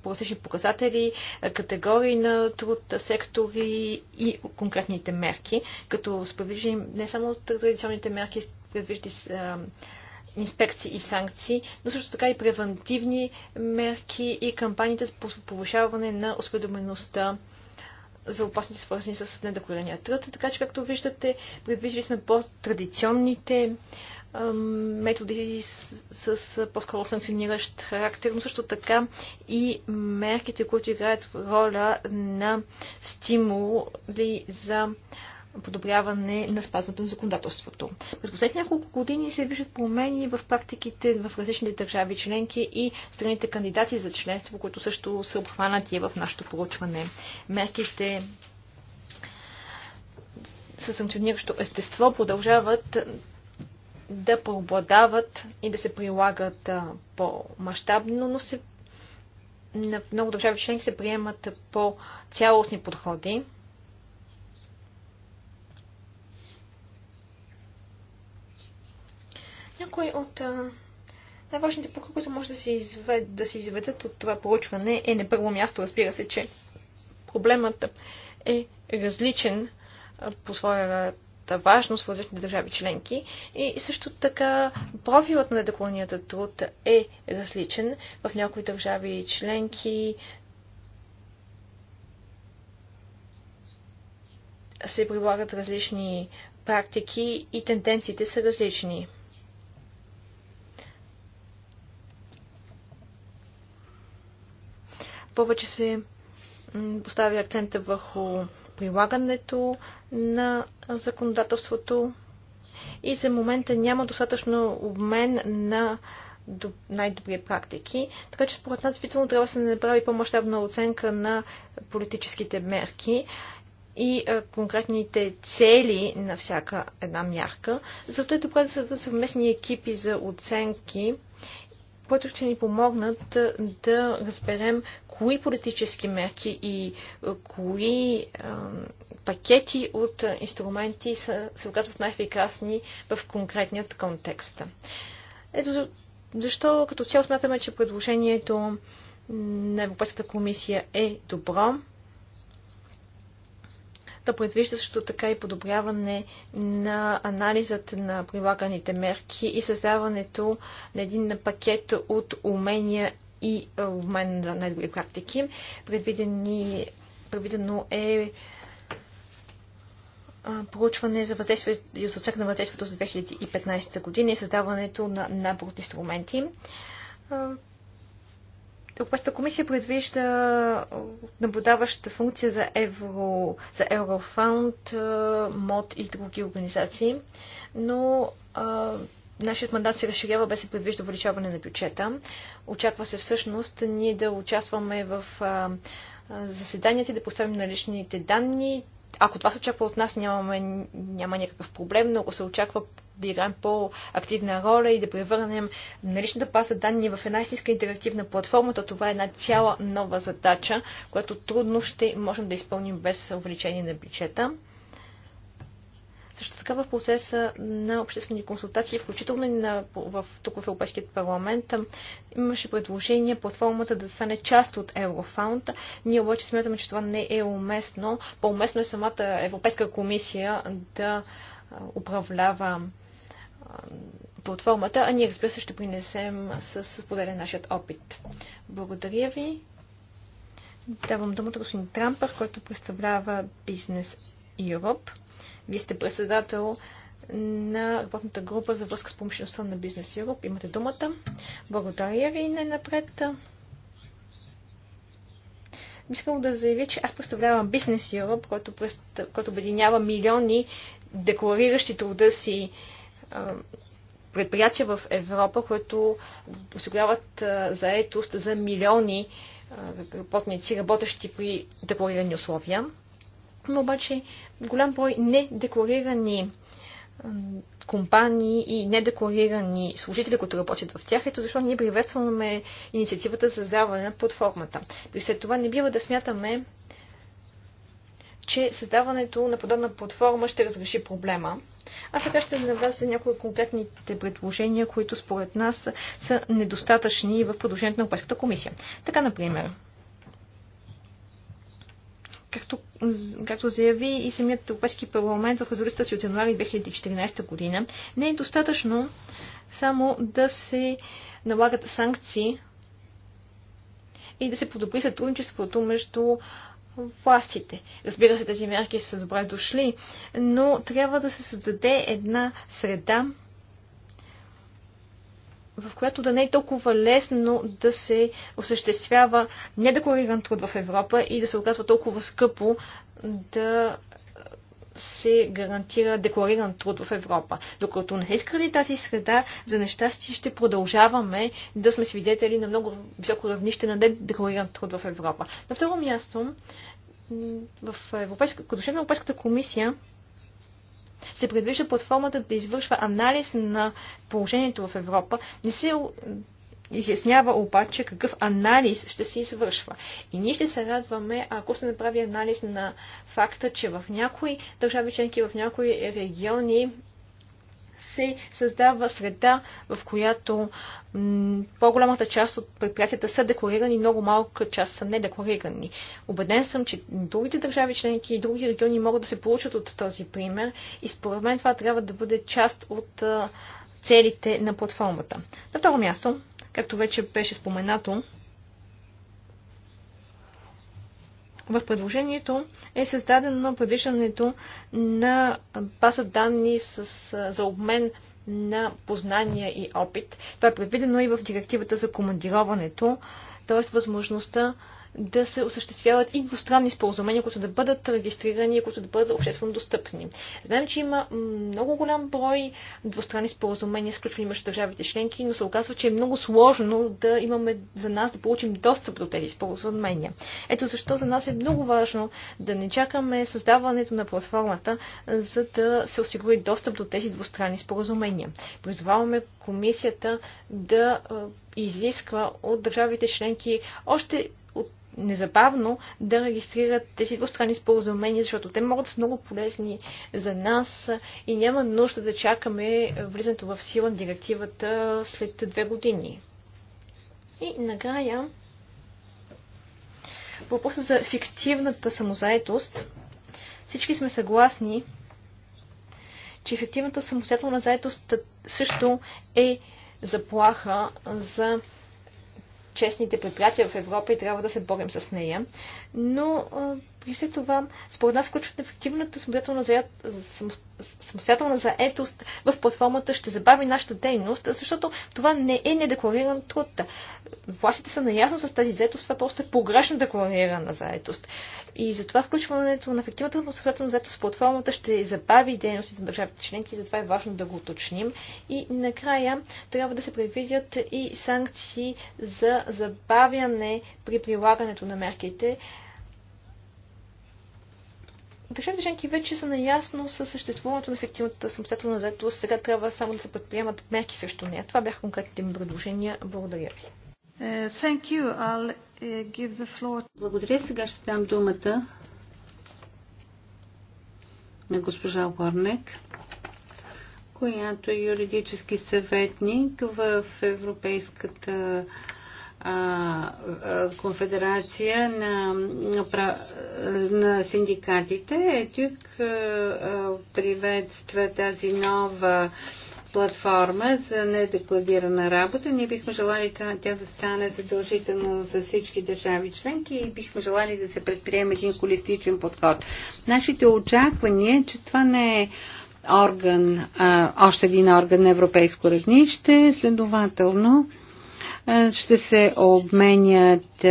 по различни показатели, категории на труд, сектори и конкретните мерки, като предвижим не само традиционните мерки, предвижди инспекции и санкции, но също така и превентивни мерки и кампаниите по повишаване на осведомеността за опасности, свързани с недекорирания труд. Така че, както виждате, предвиждали сме по-традиционните методи с, с по-скоро санкциониращ характер, но също така и мерките, които играят роля на стимули за а, подобряване на спазването на законодателството. През последните няколко години се виждат промени в практиките в различните държави членки и страните кандидати за членство, които също са обхванати в нашето проучване. Мерките със санкциониращо естество продължават да преобладават и да се прилагат по-масштабно, но се, на много държави членки се приемат по-цялостни подходи. Някой от най-важните пока, които може да се, извед, да се изведат от това проучване е на първо място, разбира се, че проблемът е различен по своята важност в различните държави членки и също така профилът на недоклонията труд е различен. В някои държави членки се прилагат различни практики и тенденциите са различни. повече се поставя акцента върху прилагането на законодателството и за момента няма достатъчно обмен на най-добри практики. Така че според нас действително трябва да се направи по-масштабна оценка на политическите мерки и а, конкретните цели на всяка една мярка. Зато е добре да създадат съвместни екипи за оценки които ще ни помогнат да разберем кои политически мерки и кои а, пакети от инструменти са, се оказват най-ефикасни в конкретният контекст. Ето защо като цяло смятаме, че предложението на Европейската комисия е добро да предвижда също така и подобряване на анализът на прилаганите мерки и създаването на един пакет от умения и обмен на най-добри практики. Предвидени, предвидено е проучване за въздействието и за на въздействието за 2015 година и създаването на набор от инструменти. Европейската комисия предвижда наблюдаваща функция за, Евро, за Еврофаунд, МОД и други организации, но а, нашият мандат се разширява без се предвижда увеличаване на бюджета. Очаква се всъщност ние да участваме в а, заседанията и да поставим наличните данни, ако това се очаква от нас, нямаме, няма някакъв проблем, но ако се очаква да играем по-активна роля и да превърнем наличната паса данни в една истинска интерактивна платформа, то това е една цяла нова задача, която трудно ще можем да изпълним без увеличение на бюджета. Също така в процеса на обществени консултации, включително и на, в, тук в Европейския парламент, имаше предложение платформата да стане част от Еврофаунд. Ние обаче смятаме, че това не е уместно. По-уместно е самата Европейска комисия да управлява платформата, а ние разбира се ще принесем с поделен нашият опит. Благодаря ви. Давам думата господин Трампър, който представлява Business Europe. Вие сте председател на работната група за връзка с помощността на Бизнес Европ. Имате думата. Благодаря ви не напред Искам да заявя, че аз представлявам Бизнес Европ, който, който обединява милиони деклариращи труда си предприятия в Европа, които осигуряват заетост за милиони работници, работещи при декларирани условия. Има обаче голям брой недекларирани компании и недекларирани служители, които работят в тях. Ето защо ние приветстваме инициативата за създаване на платформата. При след това не бива да смятаме, че създаването на подобна платформа ще разреши проблема. А сега ще навляза някои конкретните предложения, които според нас са недостатъчни в продължението на Европейската комисия. Така, например, както, както заяви и самият Европейски парламент в резолюцията си от януари 2014 година, не е достатъчно само да се налагат санкции и да се подобри сътрудничеството между властите. Разбира се, тези мерки са добре дошли, но трябва да се създаде една среда, в която да не е толкова лесно да се осъществява недеклариран труд в Европа и да се оказва толкова скъпо да се гарантира деклариран труд в Европа. Докато не се изкради тази среда, за нещастие ще продължаваме да сме свидетели на много високо равнище на недеклариран труд в Европа. На второ място, в Европейска, на Европейската комисия се предвижда платформата да извършва анализ на положението в Европа. Не се изяснява обаче какъв анализ ще се извършва. И ние ще се радваме, ако се направи анализ на факта, че в някои държави членки, в някои региони се създава среда, в която по-голямата част от предприятията са декларирани, много малка част са недекларирани. Обеден съм, че другите държави членки и други региони могат да се получат от този пример и според мен това трябва да бъде част от целите на платформата. На второ място, както вече беше споменато, В предложението е създадено предвиждането на база данни с, за обмен на познания и опит. Това е предвидено и в директивата за командироването, т.е. възможността да се осъществяват и двустранни споразумения, които да бъдат регистрирани които да бъдат обществено достъпни. Знаем, че има много голям брой двустранни споразумения, сключвани между държавите членки, но се оказва, че е много сложно да имаме за нас да получим достъп до тези споразумения. Ето защо за нас е много важно да не чакаме създаването на платформата, за да се осигури достъп до тези двустранни споразумения. Призоваваме комисията да изисква от държавите членки още незабавно да регистрират тези двустранни споразумения, защото те могат да са много полезни за нас и няма нужда да чакаме влизането в сила на директивата след две години. И накрая въпроса за фиктивната самозаетост. Всички сме съгласни, че ефективната самостоятелна заетост също е заплаха за честните предприятия в Европа и трябва да се борим с нея. Но при след това, според нас, включват ефективната самостоятелна, самостоятелна заетост в платформата ще забави нашата дейност, защото това не е недеклариран труд. Властите са наясно с тази заетост, това просто е погрешно декларирана заетост. И затова включването на ефективната самостоятелна заетост в платформата ще забави дейностите на държавите членки, затова е важно да го уточним. И накрая трябва да се предвидят и санкции за забавяне при прилагането на мерките, Държавите членки вече са наясно с съществуването на ефективната самостоятелна заедост. Сега трябва само да се предприемат мерки срещу нея. Това бяха конкретните ми предложения. Благодаря ви. Е, е, Благодаря. Сега ще дам думата на госпожа Горнек, която е юридически съветник в Европейската конфедерация на, на, на синдикатите. а, приветства тази нова платформа за недекладирана работа. Ние бихме желали тя да стане задължително за всички държави членки и бихме желали да се предприеме един холистичен подход. Нашите очаквания че това не е орган, а, още един орган на европейско равнище, следователно ще се обменят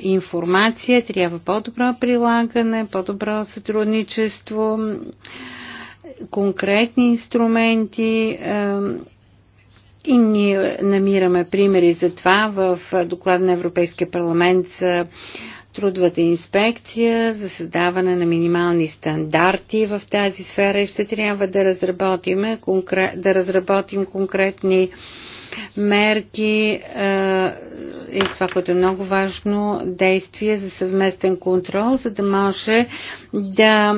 информация, трябва по-добро прилагане, по-добро сътрудничество, конкретни инструменти. И ние намираме примери за това в доклада на Европейския парламент за трудвата инспекция, за създаване на минимални стандарти в тази сфера и ще трябва да разработим, да разработим конкретни мерки е, и това, което е много важно, действие за съвместен контрол, за да може да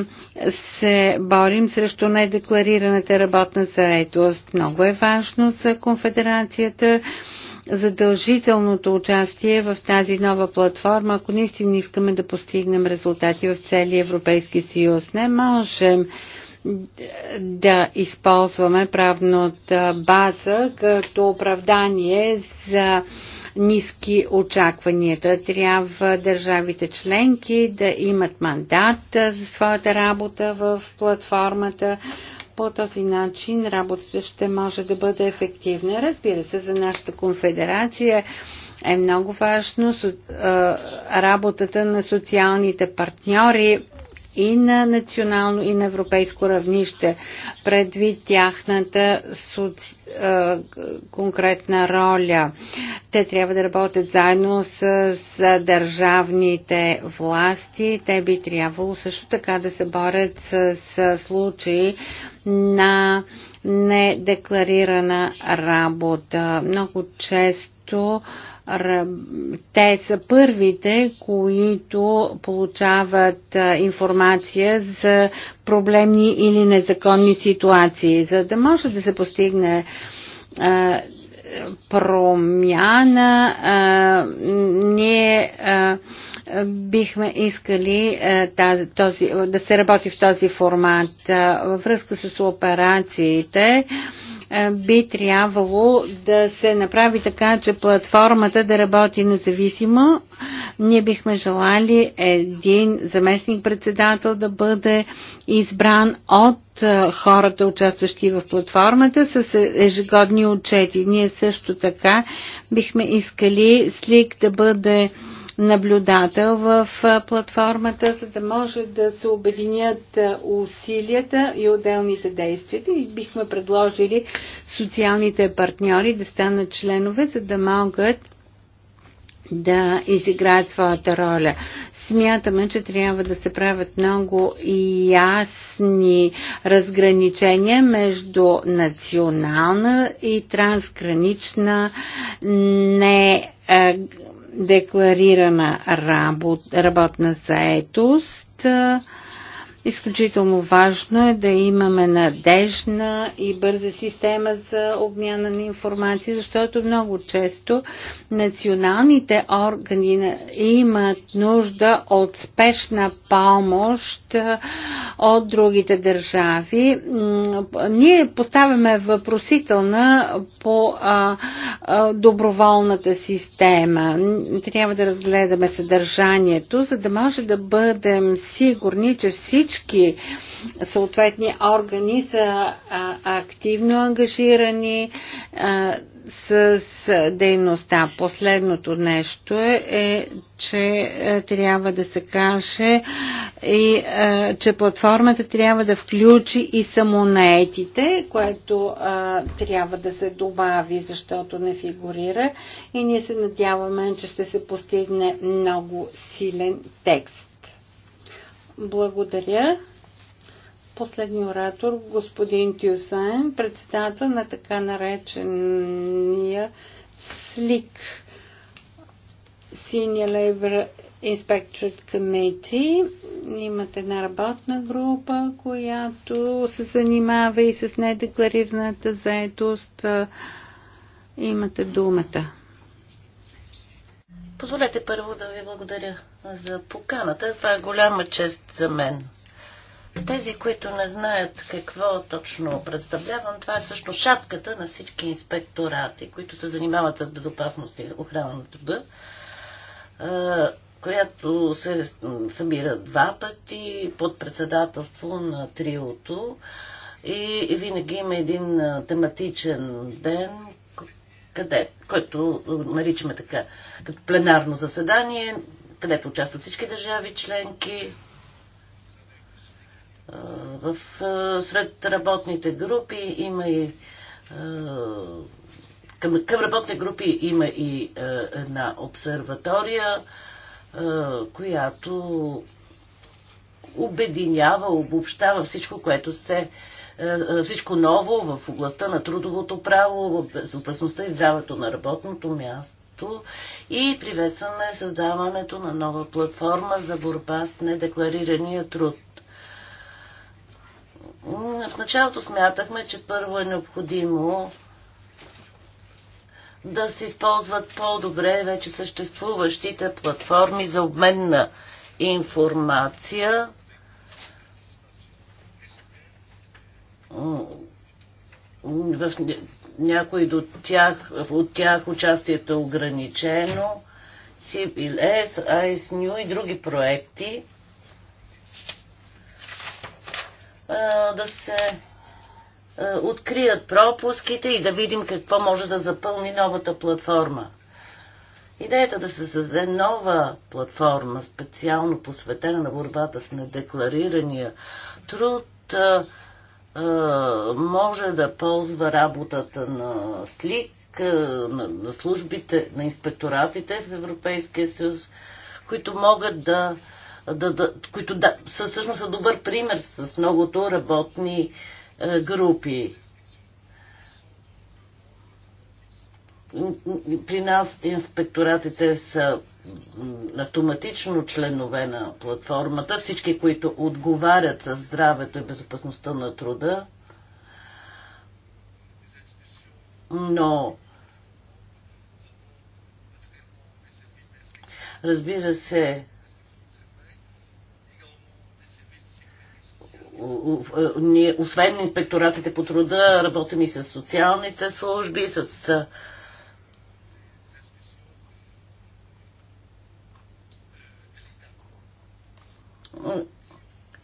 се борим срещу недекларираната работна заетост. Много е важно за конфедерацията задължителното участие в тази нова платформа, ако наистина искаме да постигнем резултати в целия Европейски съюз. Не можем да използваме правната база като оправдание за ниски очакванията. Трябва държавите членки да имат мандат за своята работа в платформата. По този начин работата ще може да бъде ефективна. Разбира се, за нашата конфедерация е много важно работата на социалните партньори и на национално, и на европейско равнище, предвид тяхната соци... конкретна роля. Те трябва да работят заедно с, с държавните власти. Те би трябвало също така да се борят с, с случаи на недекларирана работа. Много често често те са първите, които получават информация за проблемни или незаконни ситуации, за да може да се постигне промяна. Ние бихме искали този, да се работи в този формат. Във връзка с операциите, е, би трябвало да се направи така, че платформата да работи независимо. Ние бихме желали един заместник-председател да бъде избран от е, хората, участващи в платформата, с ежегодни отчети. Ние също така бихме искали СЛИК да бъде наблюдател в платформата, за да може да се обединят усилията и отделните действия. И бихме предложили социалните партньори да станат членове, за да могат да изиграят своята роля. Смятаме, че трябва да се правят много ясни разграничения между национална и трансгранична не е, декларирана работ, работна заетост. А, Изключително важно е да имаме надежна и бърза система за обмяна на информация, защото много често националните органи имат нужда от спешна помощ от другите държави. Ние поставяме въпросителна по доброволната система. Трябва да разгледаме съдържанието, за да може да бъдем сигурни, че всички всички съответни органи са активно ангажирани с дейността. Последното нещо е, е че а, е, трябва да се каже и а, е, че платформата трябва да включи и самонаетите, което е, трябва да се добави, защото не фигурира и ние се надяваме, че ще се постигне много силен текст. Благодаря. Последният оратор, господин Тюсайн, председател на така наречения СЛИК, Senior Labor Inspectorate Committee. Имат една работна група, която се занимава и с недекларираната заетост. Имате думата. Позволете първо да ви благодаря за поканата. Това е голяма чест за мен. Тези, които не знаят какво точно представлявам, това е също шапката на всички инспекторати, които се занимават с безопасност и охрана на труда, която се събира два пъти под председателство на триото и винаги има един тематичен ден, къде, който е, наричаме така като пленарно заседание, където участват всички държави членки, е, в, е, сред работните групи има и към, към работните групи има и една обсерватория, която обединява, обобщава всичко, което се е, е, всичко ново в областта на трудовото право, безопасността и здравето на работното място и приветстваме създаването на нова платформа за борба с недекларирания труд. В началото смятахме, че първо е необходимо да се използват по-добре вече съществуващите платформи за обмен на информация в някои от тях, от тях участието е ограничено, CBLS, ISNU и други проекти, да се открият пропуските и да видим какво може да запълни новата платформа. Идеята да се създаде нова платформа, специално посветена на борбата с недекларирания труд, може да ползва работата на СЛИК, на службите, на инспекторатите в Европейския съюз, които могат да, да, да които да, са, всъщност са добър пример с многото работни е, групи. при нас инспекторатите са автоматично членове на платформата, всички, които отговарят за здравето и безопасността на труда, но разбира се, е, ние, освен инспекторатите по труда, работим и с социалните служби, с е,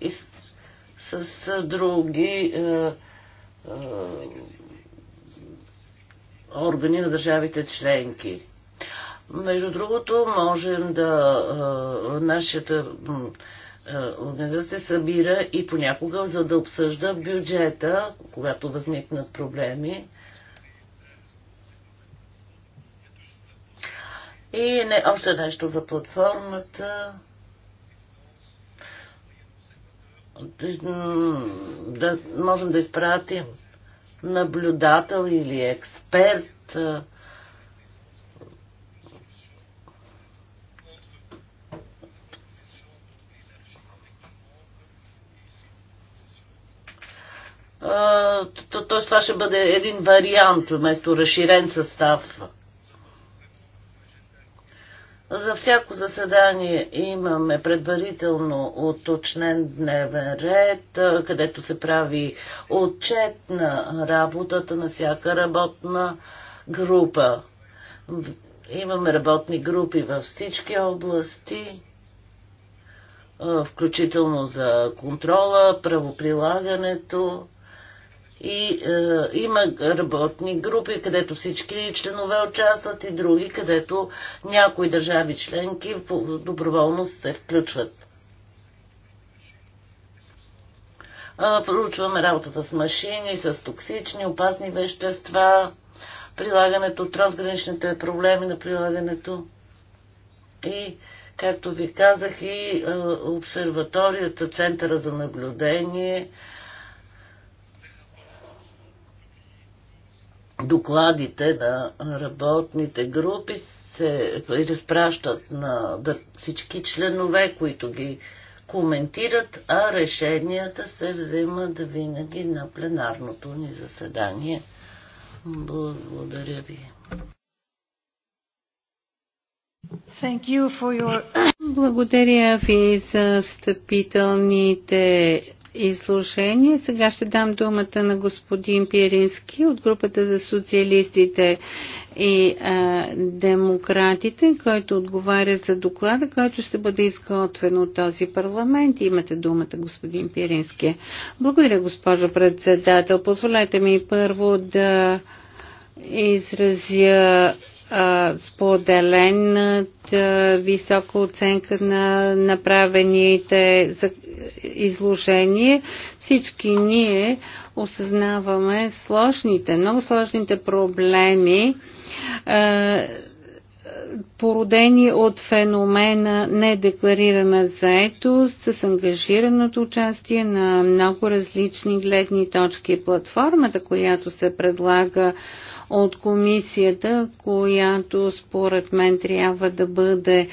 и с, с, други е, е, органи на държавите членки. Между другото, можем да. Е, нашата е, организация събира и понякога, за да обсъжда бюджета, когато възникнат проблеми. И не, още нещо за платформата да можем да изпратим наблюдател или експерт. Тоест това ще бъде един вариант вместо разширен състав. За всяко заседание имаме предварително уточнен дневен ред, където се прави отчет на работата на всяка работна група. Имаме работни групи във всички области, включително за контрола, правоприлагането, и е, има работни групи, където всички членове участват и други, където някои държави членки доброволно се включват. Е, проучваме работата с машини, с токсични, опасни вещества, прилагането, трансграничните проблеми на прилагането. И, както ви казах, и е, обсерваторията, центъра за наблюдение докладите на работните групи се разпращат на всички членове, които ги коментират, а решенията се вземат винаги на пленарното ни заседание. Благодаря ви. Thank you for your... Благодаря ви за встъпителните изложение. Сега ще дам думата на господин Пирински от групата за социалистите и а, демократите, който отговаря за доклада, който ще бъде изготвен от този парламент. Имате думата, господин Пирински. Благодаря, госпожо председател. Позволете ми първо да изразя споделената висока оценка на направените изложение. Всички ние осъзнаваме сложните, много сложните проблеми, е, породени от феномена недекларирана заетост с ангажираното участие на много различни гледни точки. Платформата, която се предлага от комисията, която според мен трябва да бъде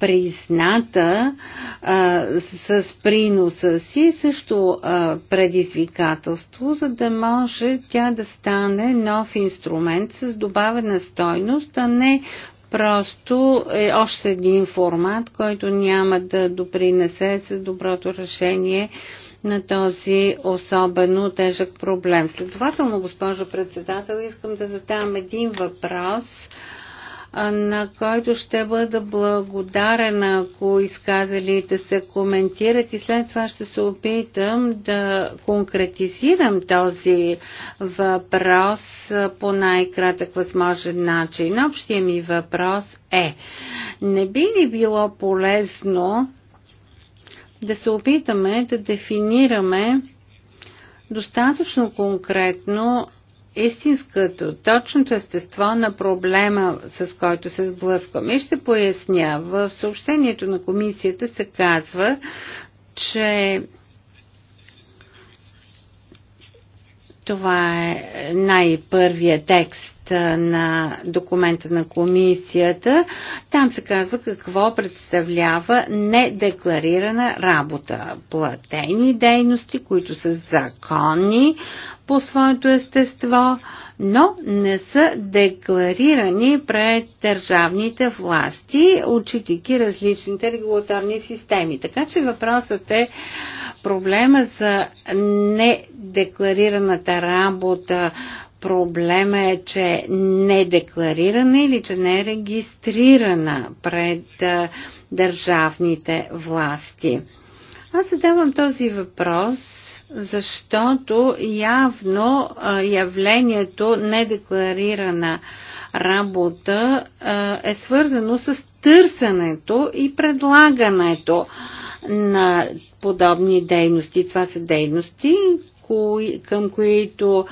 призната а, с, приноса си също а, предизвикателство, за да може тя да стане нов инструмент с добавена стойност, а не просто е още един формат, който няма да допринесе с доброто решение на този особено тежък проблем. Следователно, госпожо председател, искам да задам един въпрос. А, на който ще бъда благодарен, ако изказалите се коментират и след това ще се опитам да конкретизирам този въпрос по най-кратък възможен начин. Общия ми въпрос е, не би ли било полезно да се опитаме да дефинираме достатъчно конкретно истинското, точното естество на проблема, с който се сблъскваме. И ще поясня. В съобщението на комисията се казва, че това е най-първия текст на документа на комисията. Там се казва какво представлява недекларирана работа. Платени дейности, които са законни по своето естество, но не са декларирани пред държавните власти, отчитайки различните регулаторни системи. Така че въпросът е проблема за недекларираната работа Проблема е, че не е декларирана или че не е регистрирана пред държавните власти. Аз задавам този въпрос, защото явно явлението недекларирана работа е свързано с търсенето и предлагането на подобни дейности. Това са дейности, кои, към които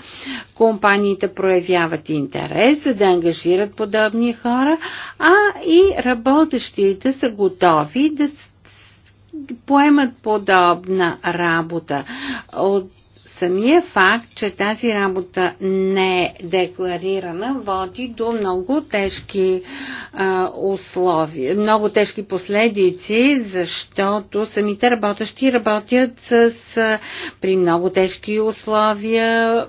компаниите проявяват интерес, за да ангажират подобни хора, а и работещите са готови да поемат подобна работа. От Самия факт, че тази работа не е декларирана, води до много тежки а, условия, много тежки последици, защото самите работещи работят с, с, при много тежки условия,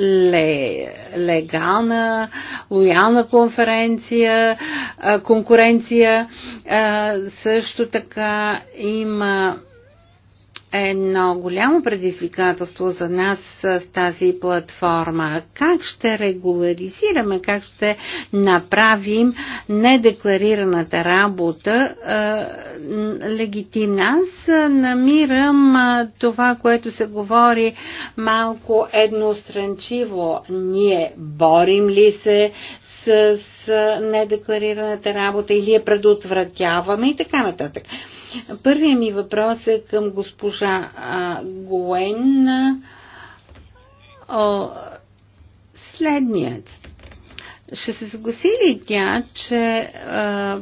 ле, легална, лоялна конференция, а, конкуренция. А, също така има е едно голямо предизвикателство за нас с тази платформа. Как ще регуларизираме, как ще направим недекларираната работа е, легитимна? Аз намирам е, това, което се говори малко едностранчиво. Ние борим ли се с, недекларираната работа или я предотвратяваме и така нататък. Е, Първият ми въпрос е към госпожа Гуен следният. Ще се съгласи ли тя, че а,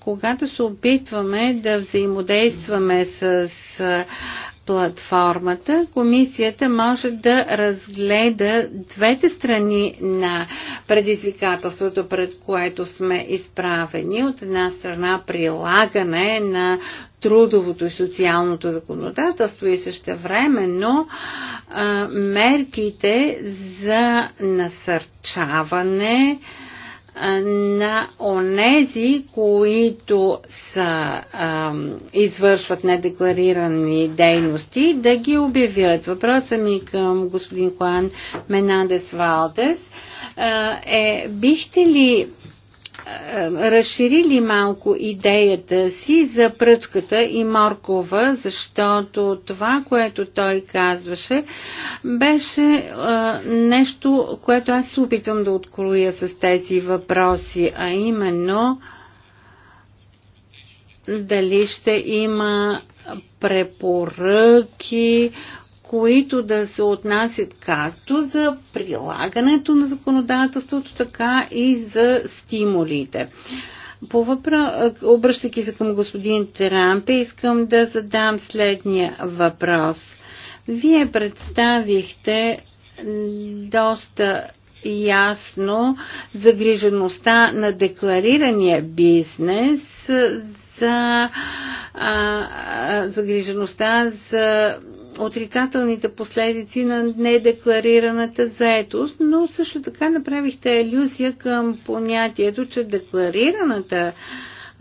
когато се опитваме да взаимодействаме с а, платформата, комисията може да разгледа двете страни на предизвикателството, пред което сме изправени. От една страна прилагане на трудовото и социалното законодателство и но а, мерките за насърчаване а, на онези, които са, а, извършват недекларирани дейности, да ги обявят. Въпроса ми към господин Хуан Менандес Валдес е, бихте ли е, разширили малко идеята си за пръчката и моркова, защото това, което той казваше, беше а, е, нещо, което аз се опитвам да откроя с тези въпроси, а именно дали ще има препоръки които да се отнасят както за прилагането на законодателството, така и за стимулите. По въпра... Обръщайки се към господин Трамп, искам да задам следния въпрос. Вие представихте доста ясно загрижеността на декларирания бизнес за а, загрижеността за отрицателните последици на недекларираната заетост, но също така направихте иллюзия към понятието, че декларираната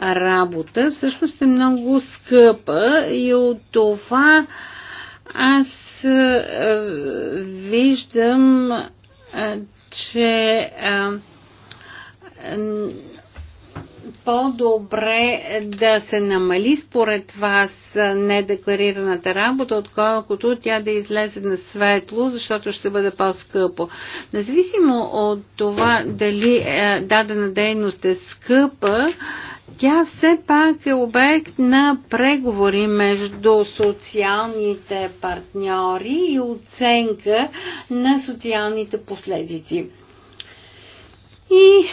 работа всъщност е много скъпа и от това аз е, виждам, е, че е, по-добре да се намали според вас недекларираната работа, отколкото тя да излезе на светло, защото ще бъде по-скъпо. Независимо от това дали е, дадена дейност е скъпа, тя все пак е обект на преговори между социалните партньори и оценка на социалните последици. И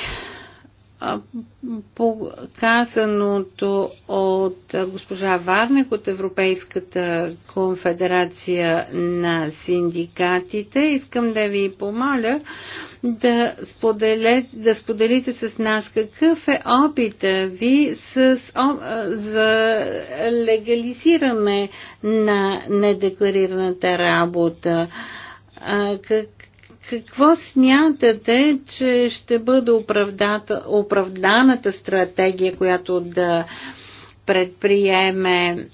показаното от госпожа Варнек от Европейската конфедерация на синдикатите. Искам да ви помоля да, споделе, да споделите с нас какъв е опита ви с, о, за легализиране на недекларираната работа. Как какво смятате, че ще бъде оправданата стратегия, която да предприеме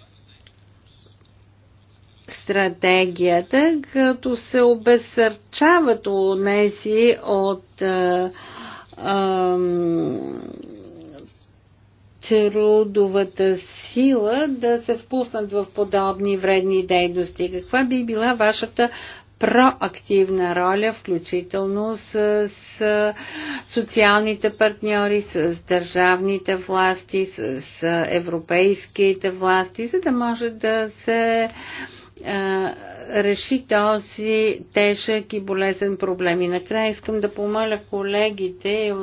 стратегията, като се обесърчават онези от а, е, а, трудовата сила да се впуснат в подобни вредни дейности? Каква би била вашата проактивна роля, включително с, с социалните партньори, с държавните власти, с, с европейските власти, за да може да се реши този тежък и болезен проблем. И накрая искам да помоля колегите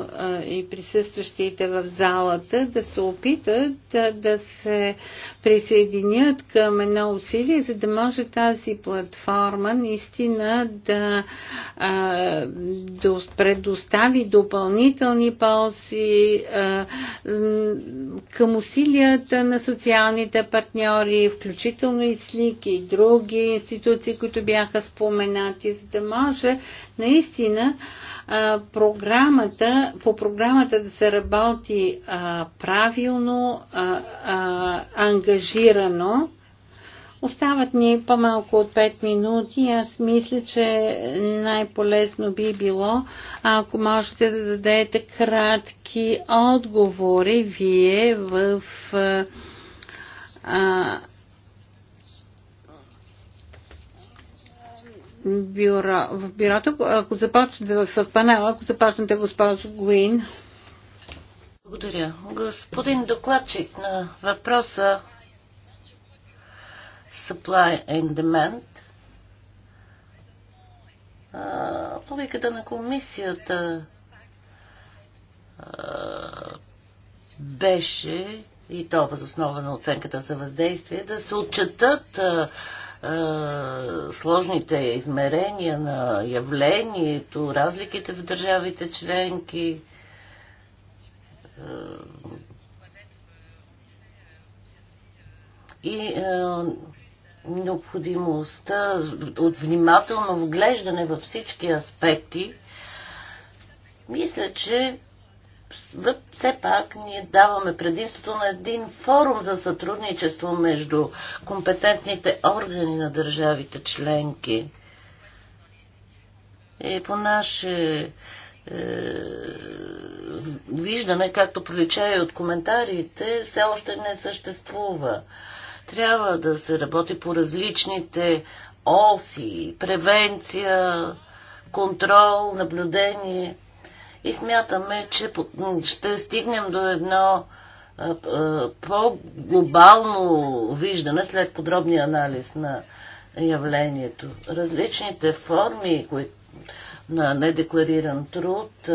и присъстващите в залата да се опитат да се присъединят към едно усилие, за да може тази платформа наистина да, а, да предостави допълнителни ползи а, към усилията на социалните партньори, включително и СЛИК и други институции, които бяха споменати, за да може наистина програмата, по програмата да се работи а, правилно, а, а, ангажирано. Остават ни по-малко от 5 минути. Аз мисля, че най-полезно би било, ако можете да дадете кратки отговори вие в а, бюро, в бюрото. Ако започнете в панела, ако започнете госпожо Гуин. Благодаря. Господин докладчик на въпроса Supply and Demand. Логиката на комисията беше и то възоснова на оценката за въздействие, да се отчетат сложните измерения на явлението, разликите в държавите членки. И необходимостта от внимателно вглеждане във всички аспекти, мисля, че все пак ние даваме предимството на един форум за сътрудничество между компетентните органи на държавите членки. И по наше е, виждане, както пролича и от коментарите, все още не съществува. Трябва да се работи по различните оси, превенция, контрол, наблюдение – и смятаме, че ще стигнем до едно по-глобално виждане след подробния анализ на явлението. Различните форми които, на недеклариран труд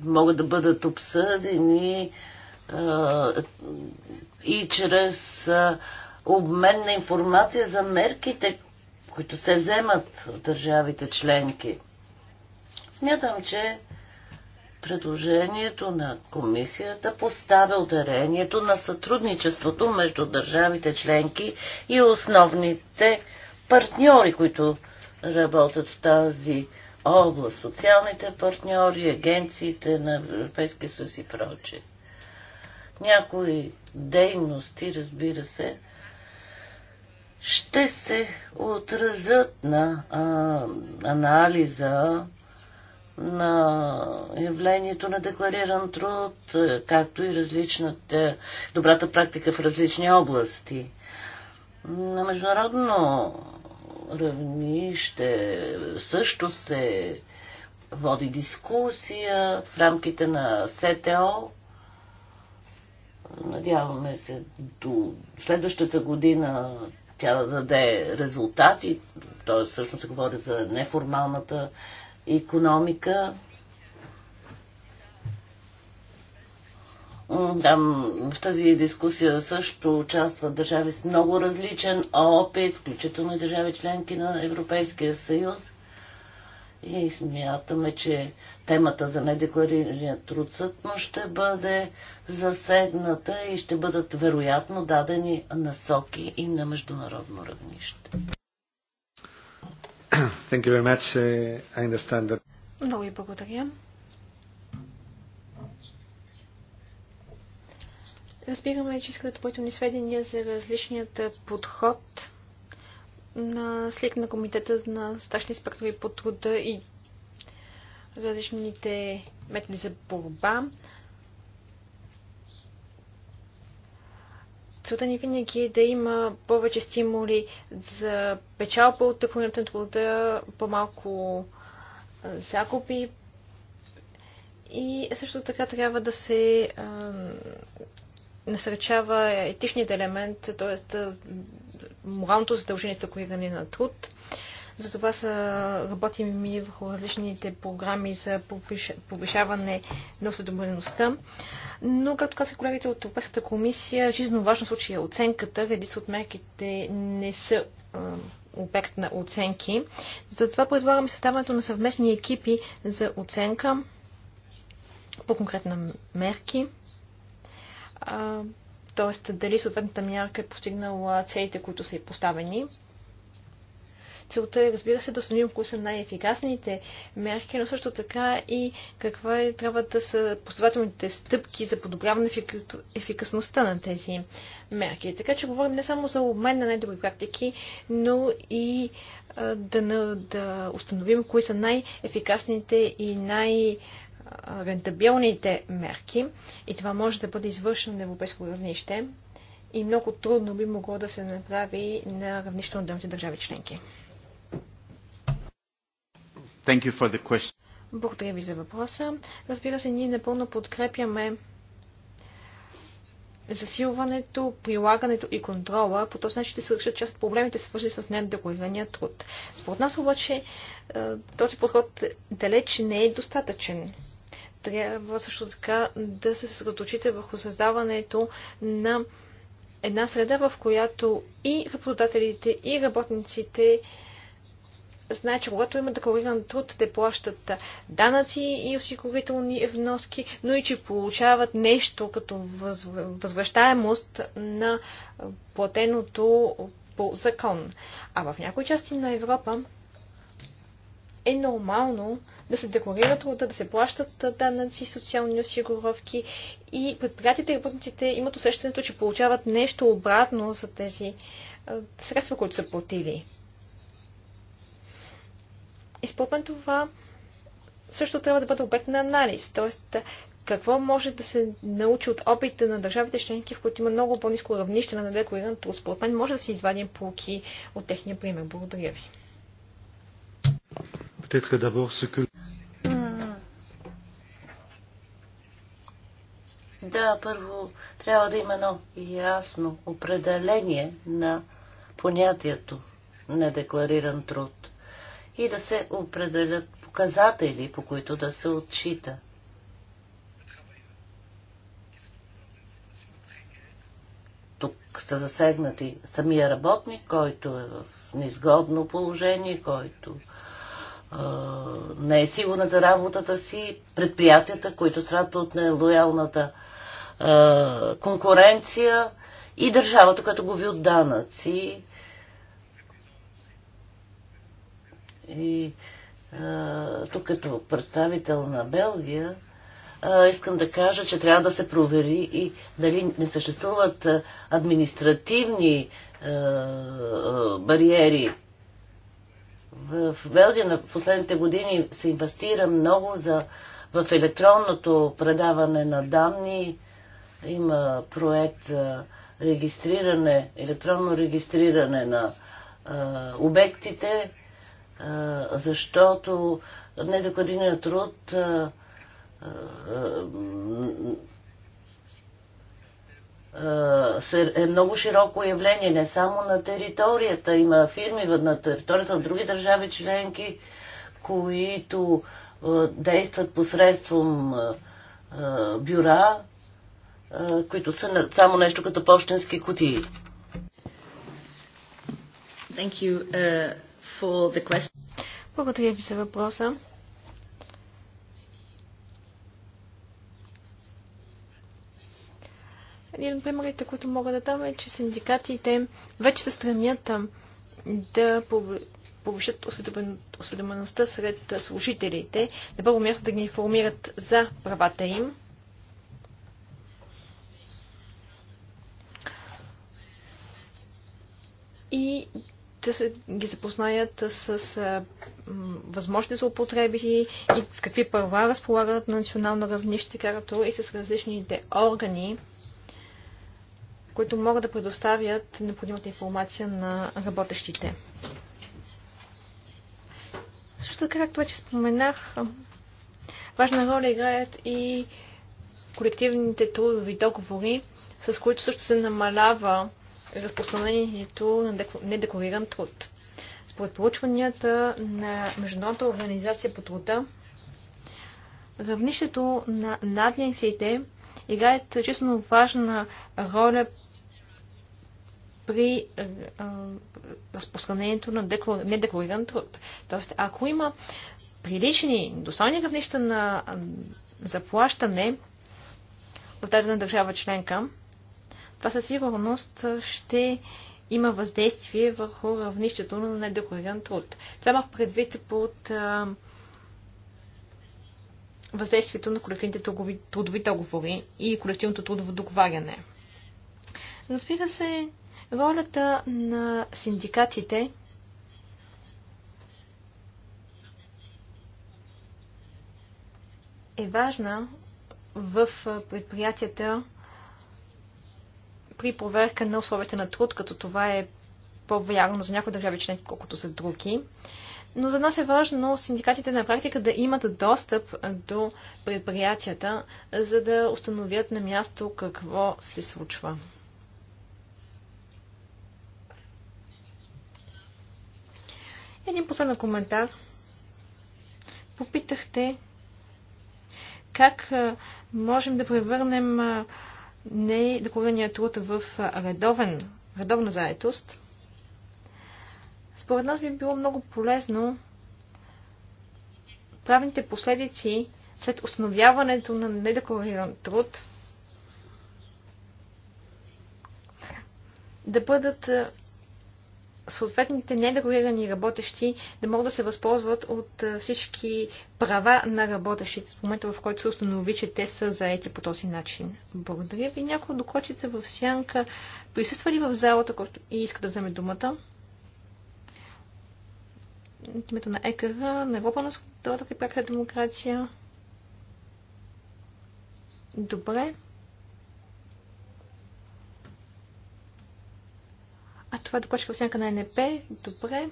могат да бъдат обсъдени и чрез обмен на информация за мерките, които се вземат от държавите членки. Смятам, че предложението на комисията поставя ударението на сътрудничеството между държавите членки и основните партньори, които работят в тази област, социалните партньори, агенциите на Европейския съюз и прочее. Някои дейности, разбира се, ще се отразят на а, анализа на явлението на деклариран труд, е, както и различната, добрата практика в различни области. На международно равнище също се води дискусия в рамките на СТО. Надяваме се до следващата година тя да даде резултати, т.е. всъщност се говори за неформалната економика. Там в тази дискусия също участват държави с много различен опит, включително и държави членки на Европейския съюз. И смятаме, че темата за недекларирания труд сътно ще бъде засегната и ще бъдат вероятно дадени насоки и на международно равнище. Thank you very much. Uh, I understand that. Много ви благодаря. Разбираме, че искате допълнителни сведения за различният подход на след на комитета на стачни инспектори по труда и различните методи за борба. Целта ни винаги е да има повече стимули за печалба от тъкването на труда, по-малко загуби. И също така трябва да се а, насърчава етичният елемент, т.е. моралното задължение за коригане на труд. А, затова са, работим и върху различните програми за повишаване на осведомеността. Но, както казах колегите от Европейската комисия, жизненно важно случай е оценката. Редица от мерките не са обект на оценки. Затова предлагаме съставането на съвместни екипи за оценка по конкретна мерки. Тоест, дали съответната мярка е постигнала целите, които са и поставени. Целта е, разбира се, да установим кои са най-ефикасните мерки, но също така и каква е, трябва да са последователните стъпки за подобряване на ефикасността на тези мерки. Така че говорим не само за обмен на най-добри практики, но и да, да, да установим кои са най-ефикасните и най- рентабилните мерки и това може да бъде извършено на европейско равнище и много трудно би могло да се направи на равнището на държави членки. Thank you for the question. Благодаря ви за въпроса. Разбира се, ние напълно подкрепяме засилването, прилагането и контрола. По този начин ще се решат част от проблемите, свързани с недекларирания труд. Според нас обаче е, този подход далеч не е достатъчен. Трябва също така да се съсредоточите върху създаването на една среда, в която и работодателите, и работниците знае, че когато има деклариран труд, те плащат данъци и осигурителни вноски, но и че получават нещо като възвръщаемост на платеното по закон. А в някои части на Европа е нормално да се декларира труда, да се плащат данъци, социални осигуровки и предприятията и работниците имат усещането, че получават нещо обратно за тези средства, които са платили. И според мен това също трябва да бъде обект на анализ. Тоест, какво може да се научи от опита на държавите членки, в които има много по-низко равнище на недеклариран труд. Според мен може да се извадим полки от техния пример. Благодаря ви. Да, първо трябва да има едно ясно определение на понятието недеклариран труд и да се определят показатели, по които да се отчита. Тук са засегнати самия работник, който е в неизгодно положение, който не е сигурна за работата си, предприятията, които страдат от нелоялната е, конкуренция и държавата, която губи от данъци И а, тук като представител на Белгия а, искам да кажа, че трябва да се провери и дали не съществуват административни а, бариери. В Белгия на последните години се инвестира много за, в електронното предаване на данни. Има проект за регистриране, електронно регистриране на а, обектите защото недекладирният труд е много широко явление, не само на територията. Има фирми на територията на други държави членки, които действат посредством бюра, които са само нещо като почтенски кутии. Thank you. Uh for the question. Благодаря ви за въпроса. Един от примерите, които мога да дам е, че синдикатите вече се стремят да повишат осведомеността сред служителите, на първо място да ги информират за правата им. И да се ги запознаят с а, възможните злоупотреби и с какви права разполагат на национално равнище, както и с различните органи, които могат да предоставят необходимата информация на работещите. Също така, както вече споменах, важна роля играят и колективните трудови договори, с които също се намалява разпространението на недеклариран труд. Според получванията на Международната организация по труда, равнището на надниците играят честно важна роля при разпространението на недеклариран труд. Тоест, ако има прилични, достойни равнища на заплащане в дадена държава членка, това със сигурност ще има въздействие върху равнището на недеклариран труд. Това имах предвид под въздействието на колективните трудови, трудови договори и колективното трудово договаряне. Разбира се, ролята на синдикатите е важна в предприятията, при проверка на условията на труд, като това е по-вярно за някои държави членки, колкото за други. Но за нас е важно синдикатите на практика да имат достъп до предприятията, за да установят на място какво се случва. Един последен коментар. Попитахте как можем да превърнем недекларирания е труд в редовен, редовна заетост, според нас би било много полезно правните последици след установяването на недеклариран труд да бъдат съответните недекларирани работещи да могат да се възползват от всички права на работещите в момента, в който се установи, че те са заети по този начин. Благодаря ви. Някой докладчица в сянка присъства ли в залата който и иска да вземе думата? От името на ЕКР, на Европа на свободата и пряката демокрация. Добре. А това е докладчик в сянка на НП. Добре.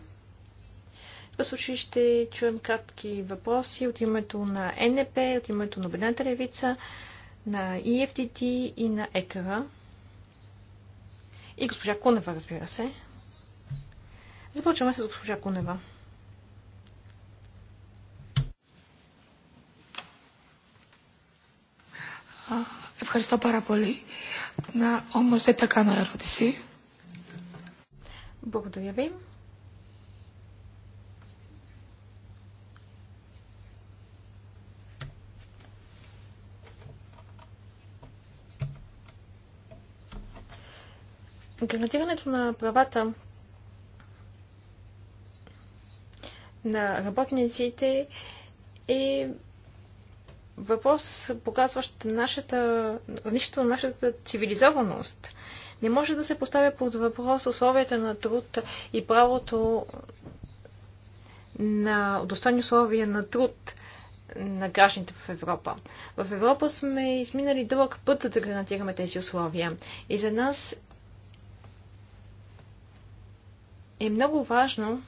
В случай ще чуем кратки въпроси от името на НП, от името на Обедната левица, на EFTT и на ЕКРА. И госпожа Кунева, разбира се. Започваме с госпожа Кунева. Ευχαριστώ πάρα πολύ. Να, όμως δεν θα κάνω ερώτηση. Благодаря ви. Гарантирането на правата на работниците е въпрос, показващ нашата, нашата цивилизованост. Не може да се поставя под въпрос условията на труд и правото на достойни условия на труд на гражданите в Европа. В Европа сме изминали дълъг път, за да гарантираме тези условия. И за нас е много важно,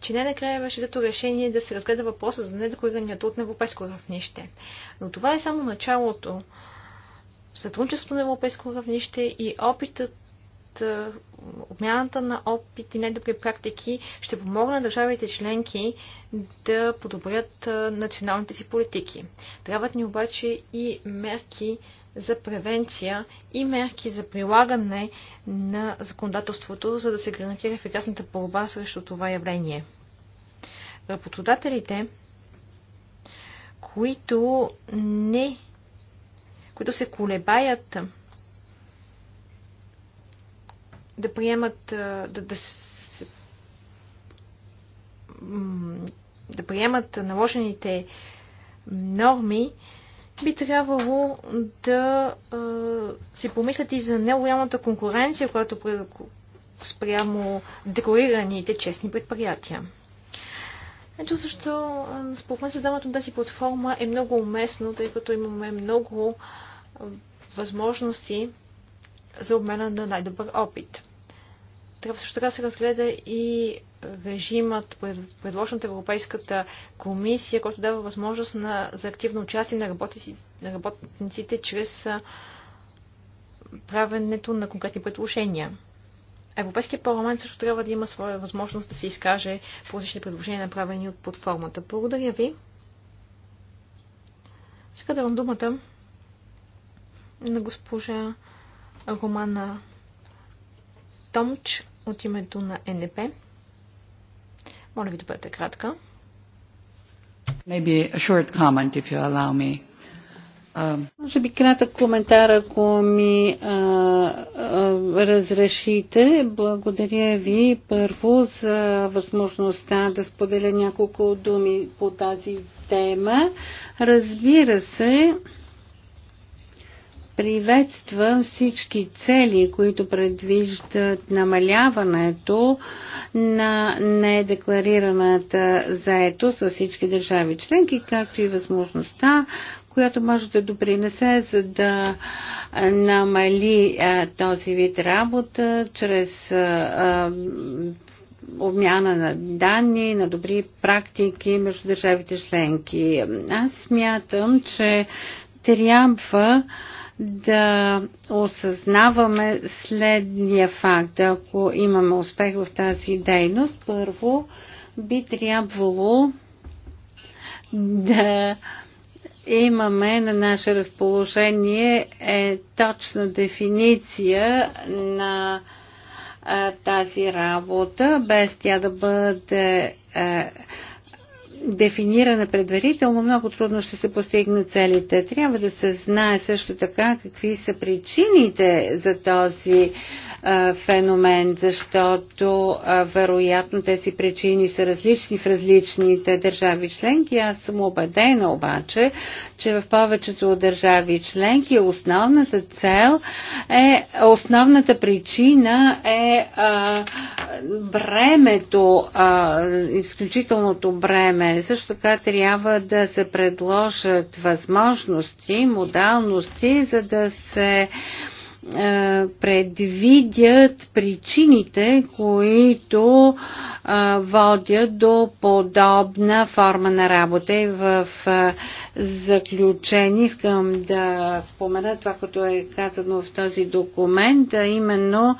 че не накрая беше взето решение да се разгледа въпроса за недекорирания труд на европейско равнище. Но това е само началото сътрудничеството на европейско равнище и опитът обмяната на опит и най-добри практики ще помогна на държавите членки да подобрят националните си политики. Трябват ни обаче и мерки за превенция и мерки за прилагане на законодателството, за да се гарантира ефикасната борба срещу това явление. Работодателите, които не които се колебаят да приемат, да, да, се, да приемат наложените норми, би трябвало да а, си помислят и за неголямата конкуренция, която спрямо декорираните честни предприятия. Ето защо, според мен, създаването на тази платформа е много уместно, тъй като имаме много а, възможности за обмена на най-добър опит. Трябва също така се разгледа и режимът, предложен от Европейската комисия, който дава възможност на, за активно участие на, работници, на работниците чрез правенето на конкретни предложения. Европейския парламент също трябва да има своя възможност да се изкаже по различни предложения, направени от платформата. Благодаря ви. Сега давам думата на госпожа Романа Томч от името на НДП. Моля ви да бъдете кратка. Maybe a short comment, if you allow me. Um, Може би кратък коментар, ако ми а, а, разрешите. Благодаря ви първо за възможността да споделя няколко думи по тази тема. Разбира се, а, Приветствам всички цели, които предвиждат намаляването на недекларираната заето с всички държави членки, както и възможността, която може да допринесе, за да намали а, този вид работа чрез а, обмяна на данни, на добри практики между държавите членки. Аз смятам, че трябва да осъзнаваме следния факт. Ако имаме успех в тази дейност, първо би трябвало да имаме на наше разположение е точна дефиниция на а, тази работа, без тя да бъде а, дефинирана предварително, много трудно ще се постигнат целите. Трябва да се знае също така какви са причините за този феномен, защото вероятно тези причини са различни в различните държави членки. Аз съм убедена обаче, че в повечето от държави членки основната цел е, основната причина е а, бремето, а, изключителното бреме. Също така трябва да се предложат възможности, модалности, за да се а, е, предвидят причините, които е, водят до подобна форма на работа. И в е, заключение искам да спомена това, което е казано в този документ, а именно,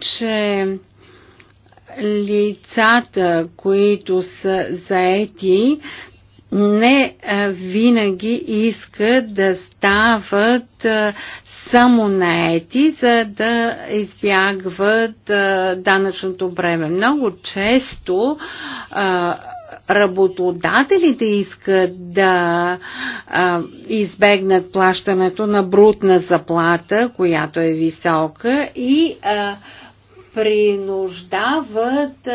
че лицата, които са заети, не винаги искат да стават само наети, за да избягват данъчното бреме. Много често работодателите искат да а, избегнат плащането на брутна заплата, която е висока и а, принуждават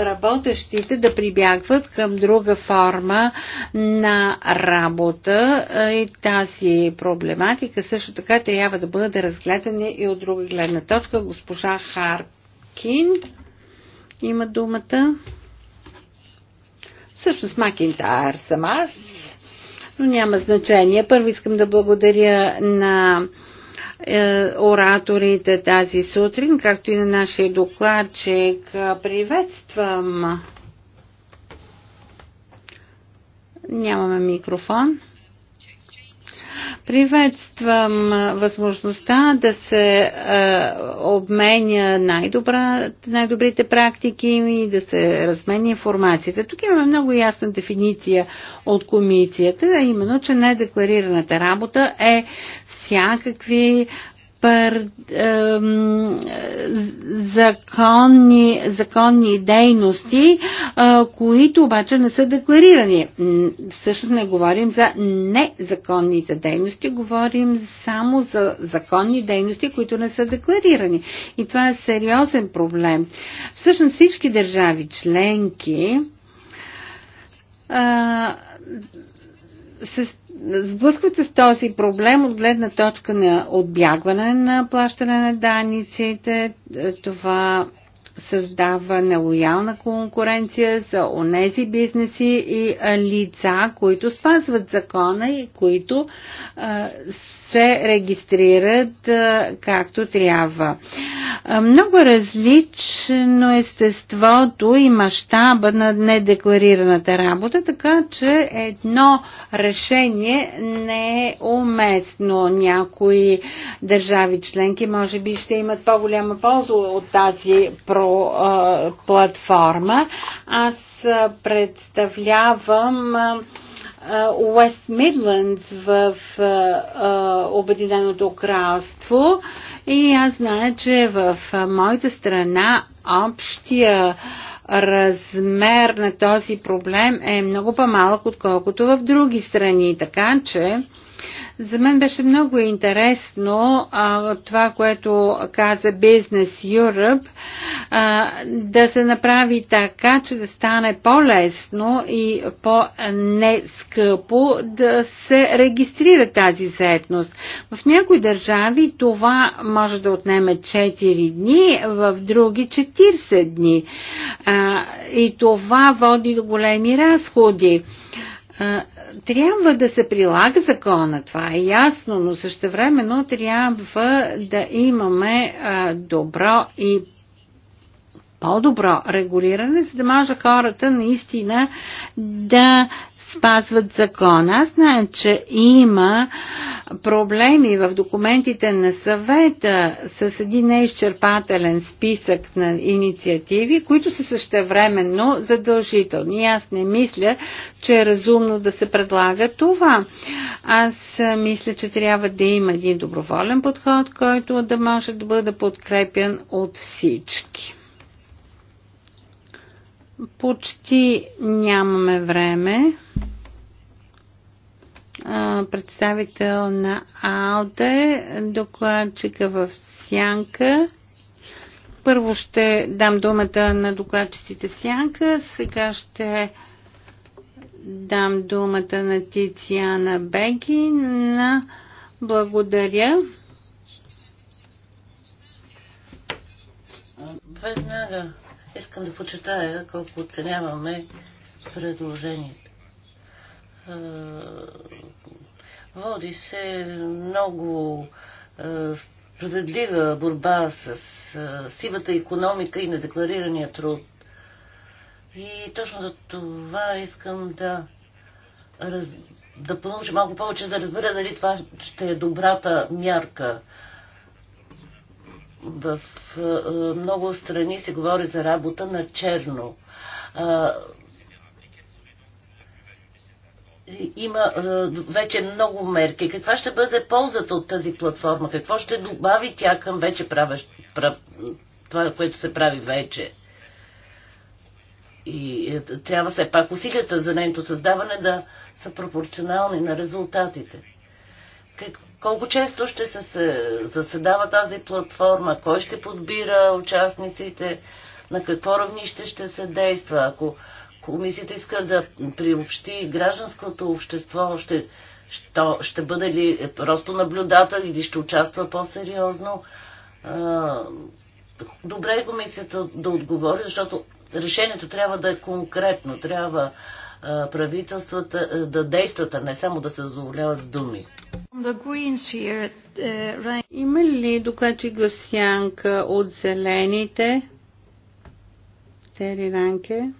работещите да прибягват към друга форма на работа и тази проблематика също така трябва да бъде разгледана и от друга гледна точка. Госпожа Харкин има думата. Всъщност Макинтар съм аз, но няма значение. Първо искам да благодаря на е, ораторите тази сутрин, както и на нашия докладчик. Приветствам. Нямаме микрофон. Приветствам възможността да се е, обменя най-добра, най-добрите практики и да се разменя информацията. Тук имаме много ясна дефиниция от комисията, а именно, че недекларираната работа е всякакви пар, ем, законни, законни дейности, е, които обаче не са декларирани. Всъщност не говорим за незаконните дейности, говорим само за законни дейности, които не са декларирани. И това е сериозен проблем. Всъщност всички държави членки е, се сблъсквате с този проблем от гледна точка на отбягване на плащане на данниците. Е, това създава нелоялна конкуренция за онези бизнеси и лица, които спазват закона и които се регистрират както трябва. Много различно естеството и мащаба на недекларираната работа, така че едно решение не е уместно. Някои държави членки може би ще имат по-голяма полза от тази процедура евро а, платформа. Аз представлявам Уест Мидлендс в Обединеното кралство и аз знае, че в моята страна общия размер на този проблем е много по-малък, отколкото в други страни. Така че за мен беше много интересно а, това, което каза Business Europe, а, да се направи така, че да стане по-лесно и по-нескъпо да се регистрира тази заетност. В някои държави това може да отнеме 4 дни, в други 40 дни. А, и това води до големи разходи. А, трябва да се прилага закона, това е ясно, но същевременно трябва да имаме добро и по-добро регулиране, за да може хората наистина да спазват закона. Аз знам, че има проблеми в документите на съвета с един неизчерпателен списък на инициативи, които са същевременно задължителни. Аз не мисля, че е разумно да се предлага това. Аз мисля, че трябва да има един доброволен подход, който да може да бъде подкрепен от всички. Почти нямаме време. Представител на АЛДЕ, докладчика в Сянка. Първо ще дам думата на докладчиците Сянка. Сега ще дам думата на Тициана Беги. На благодаря. Веднага Искам да почитая колко оценяваме предложението. Води се много справедлива борба с сивата економика и недекларирания труд. И точно за това искам да, раз... да получа малко повече, да разбера дали това ще е добрата мярка в е, много страни се говори за работа на черно. Има е, вече много мерки. Каква ще бъде ползата от тази платформа? Какво ще добави тя към вече правещ, прав, това, което се прави вече? И е, трябва все пак усилията за нейното създаване да са пропорционални на резултатите как, колко често ще се заседава тази платформа, кой ще подбира участниците, на какво равнище ще се действа. Ако комисията иска да приобщи гражданското общество, ще, ще, ще бъде ли просто наблюдател или ще участва по-сериозно. Добре е комисията да отговори, защото решението трябва да е конкретно, трябва правителствата да действат, а не само да се задоволяват с думи. Uh, Има ли докладчик в сянка от зелените? Тери Ранке.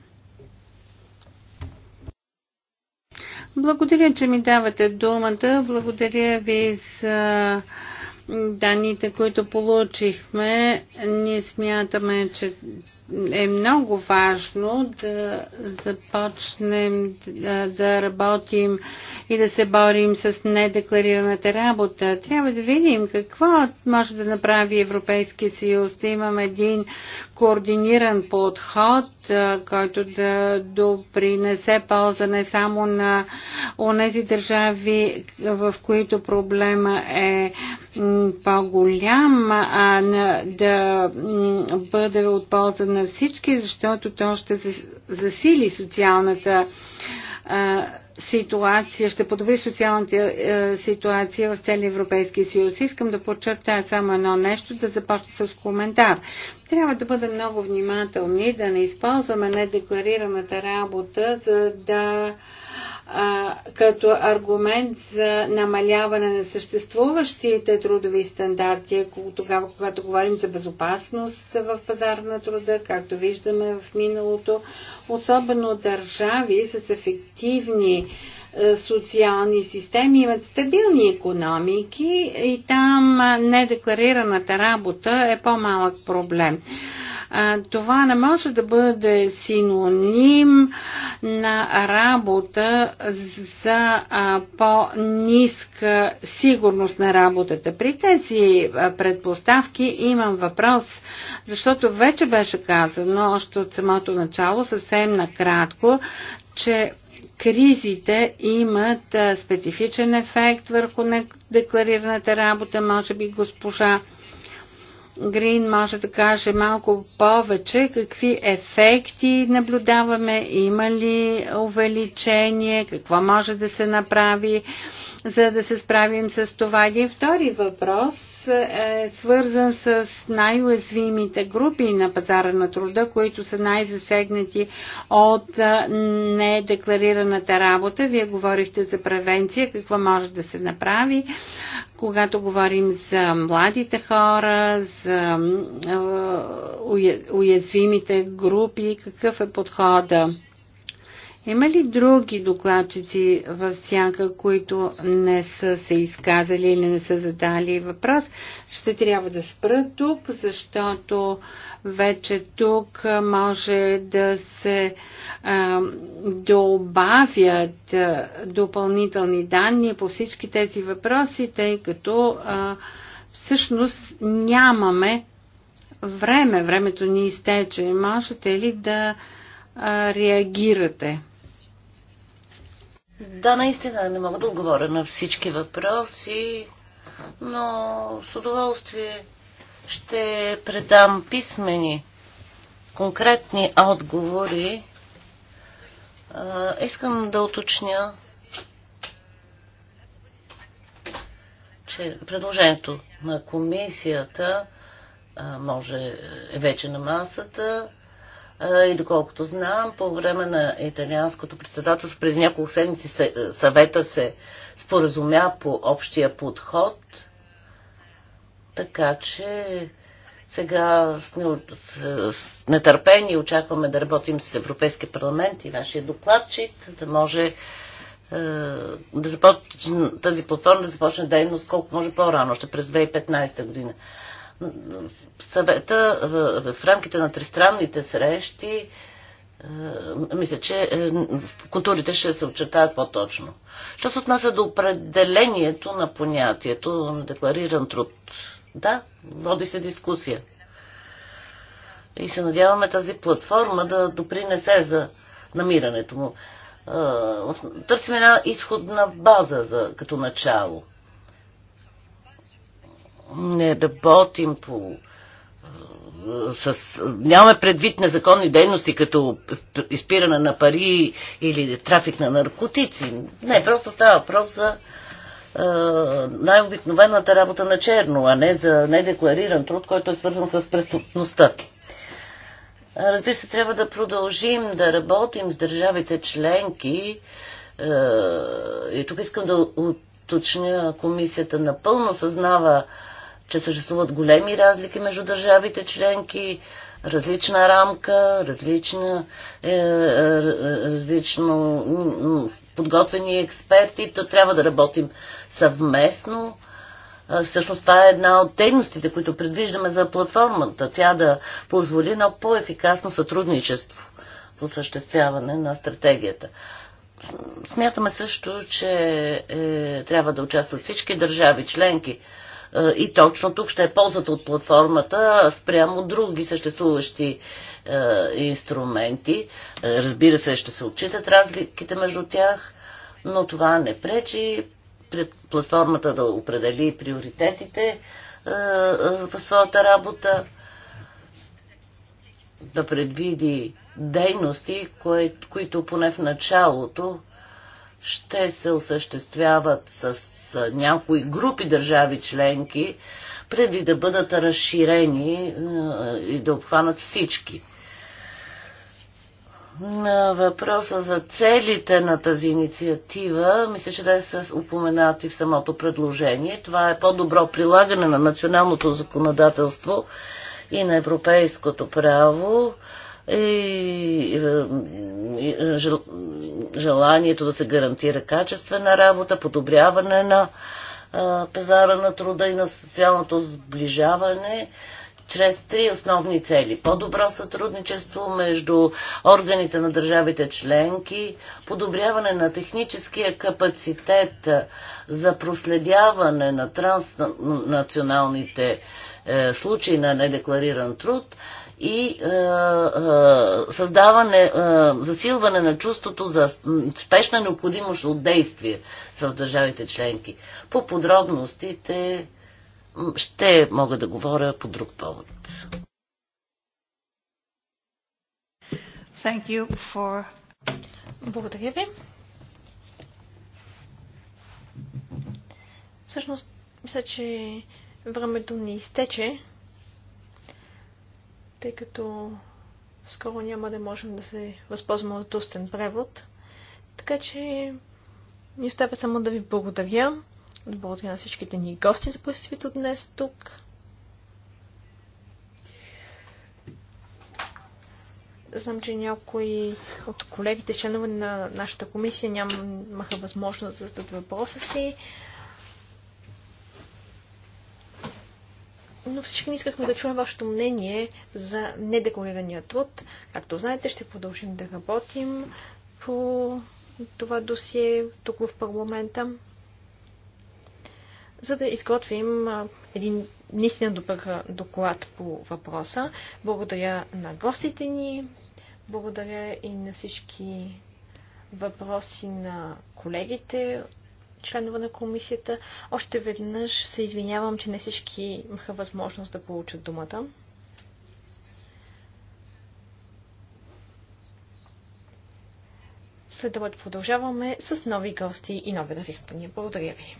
Благодаря, че ми давате думата. Благодаря ви за данните, които получихме. Ние смятаме, че е много важно да започнем да, да работим и да се борим с недекларираната работа. Трябва да видим какво може да направи Европейския съюз, да имаме един координиран подход който да допринесе полза не само на онези държави, в които проблема е по-голям, а да бъде от полза на всички, защото то ще засили социалната ситуация, ще подобри социалната е, ситуация в целия Европейски съюз. Искам да подчертая само едно нещо, да започна с коментар. Трябва да бъдем много внимателни, да не използваме недекларираната работа, за да а, като аргумент за намаляване на съществуващите трудови стандарти, тогава, когато говорим за безопасност в пазар на труда, както виждаме в миналото, особено държави с ефективни социални системи имат стабилни економики и там недекларираната работа е по-малък проблем това не може да бъде синоним на работа за по-ниска сигурност на работата. При тези предпоставки имам въпрос, защото вече беше казано още от самото начало, съвсем накратко, че кризите имат специфичен ефект върху декларираната работа. Може би госпожа Грин може да каже малко повече какви ефекти наблюдаваме, има ли увеличение, какво може да се направи, за да се справим с това. И втори въпрос е свързан с най-уязвимите групи на пазара на труда, които са най-засегнати от е, недекларираната работа. Вие говорихте за превенция, какво може да се направи, когато говорим за младите хора, за е, уязвимите групи, какъв е подхода. Има ли други докладчици в сянка, които не са се изказали или не са задали въпрос? Ще трябва да спра тук, защото вече тук може да се а, добавят а, допълнителни данни по всички тези въпроси, тъй като а, всъщност нямаме време. Времето ни изтече. Можете ли да а, реагирате? Да, наистина не мога да отговоря на всички въпроси, но с удоволствие ще предам писмени, конкретни отговори. Искам да уточня, че предложението на комисията може е вече на масата и доколкото знам, по време на италианското председателство през няколко седмици е, съвета се споразумя по общия подход. Така че сега с нетърпение очакваме да работим с Европейския парламент и вашия докладчик, да може е, да започне, тази платформа да започне дейност колко може по-рано, още през 2015 година съвета в рамките на тристранните срещи е, мисля, че е, културите ще се очертаят по-точно. Що се отнася до определението на понятието на деклариран труд? Да, води се дискусия. И се надяваме тази платформа да допринесе за намирането му. Е, търсим една изходна база за, като начало – не работим по с, нямаме предвид незаконни дейности, като изпиране на пари или трафик на наркотици. Не, просто става въпрос за е, най-обикновената работа на черно, а не за недеклариран труд, който е свързан с преступността. Разбира се, трябва да продължим да работим с държавите членки. Е, и тук искам да уточня, комисията напълно съзнава че съществуват големи разлики между държавите членки, различна рамка, различна, е, е, различно подготвени експерти, то трябва да работим съвместно. Всъщност това е една от дейностите, които предвиждаме за платформата. Тя да позволи на по-ефикасно сътрудничество в осъществяване на стратегията. Смятаме също, че е, трябва да участват всички държави членки. Е, и точно тук ще е ползата от платформата спрямо други съществуващи е, инструменти. Е, разбира се, ще се отчитат разликите между тях, но това не пречи платформата да определи приоритетите в своята работа, да предвиди дейности, които поне в началото ще се осъществяват с някои групи държави членки, преди да бъдат разширени и да обхванат всички. На въпроса за целите на тази инициатива, мисля, че да се упоменат и в самото предложение. Това е по-добро прилагане на националното законодателство и на европейското право и, е, е, е, желанието да се гарантира качествена работа, подобряване на пазара на труда и на социалното сближаване чрез три основни цели. По-добро сътрудничество между органите на държавите членки, подобряване на техническия капацитет за проследяване на транснационалните случаи на недеклариран труд и е, е, създаване, е, засилване на чувството за спешна необходимост от действие с държавите членки. По подробностите ще мога да говоря по друг повод. Thank you for... Благодаря ви. Всъщност, мисля, че времето ни изтече тъй като скоро няма да можем да се възползваме от устен превод. Така че ми остава само да ви благодаря. Благодаря на всичките ни гости за присъствието днес тук. Знам, че някои от колегите, членове на нашата комисия, нямаха възможност да зададат въпроса си. но всички не искахме да чуем вашето мнение за недекларирания труд. Както знаете, ще продължим да работим по това досие тук в парламента, за да изготвим един наистина добър доклад по въпроса. Благодаря на гостите ни, благодаря и на всички въпроси на колегите членове на комисията. Още веднъж се извинявам, че не всички имаха възможност да получат думата. След продължаваме с нови гости и нови разисквания. Благодаря ви.